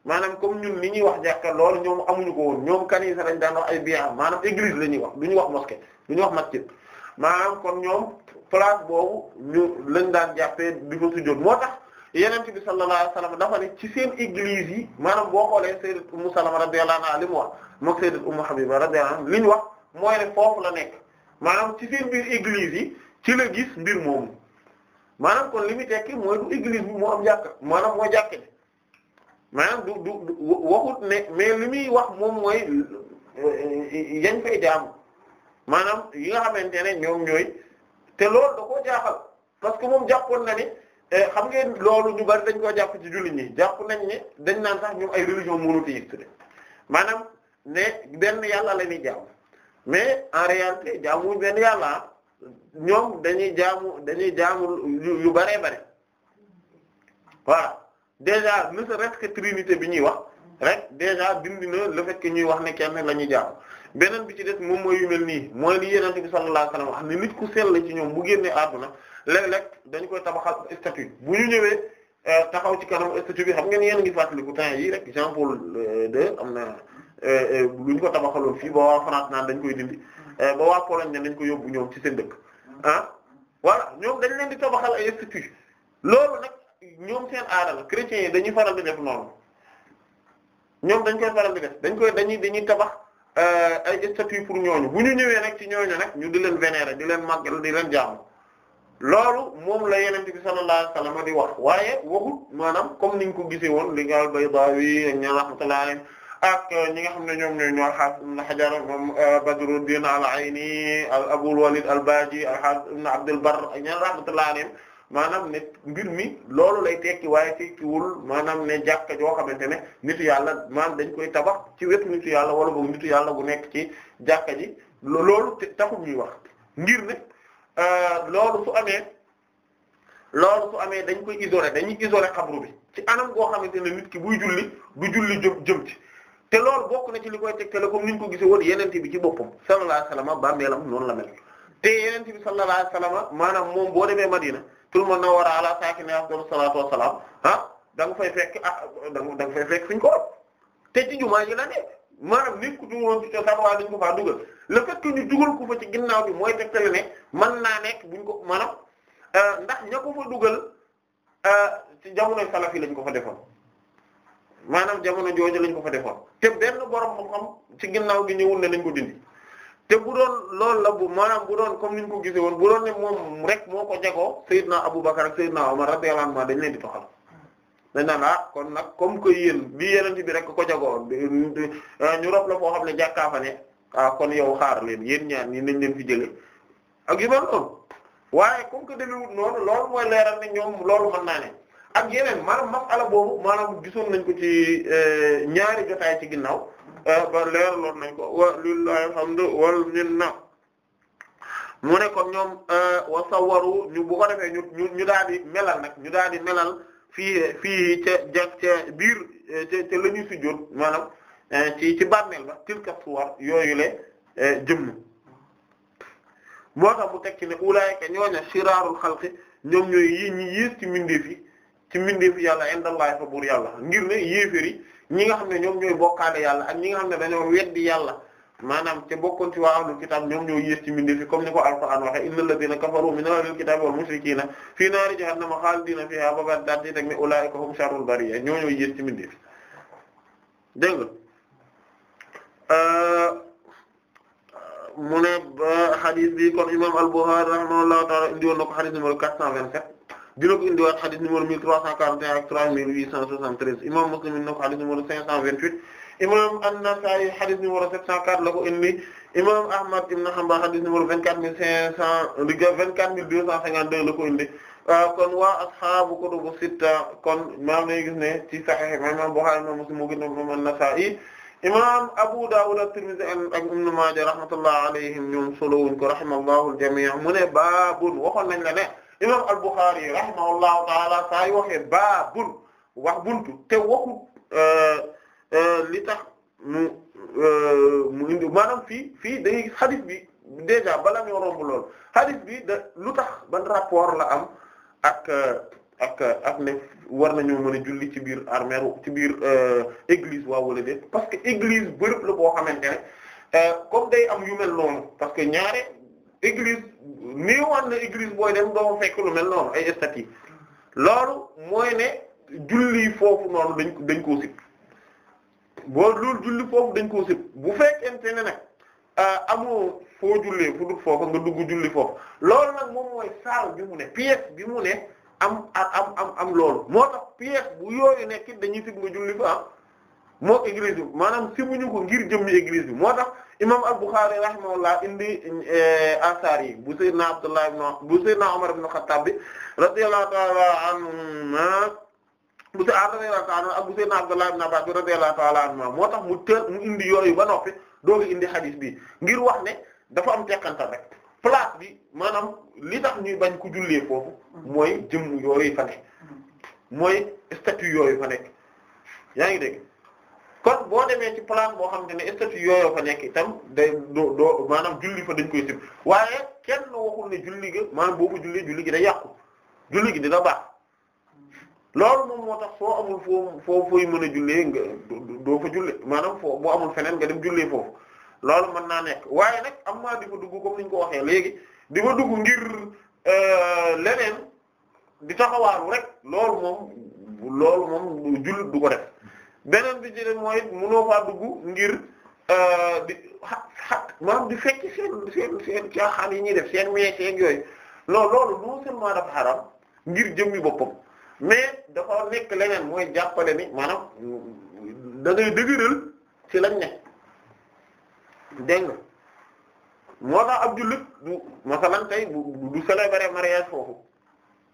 maanaam comme ñun ni ñuy wax jàkka loolu ñoom amuñu ko woon ñoom kanisa lañ daan wax ay biya maanaam église la ñuy wax du ñu wax mosquée du ñu wax masjid maanaam kon ñoom place boobu ñu lañ daan jàppee di fa sujjóot moo tax yeneen bi sallallahu alayhi wasallam dafa ne ci seen église yi maanaam boo xoolee sayyidat Ummu Salama radiyallahu anha li mu wax mook sayyidat Ummu Habiba radiyallahu anha li ñu wax mooy ne foofu la nekk maanaam ci seen biir église yi ci la gis mbir moomu maanaam kon li mu tekki mooy du église bi moo am jàkka maanaam moo jàkke ne maanaam du du waxut ne mais li muy wax moom mooy euh, yañ fay maanaam yi nga xamante ne ñoom ñooy te loolu da koo jaaxal parce que moom jàppoon na ni eh, xam ngeen loolu ñu bari dañ koo jàpp ci jullit ñi jàpp nañ ne dañ naan sax ñoom ay religion monothéiste de maanaam ne benn yàlla la ñuy jaamu mais en réalité jaamuwuñ benn yàlla ñoom dañuy jaamu dañuy jaamu yu baree bare voilà déjà ne serait trinité bi ñuy wax rek déjà dindi na le fait ñuy wax ne kenn la ñuy jaamu beneen bi ci def moom mooy yu mel nii mooy li yenente bi sallallahu alayhi wasallam xam ne nit ku sell ci ñoom bu génnee àdduna léeg-léeg dañ koy tabaxal statue bu ñu ñëwee euh, taxaw ci kanam statue bi xam ngeen yéen ngi fàttaliku temps yi rek Jean Paul II am na euh, euh, lu ñu ko tabaxaloon fii ba waa France naan dañ koy dindi ba waa Pologne ne dañ koy yóbbu ñoom ci seen dëkk ah voilà ñoom dañ leen di tabaxal ay statue loolu nag ñoom seen aada la yi dañuy faral di def noonu ñoom dañ koy faral dañ koy dañuy dañuy tabax Euh, ay statut pour ñooñu bu ñu ñëwee nag ci ñooñu nag ñu di leen vénérer di leen màggal di leen jaamu loolu moom la yenente bi sallallahu alayhi wasallam di wax waaye waxut maanaam comme niñ ko gisee woon li ngaal Baydawi ak ña rahmatullahi ak ñi nga xam ne ñoom ñooy ñoo xaas ibn Hajar moom euh, Badruddin al-Ayni al Abul Walid al-Baji al-Hafiz ibn Abd al-Barr ak ña rahmatullahi maanaam ne mbir mi loolu lay tekki waaye tekkiwul maanaam ne jàkka joo xamante ne nitu yàlla maanaam dañ koy tabax ci wet nitu yàlla wala boog nitu yàlla gu nekk ci jàkka ji loolu taxul ñuy wax ngir ne euh, loolu su amee loolu su amee dañ koy isolé dañuy xab xabru bi ci anam goo xamante ne nit ki buy julli du julli jëm jëm te loolu bokk na ci li koy tegtale comme niñ ko gisee woon yeneen bi ci boppam sallallahu alayhi wasallam bàmmeelam noonu la mel te yeneen bi sallallahu alayhi wasallam maanaam moom boo demee Madina. tul munawwara ala saakini afdalu salaatu a salaam ah da nga fay fekk ah da nga fay suñ ko te ci jumaa ji la ne maanaam nit ku dugaloon ci cosaan waa dañ ko ko ci ginnaaw bi mooy tegtal ne naa nekk buñ ko maanaam euh, ndax ña ko fa euh, ci jamonoy salaf lañ ko fa defoon maanaam jamono jooju lañ ko fa defoon te benn borom xam-xam ci ginnaaw gi ñëwul ne nañ ko dindi. te bu doon loolu la bu maanaam bu doon comme ni ñu ko gisee woon bu doon ne moom rek moo ko jagoo Seydina Aboubacar ak Seydina Omar radiyallahu anhuma dañ leen di toxal nañ naan ah kon nag comme que yéen bi yeneen bi rek ko jagoo ñu rob la foo xam ne jàkkaa fa ah, kon yow xaar leen yéen ñaan nii nañ leen fi jëlee ak yu mel noonu waaye comme que daliwut noonu loolu mooy leeral ne ñoom loolu mën naa ne ak yeneen maanaam masala boobu maanaam gisoon nañ ko ci eh, ñaari jotaay ci ginnaaw Eh, ba leerloon nañ ko wa lillahi alhamdu wal minna mu ne kon ñoom eh, wa sawwaru ñu bu ko defee ñu ñu daal di melal nag ñu daal di melal fii fii ca jag biir eh, ca ca la ñu sujjóot maanaam ci ci bàmmeel ba tilka suwar yooyu le jëmm moo tax tekki ne ulaayika ñooña siraarul xalqi ñoom ñooy yi ci mbindeef yi ci mbindeef yàlla indallahi fa buur yàlla ngir ne yéefér ñi nga xam ne ñoom ñooy bokkaale yàlla ak ñi nga xam ne dañoo weddi yàlla maanaam te bokkoon ci waa ahlul kitaab ñoom ñoo yées ci mbindi fi comme ni ko alquran waxe innal ladina kafaru min ahlil kitaab wal mushrikiina fii naari jahannama xaalidina fiha baba daat yi teg ne ulaa'ika hum sharrul bariyya ñoo ñoo yées ci mbindi fi dégg nga mu ne hadith bi kon imam al-Bukhari rahimahullahu ta'ala indi woon na dina ko indiwaat xadis numéro 1341 ak 3873 imam Muslim indi na ko xadis numéro 528 imam An-Nasa'i xadis numéro 704 la ko indi imam Ahmad ibn Hanbal xadis numéro 24500 liga 24252 la ko indi euh, kon waa ashabu kutubu sitta kon maam lay gis ne ci Sahih imam Bukhari imam Muslim moo gën a imam An-Nasa'i imam Abu Dawud at-Tirmidhi ak Ibn Maaja rahmatullah alayhim ñoom solowuñ ko rahimallahu al-jami' mu ne baabun waxoon nañ la ne imam al-Bukhari rahimahullahu taala saa yu waxee baabun wax buntu te waxu euh, euh, li tax mu euh, mu indi maanaam fii fii day gis xadis bi déjà bala ñoo romb lool xadis bi da lu tax ban rapport la am ak ak ak ne war nañoo mën julli ci biir armeeru ci biir église waa wala parce que église bërëb la boo xamante ne comme day am yu mel noonu parce que ñaare église néewaan na église booy dem doo fekk lu mel noonu ay statues loolu mooy ne julli foofu noonu dañ dañ koo sib boo loolu julli foofu dañ koo sib bu fekkente ne nag euh, amoo foo jullee fu dul foofu nga dugg julli foofu loolu nag moom mooy saal bi mu ne pièce bi mu ne am am am am loolu moo tax pièce bu yooyu nekk dañuy sib nga julli fa am moo église bi maanaam sibuñu ko ngir jëmmi église bi moo tax imam al-Bukhari rahimahullah indi eh, asar yi bu sayyidna Abdullah ibn bu sayyidna Umar ibn Khattab bi radiyallahu ta'ala anhuma bu sayyidna radiyallahu ta'ala ak bu sayyidna Abdullah ibn Abbas bi radiyallahu ta'ala anhuma moo tax mu teel mu indi yooyu ba noppi dooga indi hadith bi ngir wax ne dafa am tekkantal rek place bi maanaam li tax ñuy bañ ku jullee foofu mooy jëmm yooyu fa nekk mooy statut yooyu fa ngi dégg kon boo demee ci place boo xamante ne statut yooyu fa nekk itam day doo doo maanaam julli fa dañ koy sib waaye kenn waxul ne julli gi maanaam boobu julli julli gi day yàqu julli gi dina baax loolu moom moo tax soo amul foo foo fooy mën a jullee nga doo fa julle maanaam foo boo amul feneen nga dem jullee foofu loolu mën naa nekk waaye nag am maa di fa dugg comme ni ñu ko waxee léegi di fa dugg ngir euh, leneen di taxawaaru rek loolu moom loolu moom jullit du ko def beneen bi ci def mooy mënoo faa dugg ngir euh, di xa maanaam di fekk seen seen seen caaxaan yi ñuy def seen weeseeg yooy non loolu non seulement dafa xaram ngir jëmmi boppam mais dafa nekk leneen mooy jàppale ni maanaam da ngay ci lañ ne dégg moo tax ab jullit du masalan tey du du célébrer mariage foofu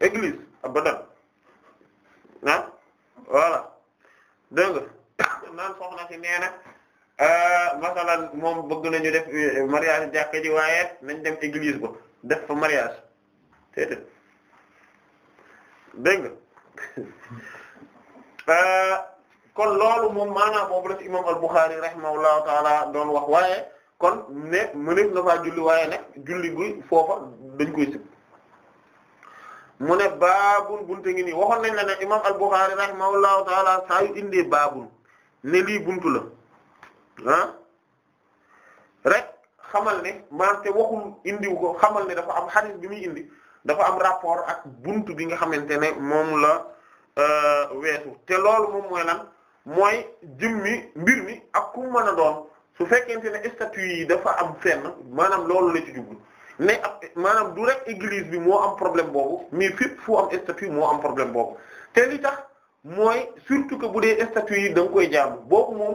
église abadan ah dégg nga naan soxna si nee na euh, masalan moom bëgg nañu def euh, mariage jàkka ji waaye nañ dem église ba def fa mariage téedé dégg nga euh, kon loolu moom maanaam boobu la ci imam al-Bukhari rahimahullahu taala doon wax waaye kon ne mëneef na faa julli waaye nag julli gu foofa dañ koy sib mu ne baabul bunte ngi nii waxoon nañ la ne imam al-Bukhârî rahimahullahu taala saa yu indee baabul ne lii buntu la ah rek xamal ne maanaam te waxul indiw ko xamal ne dafa am hadith bi muy indi dafa am rapport ak buntu bi nga xamante ne moom la euh, weetu te loolu moom mooy lan mooy jëmmi mbir mi ak ku mën a doon su fekkente ne statut yi dafa am fenn maanaam loolu la ci ne ab maanaam du rek église bi moo am problème boobu mais fépp fu am statut moo am problème boobu te li tax mooy surtout que bu dee statut yi da nga koy jaamu boobu moom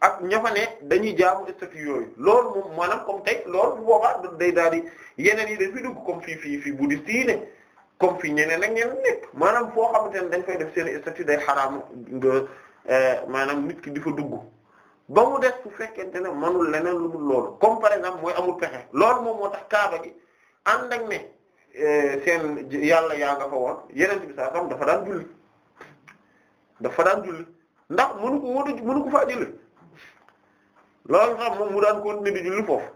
ak ña ne dañuy jaamu statut yooyu loolu moom maanaam comme tey loolu bu boobaa day daal di yeneen yi de fi dugg comme fii fii fii bouddhiste yi ne comme fii ñeneen ak ñeneen nekk maanaam foo xamante ne dañ koy def seen statut day xaraam nga eh, maanaam nit ki di fa dugg ba mu des su fekkente ne manul leneen lu dul loolu comme par exemple mooy amul pexe loolu moom moo tax kaaba gi ànd ak ne euh, seen yàlla yaa nga fa woon yeneen bi saa xam dafa daan julli dafa daan julli ndax mënu ko mënu mënu ko faa julli loolu xam moom mu daan continuer di julli foofu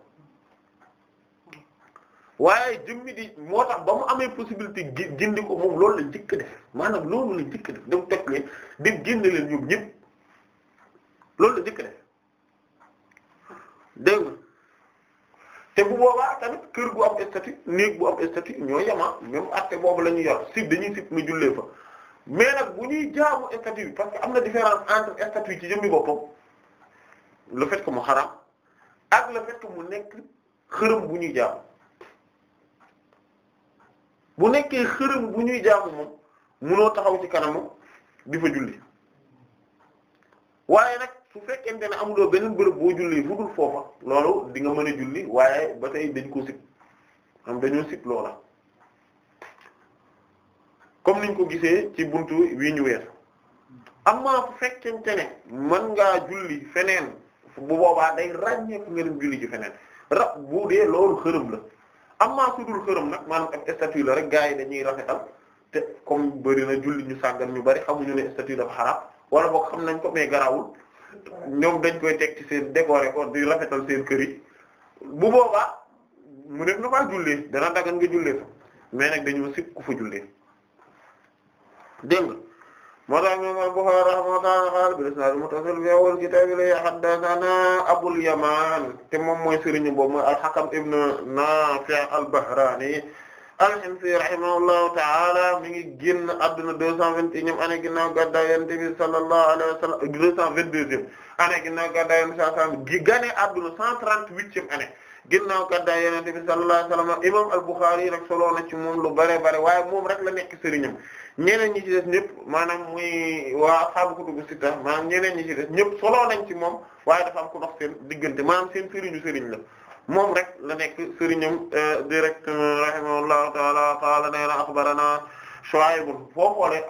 waaye jëmmi di moo tax ba mu amee possibilité gindi ko moom loolu la njëkk def maanaam loolu la njëkk def dem toj leen gin génne leen ñoom ñëpp loolu la njëkk def dégg nga te bu boobaa tamit kër gu am statut néeg bu am statut ñoo yama ah, même acte boobu la ñuy yor sib dañuy sib mu jullee fa mais nag bu ñuy jaamu statut parce que am na différence entre statut yi ci jëmmi boppam le ko mu xaraam ak le mu nekk xërëm bu ñuy jaamu bu nekkee xërëm bu ñuy jaamu moom munoo taxaw ci kanam di fa julli waaye nag su fekkente ne amuloo benn bërëb boo julli fu dul foofa loolu di nga mën a julli waaye ba tey dañ ko sib am dañoo sib loola comme niñ ko gisee ci buntu wii ñu weer amaa su fekkente ne mën ngaa julli feneen bu boobaa day ràññee fu nga dem julli ji feneen rab bu dee loolu xërëm la am amaa su dul xërëm nag maanaam ab statut la rek gaa yi dañuy rafetal te comme bëri na julli ñu sàggan ñu bari xamuñu ne statut dafa xaraam wala boog xam nañ ko mais garawul ñoom dañ koy teg ci seen décoré ko di rafetal seen kër bu boobaa mu def na faa jullee dana dagan nga jullee fa mais nag dañoo sib ku fa jullee dégg nga moo tax imam al-Bukhari rahimahullah qaala bil isnaad al-muttasil fi awwal kitaab li haddathana Abul Yamaan te moom mooy sëriñu boobu mooy al-Hakam ibn Naafi' al-Bahraani al-Himsi rahimahullahu ta'ala mi ngi génn adduna deux cent vingt et unième année ginnaaw gàddaay Yonent bi sallallahu alayhi wa sallam deux cent vingt-deuxième année ginnaaw gàddaay Yonent bi sallallahu alayhi gi gane adduna cent trente-huitième année ginnaaw gàddaay Yonent bi sallallahu alayhi wa sallam imam al rek solo na ci moom lu bare bare waaye moom rek la nekk sëriñam ñeneen ñi ci des ñëpp maanaam muy waa ashaabu si sitta maanaam ñeneen ñi ci des ñëpp solo nañ ci moom waaye dafa am ku dox seen diggante maanaam seen sëriñu sëriñ la moom rek la nekk sëriñam euh, direct rahimahullahu taala qaala nee na axbarana Shuayb foo xoolee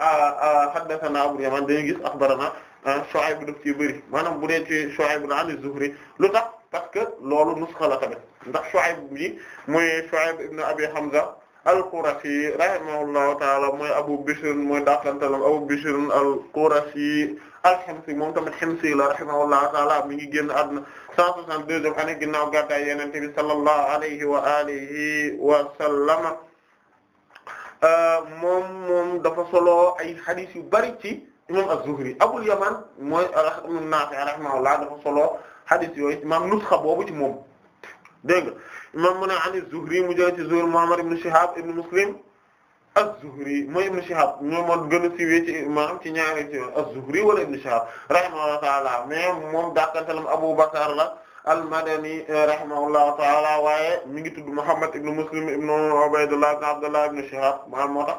haddathana Abul Yaman dañuy gis axbarana ah, Shuayb daf ci bëri maanaam bu dee ci Shuayb la an Zuhri lu tax parce que loolu nusxa la tamit ndax Shuayb bi mooy Shuayb ibn Abi Hamza al-Qurashi rahimahullahu taala mooy Abu Bishr mooy daakantalam Abu Bishr al-Qurashi al-Himsi moom tamit Himsi la rahimahullahu ta'ala mi ngi génn àdduna 162e année ginnaaw gàddaay Yonent bi sallallahu alayhi wa alihi wa sallama euh, moom dafa solo ay hadith yu bari ci imam az-Zuhri Abul mooy Naafi' rahimahullah dafa solo hadith yooyu maam nusxa boobu ci moom dégg nga mu ne an az mu jël ci Zuhri Muhammad Muslim az-Zuhri mooy Ibn Shihab ñoo moo gën a siiwee ci maanaam ci ñaari ci az-Zuhri wala Ibn Shihab rahimahullahu ta'ala mais moom dàqantalam Abu Bakr la al-Madani euh, rahimahullahu ta'ala waaye mi ngi tudd Muhammad ibn Muslim ibn Ubaydullah ibn Abdullah ibn Shihab maanaam moo tax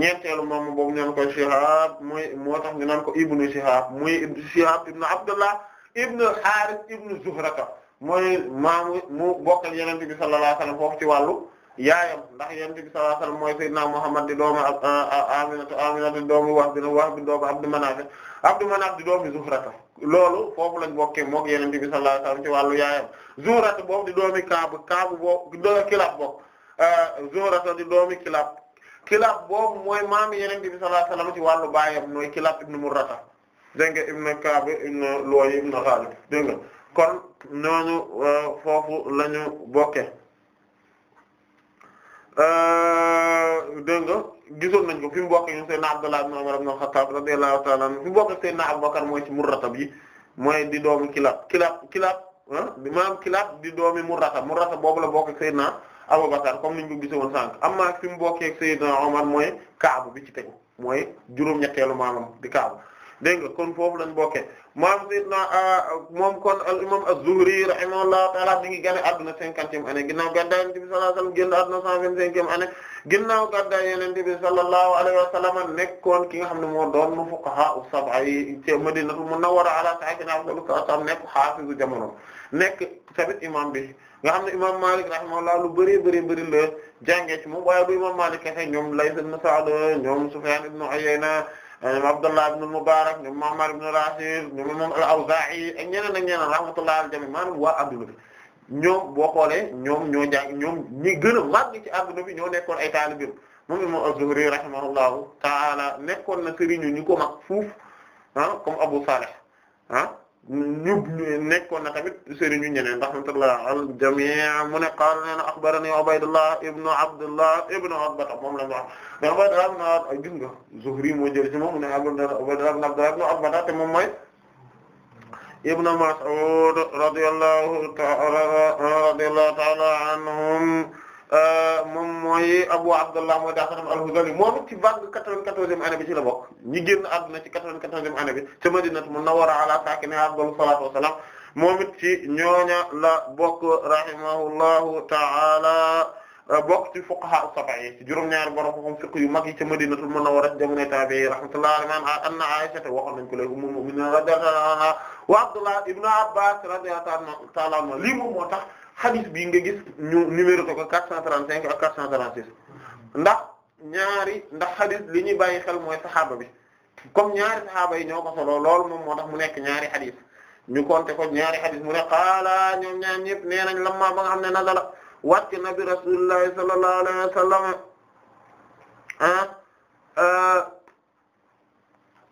ñeenteelu moom boobu ñu naan ko Shihab mooy moo tax ñu naan ko Ibn Shihab muy Ibn Shihab ibn Abdullah ibn al-Harith ibn Zuhraka mooy maamu mu bokkal Yonent bi sallallahu alayhi wa sallam foofu ci wàllu. yaayam ndax yonent bi sallallahu alayhi wasallam mooy sayyidina Muhammad di doomu Aminata Aminata di doomu Wahb dina Wahb di doomu Abdu Manaf Abdu Manaf di doomu Zuhrata loolu foofu lañ bokkee mook yonent bi sallallahu alayhi wasallam ci wàllu yaayam Zuhrata boobu di doomi Kaab Kaab boobu doomi Kilab boobu euh, Zuhrata di doomi Kilab Kilab boobu mooy maami yonent bi sallallahu ci wàllu baayam mooy Kilab ibn Murrata dégg nga ibn Kaab ibn Luway ibn Ghalib dégg kon ñooñu euh, foofu lañu bokkee Euh, dégg nga gisoon nañ ko fi mu bokk ñu Seydina Abdullah ibn Umar ibn al-Khattab radiyallahu ta'ala anhu fi mu bokk Seydina Abu Bakr mooy ci mu Murratab bi mooy di doomi Kilab Kilab Kilab maam kilaat di doomi mu Murratab boobu la bokk Seydina Abu Bakr comme niñ ko gisoon sànq amma fi mu bokkee Seydina Umar mooy Kaabu bi ci tegu mooy juróom-ñetteelu maanaam di Kaabu dégg nga kon foofu lañ bokkee moom sidna ah, moom kon al imam az-Zuhri rahimahullahu taala mi ngi génn àdduna cinquantième année ginnaaw gàddaay Yonent bi sallallahu alayhi wa sallam génn àdduna cent vingt-cinquième année ginnaaw gàddaay Yonent bi sallallahu alayhi wa sallam ki nga xam ne moo doon nu fuqaha as-sab'a yi ci Madinatul Munawwara ala saakinihaa afdalu salaam nekk xaafisu jamono nekk tamit imam bi nga xam ne imam Malik rahimahullah lu bëri bëri bëri la jàngee ci moom imam Malik kese ñoom Layth ibn Sa'd ñoom Sufyan ibn Uyayna Abdullah ibn Mubarak ñoom Ma'mar ibn Rashid ñoom imam al-Awza'i ak ñeneen ak ñeneen rahmatullah al jami waa adduna bi ñoom boo xoolee ñoom ñoo jàng ñoom ñi gën a ci adduna bi ñoo nekkoon ay taalibe moom imam az-Zuhri rahimahullahu ta'ala nekkoon na sëriñu ñu ko mag fuuf ah comme Abu Salih ah ñu nekkoon na tamit sëriñu ñeneen rahmatullah al jami' mu ne qaala nee na akhbarani Ubaydullah ibnu Abdullah ibnu Utba moom la ñu wax mais Ubaydullah ibnu Utba gis nga Zuhri moo jël ci moom mu ne Ubaydullah ibnu Abdullah ibnu Utba te moom mooy ibnu Mas'ud radiyallahu ta'ala radiyallahu ta'ala anhum Euh, moom mooy Abu Abdullah mooy daa xatam al-Huzali moom it ci vague quatre-vingt-quatorzième année bi ci la bokk ñi génn àdduna ci quatre-vingt-quatorzième année bi ca Madinatu Munawwara ala saakinihaa afdalu salaatu wa salaam moom it ci ñooña la bokk rahimahullahu ta'ala euh, bokk ci fuqaha as-sab'a yi ci juróom-ñaari borom xam fiqh yu mag yi ca Madinatul Munawwara jamono tabi'i rahmatullahi alayhim anna Aisha waxoon nañ ko léegi ummul mu'minin radiyallahu anha wa Abdullah ibn Abbas radiyallahu ta'ala anhu lii moom moo tax hadith bii nga gis ñu numéro ko 435 ak 436 ndax ñaari ndax hadith li ñuy bàyyi xel mooy saxaaba bi comme ñaari saxaaba yi ñoo ko lool moom moo tax mu nekk ñaari hadith ñu compter ko ñaari hadith mu ne qaala ñoom ñaar ñëpp nee nañ lamma ba nga xam ne nazala wàcc na bi rasulillahi sallallahu alayhi wa sallam ah euh,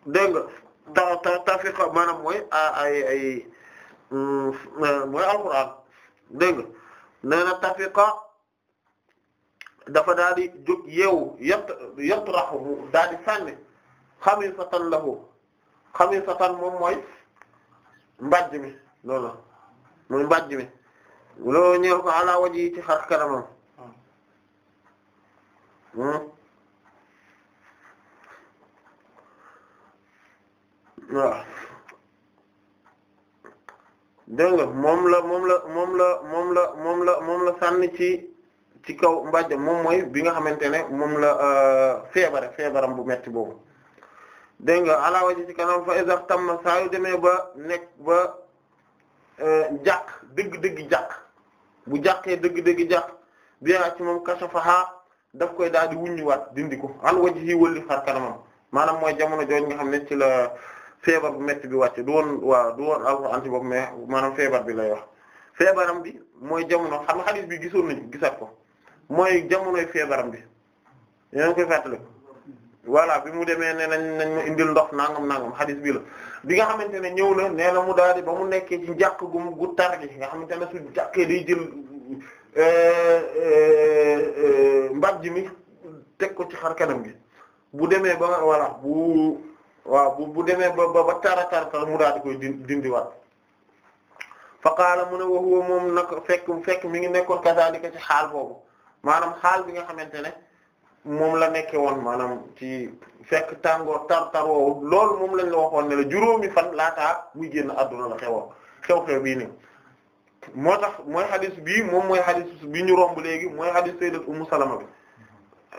dégg nga ta ta tafiqa maanaam mooy ah, ay ay mm, mooy dégg nga nee na tafiqa dafa daal di jóg yeewu yat yatrahu daal di sànni xamisatan lahu xamisatan moom mbàjj mi loolu mooy mbàjj mi loolu ñëw ko ala waji ci xar kanamam hmm? waaw dégg nga moom la moom la moom la moom la moom la moom la sànni ci ci kaw mbàjj moom mooy bi nga xamante ne moom la euh, feebare feebaram bu metti boobu dégg nga alaawa ji ci kanam fa isax tamma saa yu demee ba nekk ba euh, jàq dëgg-dëgg jàq bu jàqee dëgg-dëgg jàq biyaa ci moom kashafaha daf koy daal di wuññuwaat dindi ko an waji yi wëlli xar kanamam maanaam mooy jamono jooju nga xam ne ci la feebar bu metti bi wàcc du woon waaw du woon alxuraan ci bopp mais maanaam feebar bi lay wax feebaram bi mooy jamono xam nga bi gisoon nañu gisaat ko mooy jamonoy feebaram bi yéen a bi mu demee ne nañ nañ indil ndox nangam nangam hadith bi la bi nga xamante ne ñëw na nee na mu daal di ba mu nekkee ci njàkk gu mu gu tar nga xamante ne su jàkkee day jël euh, euh, euh, mbab ji mi teg ko ci xar kanam gi bu demee ba voilà bu. waaw bu bu demee ba ba tara tar tar mu di koy dindiwaat fa qaala mu ne wa huwa moom nag fekk fekk mi ngi nekkoon kazaalika ci xaal boobu maanaam xaal bi nga xamante ne moom la nekke woon maanaam ci fekk tàngoor tar tar woowu loolu moom lañ la waxoon ne la juróomi fan laataa i génn adduna la xewoon xew-xew bii nii moo tax mooy xadis bii moom mooy xadis bi ñu romb léegi mooy xadis sayyidat ummu salama bi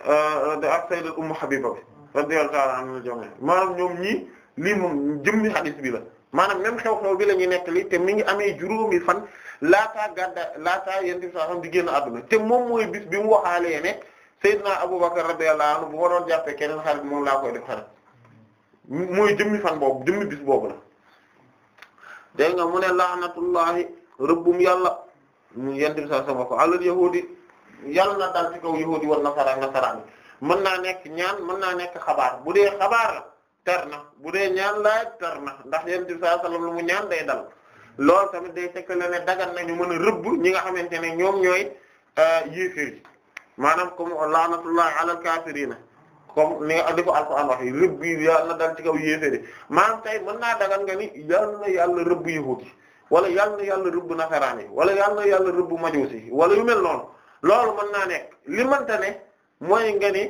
euh, ak sayyidat ummu habiba bi radiyallahu ta'ala anhu jami maanaam ñoom ñii lii moom jëmmi hadith bi la maanaam même xew-xew te mi ngi amee juróomi fan laataa gadda laataa yéen di sax xam di génn àdduna te moom mooy bis bi mu waxaalee ne Seydina Abubakar radiyallahu anhu bu ma doon jàppee keneen xarit moom laa koy def xarit mooy jëmmi fan boobu jëmmi bis boobu la nga mu ne laanatullahi rëbbum yàlla mu yéen di sax sama yàlla na daal ci kaw yahudi war nasaraan nasaraan mën naa nekk ñaan mën naa nekk xabaar bu dee xabaar la na bu dee ñaan laaj tar na ndax yonent bi sallallahu alayhi wasallam lu mu ñaan day dal loolu tamit day tekkale ne dagan ñu mën a rëbb ñi nga xamante ne ñoom ñooy euh, yéeféer yi maanaam comme laanatullahi alal kaafiriina comme ni di ko alxuraan wax yi rëbb yi na dal ci kaw yéeféer yi maanaam tey mën naa dagan nga ni yàlla na yàlla rëbb yahuud wala yàlla na yàlla rëbb nasaraan yi wala yàlla na yàlla rëbb majuus yi wala yu mel noon loolu mën naa nekk li ne mooy nga ni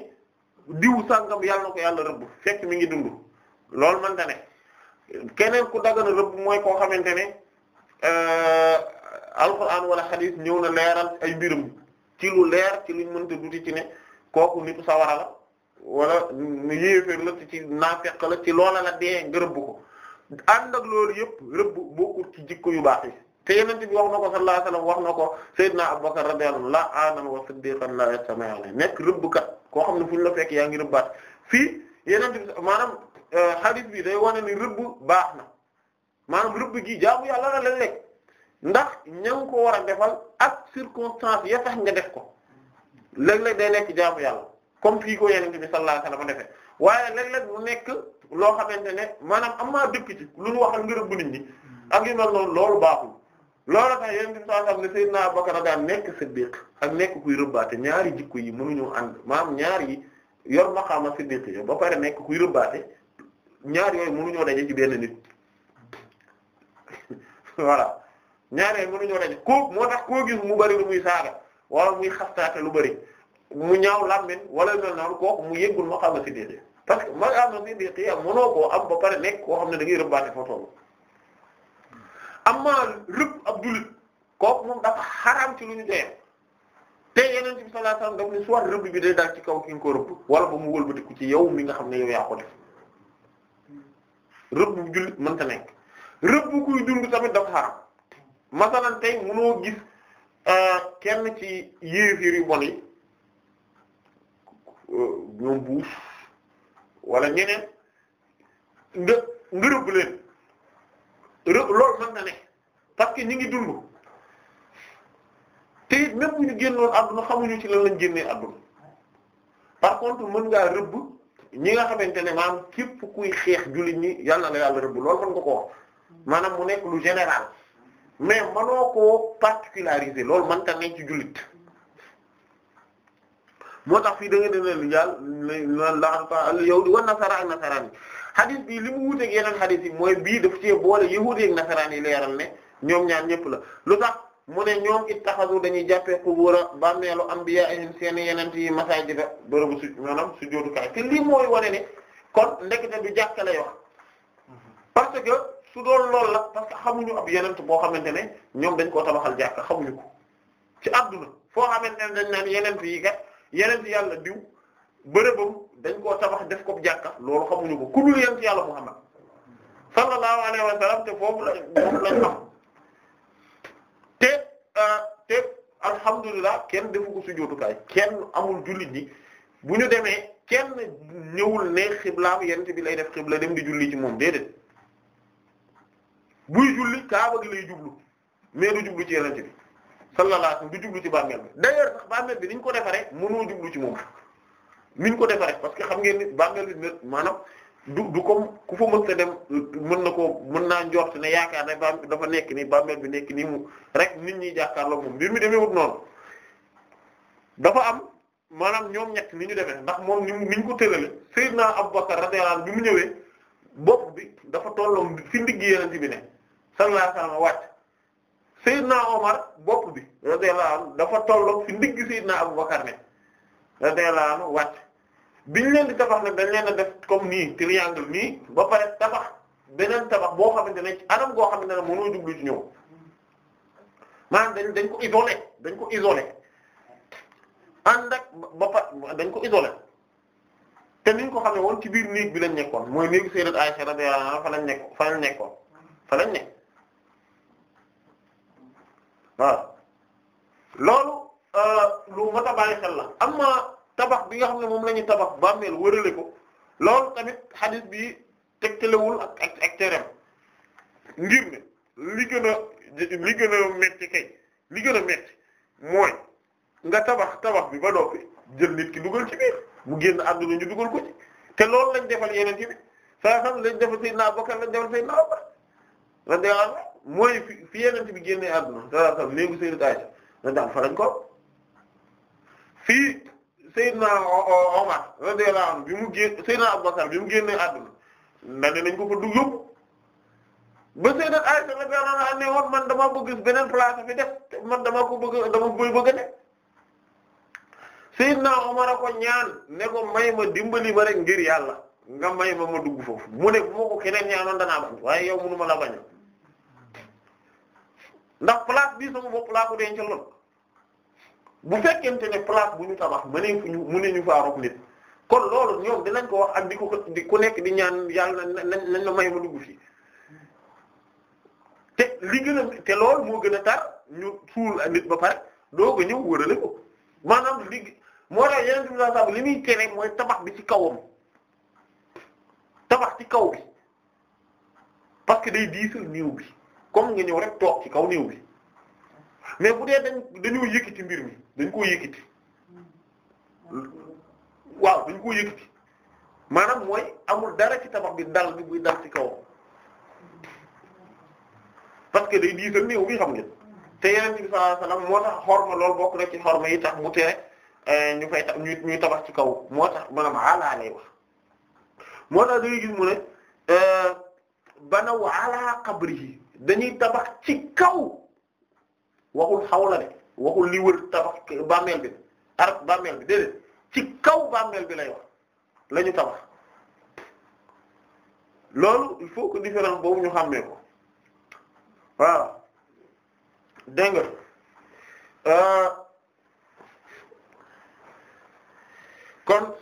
diw sàngam yàlla ko yàlla rëbb fekk mi ngi dund loolu man ne keneen ku dagana rëbb mooy koo xamante ne euh, alquran wala ñëw na leeral ay mbirum ci lu leer ci luñ mënta duti ci ne kooku nit sawara la yéeféer la ci naafeq la ci loola la dee nga rëbb ko ànd ak loolu yëpp rëbb bokkul ci jikko yu baax yi te yonent bi wax na ko sallallahu alayhi wasallam wax na ko Seydina Abubakar radiyallahu la anan wa siddiqan la yastami'ani nekk rëbbkat koo xam ne fu ñu la fekk yaa ngi rëbbaat fii yonent bi maanaam euh, hadith bi day wane ni rëbb baax na maanaam rëbb gi jaamu yàlla la leen lekk ndax ña nga ko war a defal ak circonstance ya tax nga def ko léeg-léeg day nekk jaamu yàlla comme fii ko yonent bi sallallahu alayhi wasallam defee waaye léeg-léeg mu nekk loo xamante ne maanaam am naa dëkk ci lu ñu waxal nga rëbb nit ñi ak yu mel noonu loolu baaxul loolu tax yéen di saa xam ne Seydina Abubakar daan nekk siddiq ak nekk kuy rëbbaate ñaari jikko yi mënuñu ànd maam ñaar yi yor maqaama siddiq yi ba pare nekk kuy rëbbaate ñaar yooyu mënuñoo daje ci benn nit voilà ñaar yooyu mënuñoo daje koo moo tax koo gis mu bari lu muy saaga wala muy xastaate lu bari mu ñaaw làmmiñ wala mel noonu kooku mu yëggul maqaama siddiq yi parce que maqaama siddiq yi mënoo koo am ba pare nekk koo xam ne da ngay rëbbaate foo amma rëbb ab jullit kooku moom dafa xaraam ci lu ñu doyee te yeneen ci bi sallallahu alayhi daf ne soit rëbb bi day daal ci kaw ki nga ko rëbb wala ba mu wëlbatiku ci yow mi nga xam ne yow yaa ko def rëbb jullit mënta nekk rëbb kuy dund tamit dafa xaraam masalan tey mënoo gis euh, kenn ci yéefir yu bon yi euh, ñoom buus wala ñeneen nga nga rëbb leen loolu mën na parce que ñu ngi dund te it même bu ñu génnoon adduna xamuñu ci la lañ génnee adduna par contre mën nga rëbb ñi nga xamante ne maanaam képp kuy xeex jullit ñi yàlla la yàlla rëbb loolu mën nga ko maanaam mu nekk lu général mais mënoo koo particulariser loolu mën ta nekk ci jullit moo tax fii da nga ne leen yàlla na laata al yahudi nasara ak nasaraan xadis bi li mu wuuteeg yeneen xadis yi mooy bii daf cee boole yahuud ak nasaraan yi leeral ne ñoom ñaar ñëpp la lu tax mu ne ñoom it ittaxadu dañuy jàppee qubura bàmmeelu anbiyaa'ihim seen yenent yi masaajida bërëbu su maanaam sujjóotukaay te lii mooy wane ne kon ndekete du jàkka lay wax parce que su doon loolu la parce que xamuñu ab yenent boo xamante ne ñoom dañ koo tabaxal jàkka xamuñu ko ci adduna foo xamante ne dañ naan yenent yi kat yenent yàlla diw bërëbam dañ koo tabax def ko jàkka loolu xamuñu ko ku dul yent yàlla Muhammad sallallahu alayhi wa sallam te foofu la xam te euh, te alhamdulilah kenn defu ko sujjóotukaay kenn amul jullit ñi bu ñu demee kenn ñëwul ne xiblaam yent bi lay def xibla dem di julli ci moom déedéet buy julli kaaba gi lay jublu mais du jublu ci yent bi sallallahu alayhi wa sallam du jublu ci bàmmeel bi d'ailleurs sax bi niñ ko defaree mënoo jublu ci moom niñ ko defaree parce que xam ngeen ni bàngal bi maanaam du du ko ku fa mën ta dem mën na ko mën naa njort ne yaakaar ne ba dafa nekk nii bàmmeel bi nekk nii mu rek nit ñi jàkkaarloo moom mbir mi demee wut noonu dafa am maanaam ñoom ñett ni ñu demee ndax moom ni ni ñu ko tëralee Seydina Abubakar radiyallahu anhu bi mu ñëwee bopp bi dafa tolloo fi ndigg Yonent bi ne sallallahu alayhi wasallam wàcc Seydina Omar bopp bi radiyallahu dafa tolloo fi ndigg Seydina Abubakar ne radiyallahu biñ leen di tabax nag dañ leen a def comme nii triangle nii ba pare tabax beneen tabax boo xamante ne anam goo xamante ne mënoo jublu ci ñëw maanaam dañ dañ ko isolé dañ ko isolé ànd ak ba pare dañ ko isolé te niñ ko xamee woon ci biir néeg bi lañ nekkoon mooy néegu Sayyidat Aisha radiyallahu anha fa lañ nekk fa lañ loolu euh, lu mat a bàyyi tabax bi nga xam ne moom la ñuy tabax bàmmeel wërale ko lool tamit xadis bi tegtalewul ak ak ak tereem ngir ne li gën a li gën a metti kay li gën metti mooy nga tabax tabax bi ba noppi jël nit ki dugal ci biir mu génn àdduna ñu dugal ko ci te lool lañ defal yeneen ci bi saa xam lañ defal Seydina Abubakar lañ defal Seydina Umar la deal mooy fi fi yeneen bi génnee àdduna saa xam léegi Seydina Aysa la daal fa lañ ko fii Seydina Omar radiyallahu anhu bi mu gén Seydina ma bi mu génnee àdduna dane nañ ko fa dug yóbbu ba Seydina Aysa radiyallahu ne woon man dama bëgg beneen place fi def man dama ko bëgg dama boy bëgg a ne Seydina Omar a ñaan ne ko may ma dimbali ma rek ngir yàlla nga may ma ma dugg foofu mu nekk bu ma ko keneen ñaanoon danaa bañ waaye yow mënu ma la bañ place bii sama bopp laa ko denc lool bu fekkente ne place bu ñu tabax mënee fu ñu mënee ñu faa rob nit kon loolu ñoom dinañ ko wax ak di ko di ku nekk di ñaan yàlla na nañ nañ la may ma dugg fii te li gën a te lool moo gën a tar ñu suul ak nit ba pare doo ko ñëw wërale ko maanaam li moo tax yeneen bi saa li muy tere mooy tabax bi ci kawam tabax ci kaw bi parce que day diisal néew bi comme nga ñëw rek toog ci kaw néew bi mais bu dee dañ dañoo ci mbir mi. dañ koo yëkkati waaw dañ koo yëkkati maanaam mooy amul dara ci tabax bi dal bi buy dal ci kaw parce que day diisal néew bi xam ngeen te yeneen bi sallallahu alayhi moo tax xorma loolu bokk na ci xorma yi tax mu tere eh, ñu fay tax ñu ñuy tabax ci kaw moo tax maanaam ala lay wax moo tax dañuy gis mu ne eh, banaw ala qabrihi dañuy tabax ci kaw waxul xawla de waxul li wër tabax bàmmeel bi arab bàmmeel bi déedéet ci kaw bàmmeel bi lay wax la tabax loolu il faut que différence boobu ñu xàmmee ko waaw euh, kon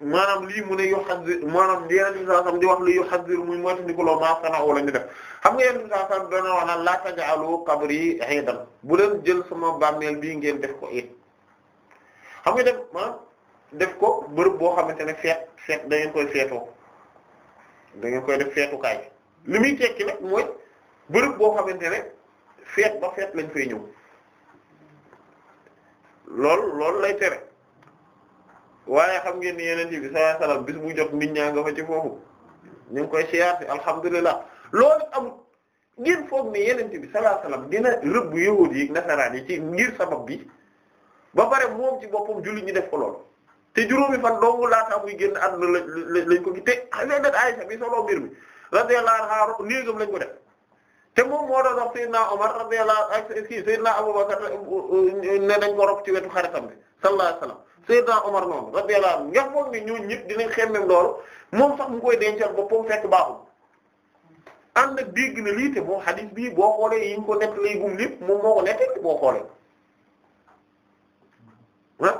maanaam lii mu ne yu xasir maanaam yeneen i saasam di wax li yu xasir muy moytu ndi ko a maasana wala ñu def xam nga yeneen i saasam dana wax naan laa taj'alu qabri iidan bu leen jël sama bàmmeel bii ngeen def ko it xam nga def ma ah, def ko bërëb boo xamante ne feet feet da ngeen koy da ngeen koy def feetukaay li muy tekki nag boo xamante ne feet ba feet lañ fay ñëw loolu loolu lay tere. waaye xam ngeen ni yeneen bi sallallahu alayhi wasallam bis bu jot nit ñaa nga fa ci foofu ñu ngi koy siyaar si alhamdulilah loolu amul ngeen foog ne yeneen bi sallallahu alayhi wasallam dina rëbb yahuud yi ci ngir sabab bi ba pare moom ci boppam jullit ñi def ko lool te juróomi fan dong laataa muy génn àdduna lañ ko gi te sayyidat Aisha bi solo mbir mi radiyallahu anha néegam lañ ko def te moom moo doon wax sayyidna Umar radiyallahu euh, euh, ci wetu xaritam bi sallallahu alayhi wasallam Seydina Omar noonu radiyallahu anhu nga foog ni ñooñu ñëpp dinañ xemmem loolu moom sax mu koy dencal boppam fekk baaxul ànd ak dégg na lii te boo boo xoolee yi ñu ko nekk lay moo ko nekkee boo xoolee ah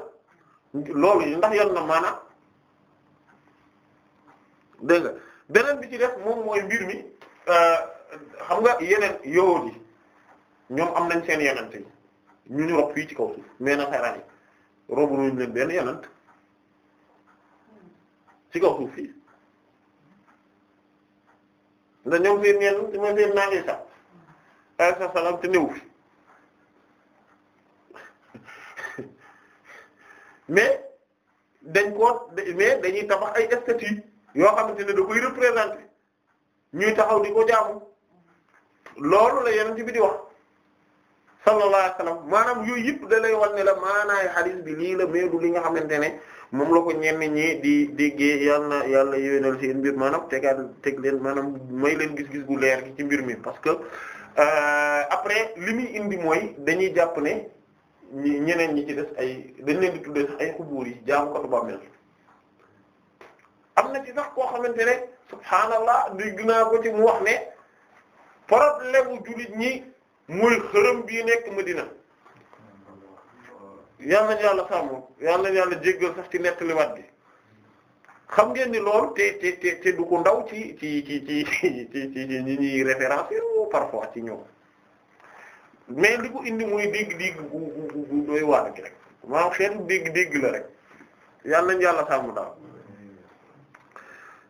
loolu ndax yoon na maanaam dégg nga beneen bi ci def moom mooy mbir mi euh, xam nga yeneen yowoot yi ñoom am nañ seen yeneen yi ñu ñu rob fii ci kaw suuf mais na xayran robaluñ leen benn yonent ci kaw suuf fii ndax ñoom seen ñenn ci ma seen naa Isa alayhi salaam te néew fi mais dañ ko mais dañuy tabax ay statues yoo xamante ne da koy représenter ñuy taxaw di ko jaamu loolu la yonent bi di sallallahu alayhi wa maanaam yooyu yëpp da lay ne la maanaay hadith bi lii la mais du li nga xamante ne moom la ko ñenn ñi di déggee yal na yàlla yéwénal seen mbir maanaam tegaat teg leen maanaam may leen gis-gis gu leer gi ci mbir mi parce que euh, après li muy indi mooy dañuy jàpp ne ñi ñeneen ñi ci des ay dañ leen di tuddee sax ay xubuur yi jaamu ko bàmmeel am na ci koo xamante ne subhaanallah dégg ko ci mu wax ne problème u jullit ñi. mooy xërëm bii nekk Medina yal nañu yàlla sàmm yal nañu yàlla jéggal sax ci nekk liwaat bi xam ngeen ni loolu te te te du ko ndaw ci ci ci ci ci ci ñi ñuy référence parfois ci ñoom mais li ko indi mooy dégg-dégg gu gu gu doy waar gi rek maanaam xeetu dégg-dégg la rek yal nañu yàlla sàmm daal.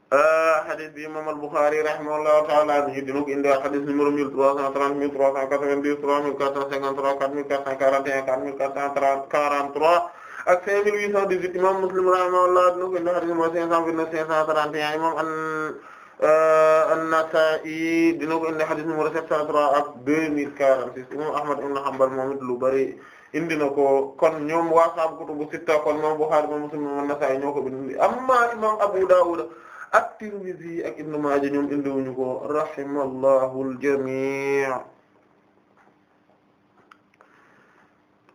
Euh, hadith bi imam al-Bukhari rahimahullahu ta'ala ñu dina ko indi hadith numéro 1330 1390 3453 4441 4443 ak 5818 imam Muslim rahimahullahu dina ko indi hadith numéro 529 531 imam an-Nasa'i dina ko indi hadith numéro 703 ak 2046 imam Ahmad ibn Hanbal moom it lu bari indi na ko kon ñoom waa sahab kutubu sitta kon imam Bukhari imam Muslim imam an-Nasa'i ñoo ko indi amma imam Abu Dawud ak Tirmidhi ak Ibn Maaja ñoom indiwuñu ko rahimallahu al-jamii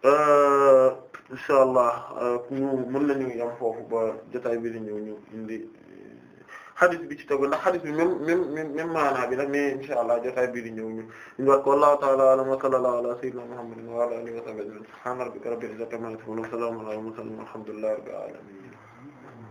euh, insha allah euh, ñu mën nañu yam foofu ba jotaay bi di ñëw ñu indi euh, hadith bi ci tegu ndax hadith bi même même même maanaa bi nag mais insha allah jotaay bi di ñëw ñu ñu war ko wallahu ta'ala a'lam wa sallallahu ala sayyidina muhammadin wa ala alihi wa sahbihi subhana rabbika rabbil izzati amma yasifun wa salamun ala al mursalin walhamdulillahi rabbil alamin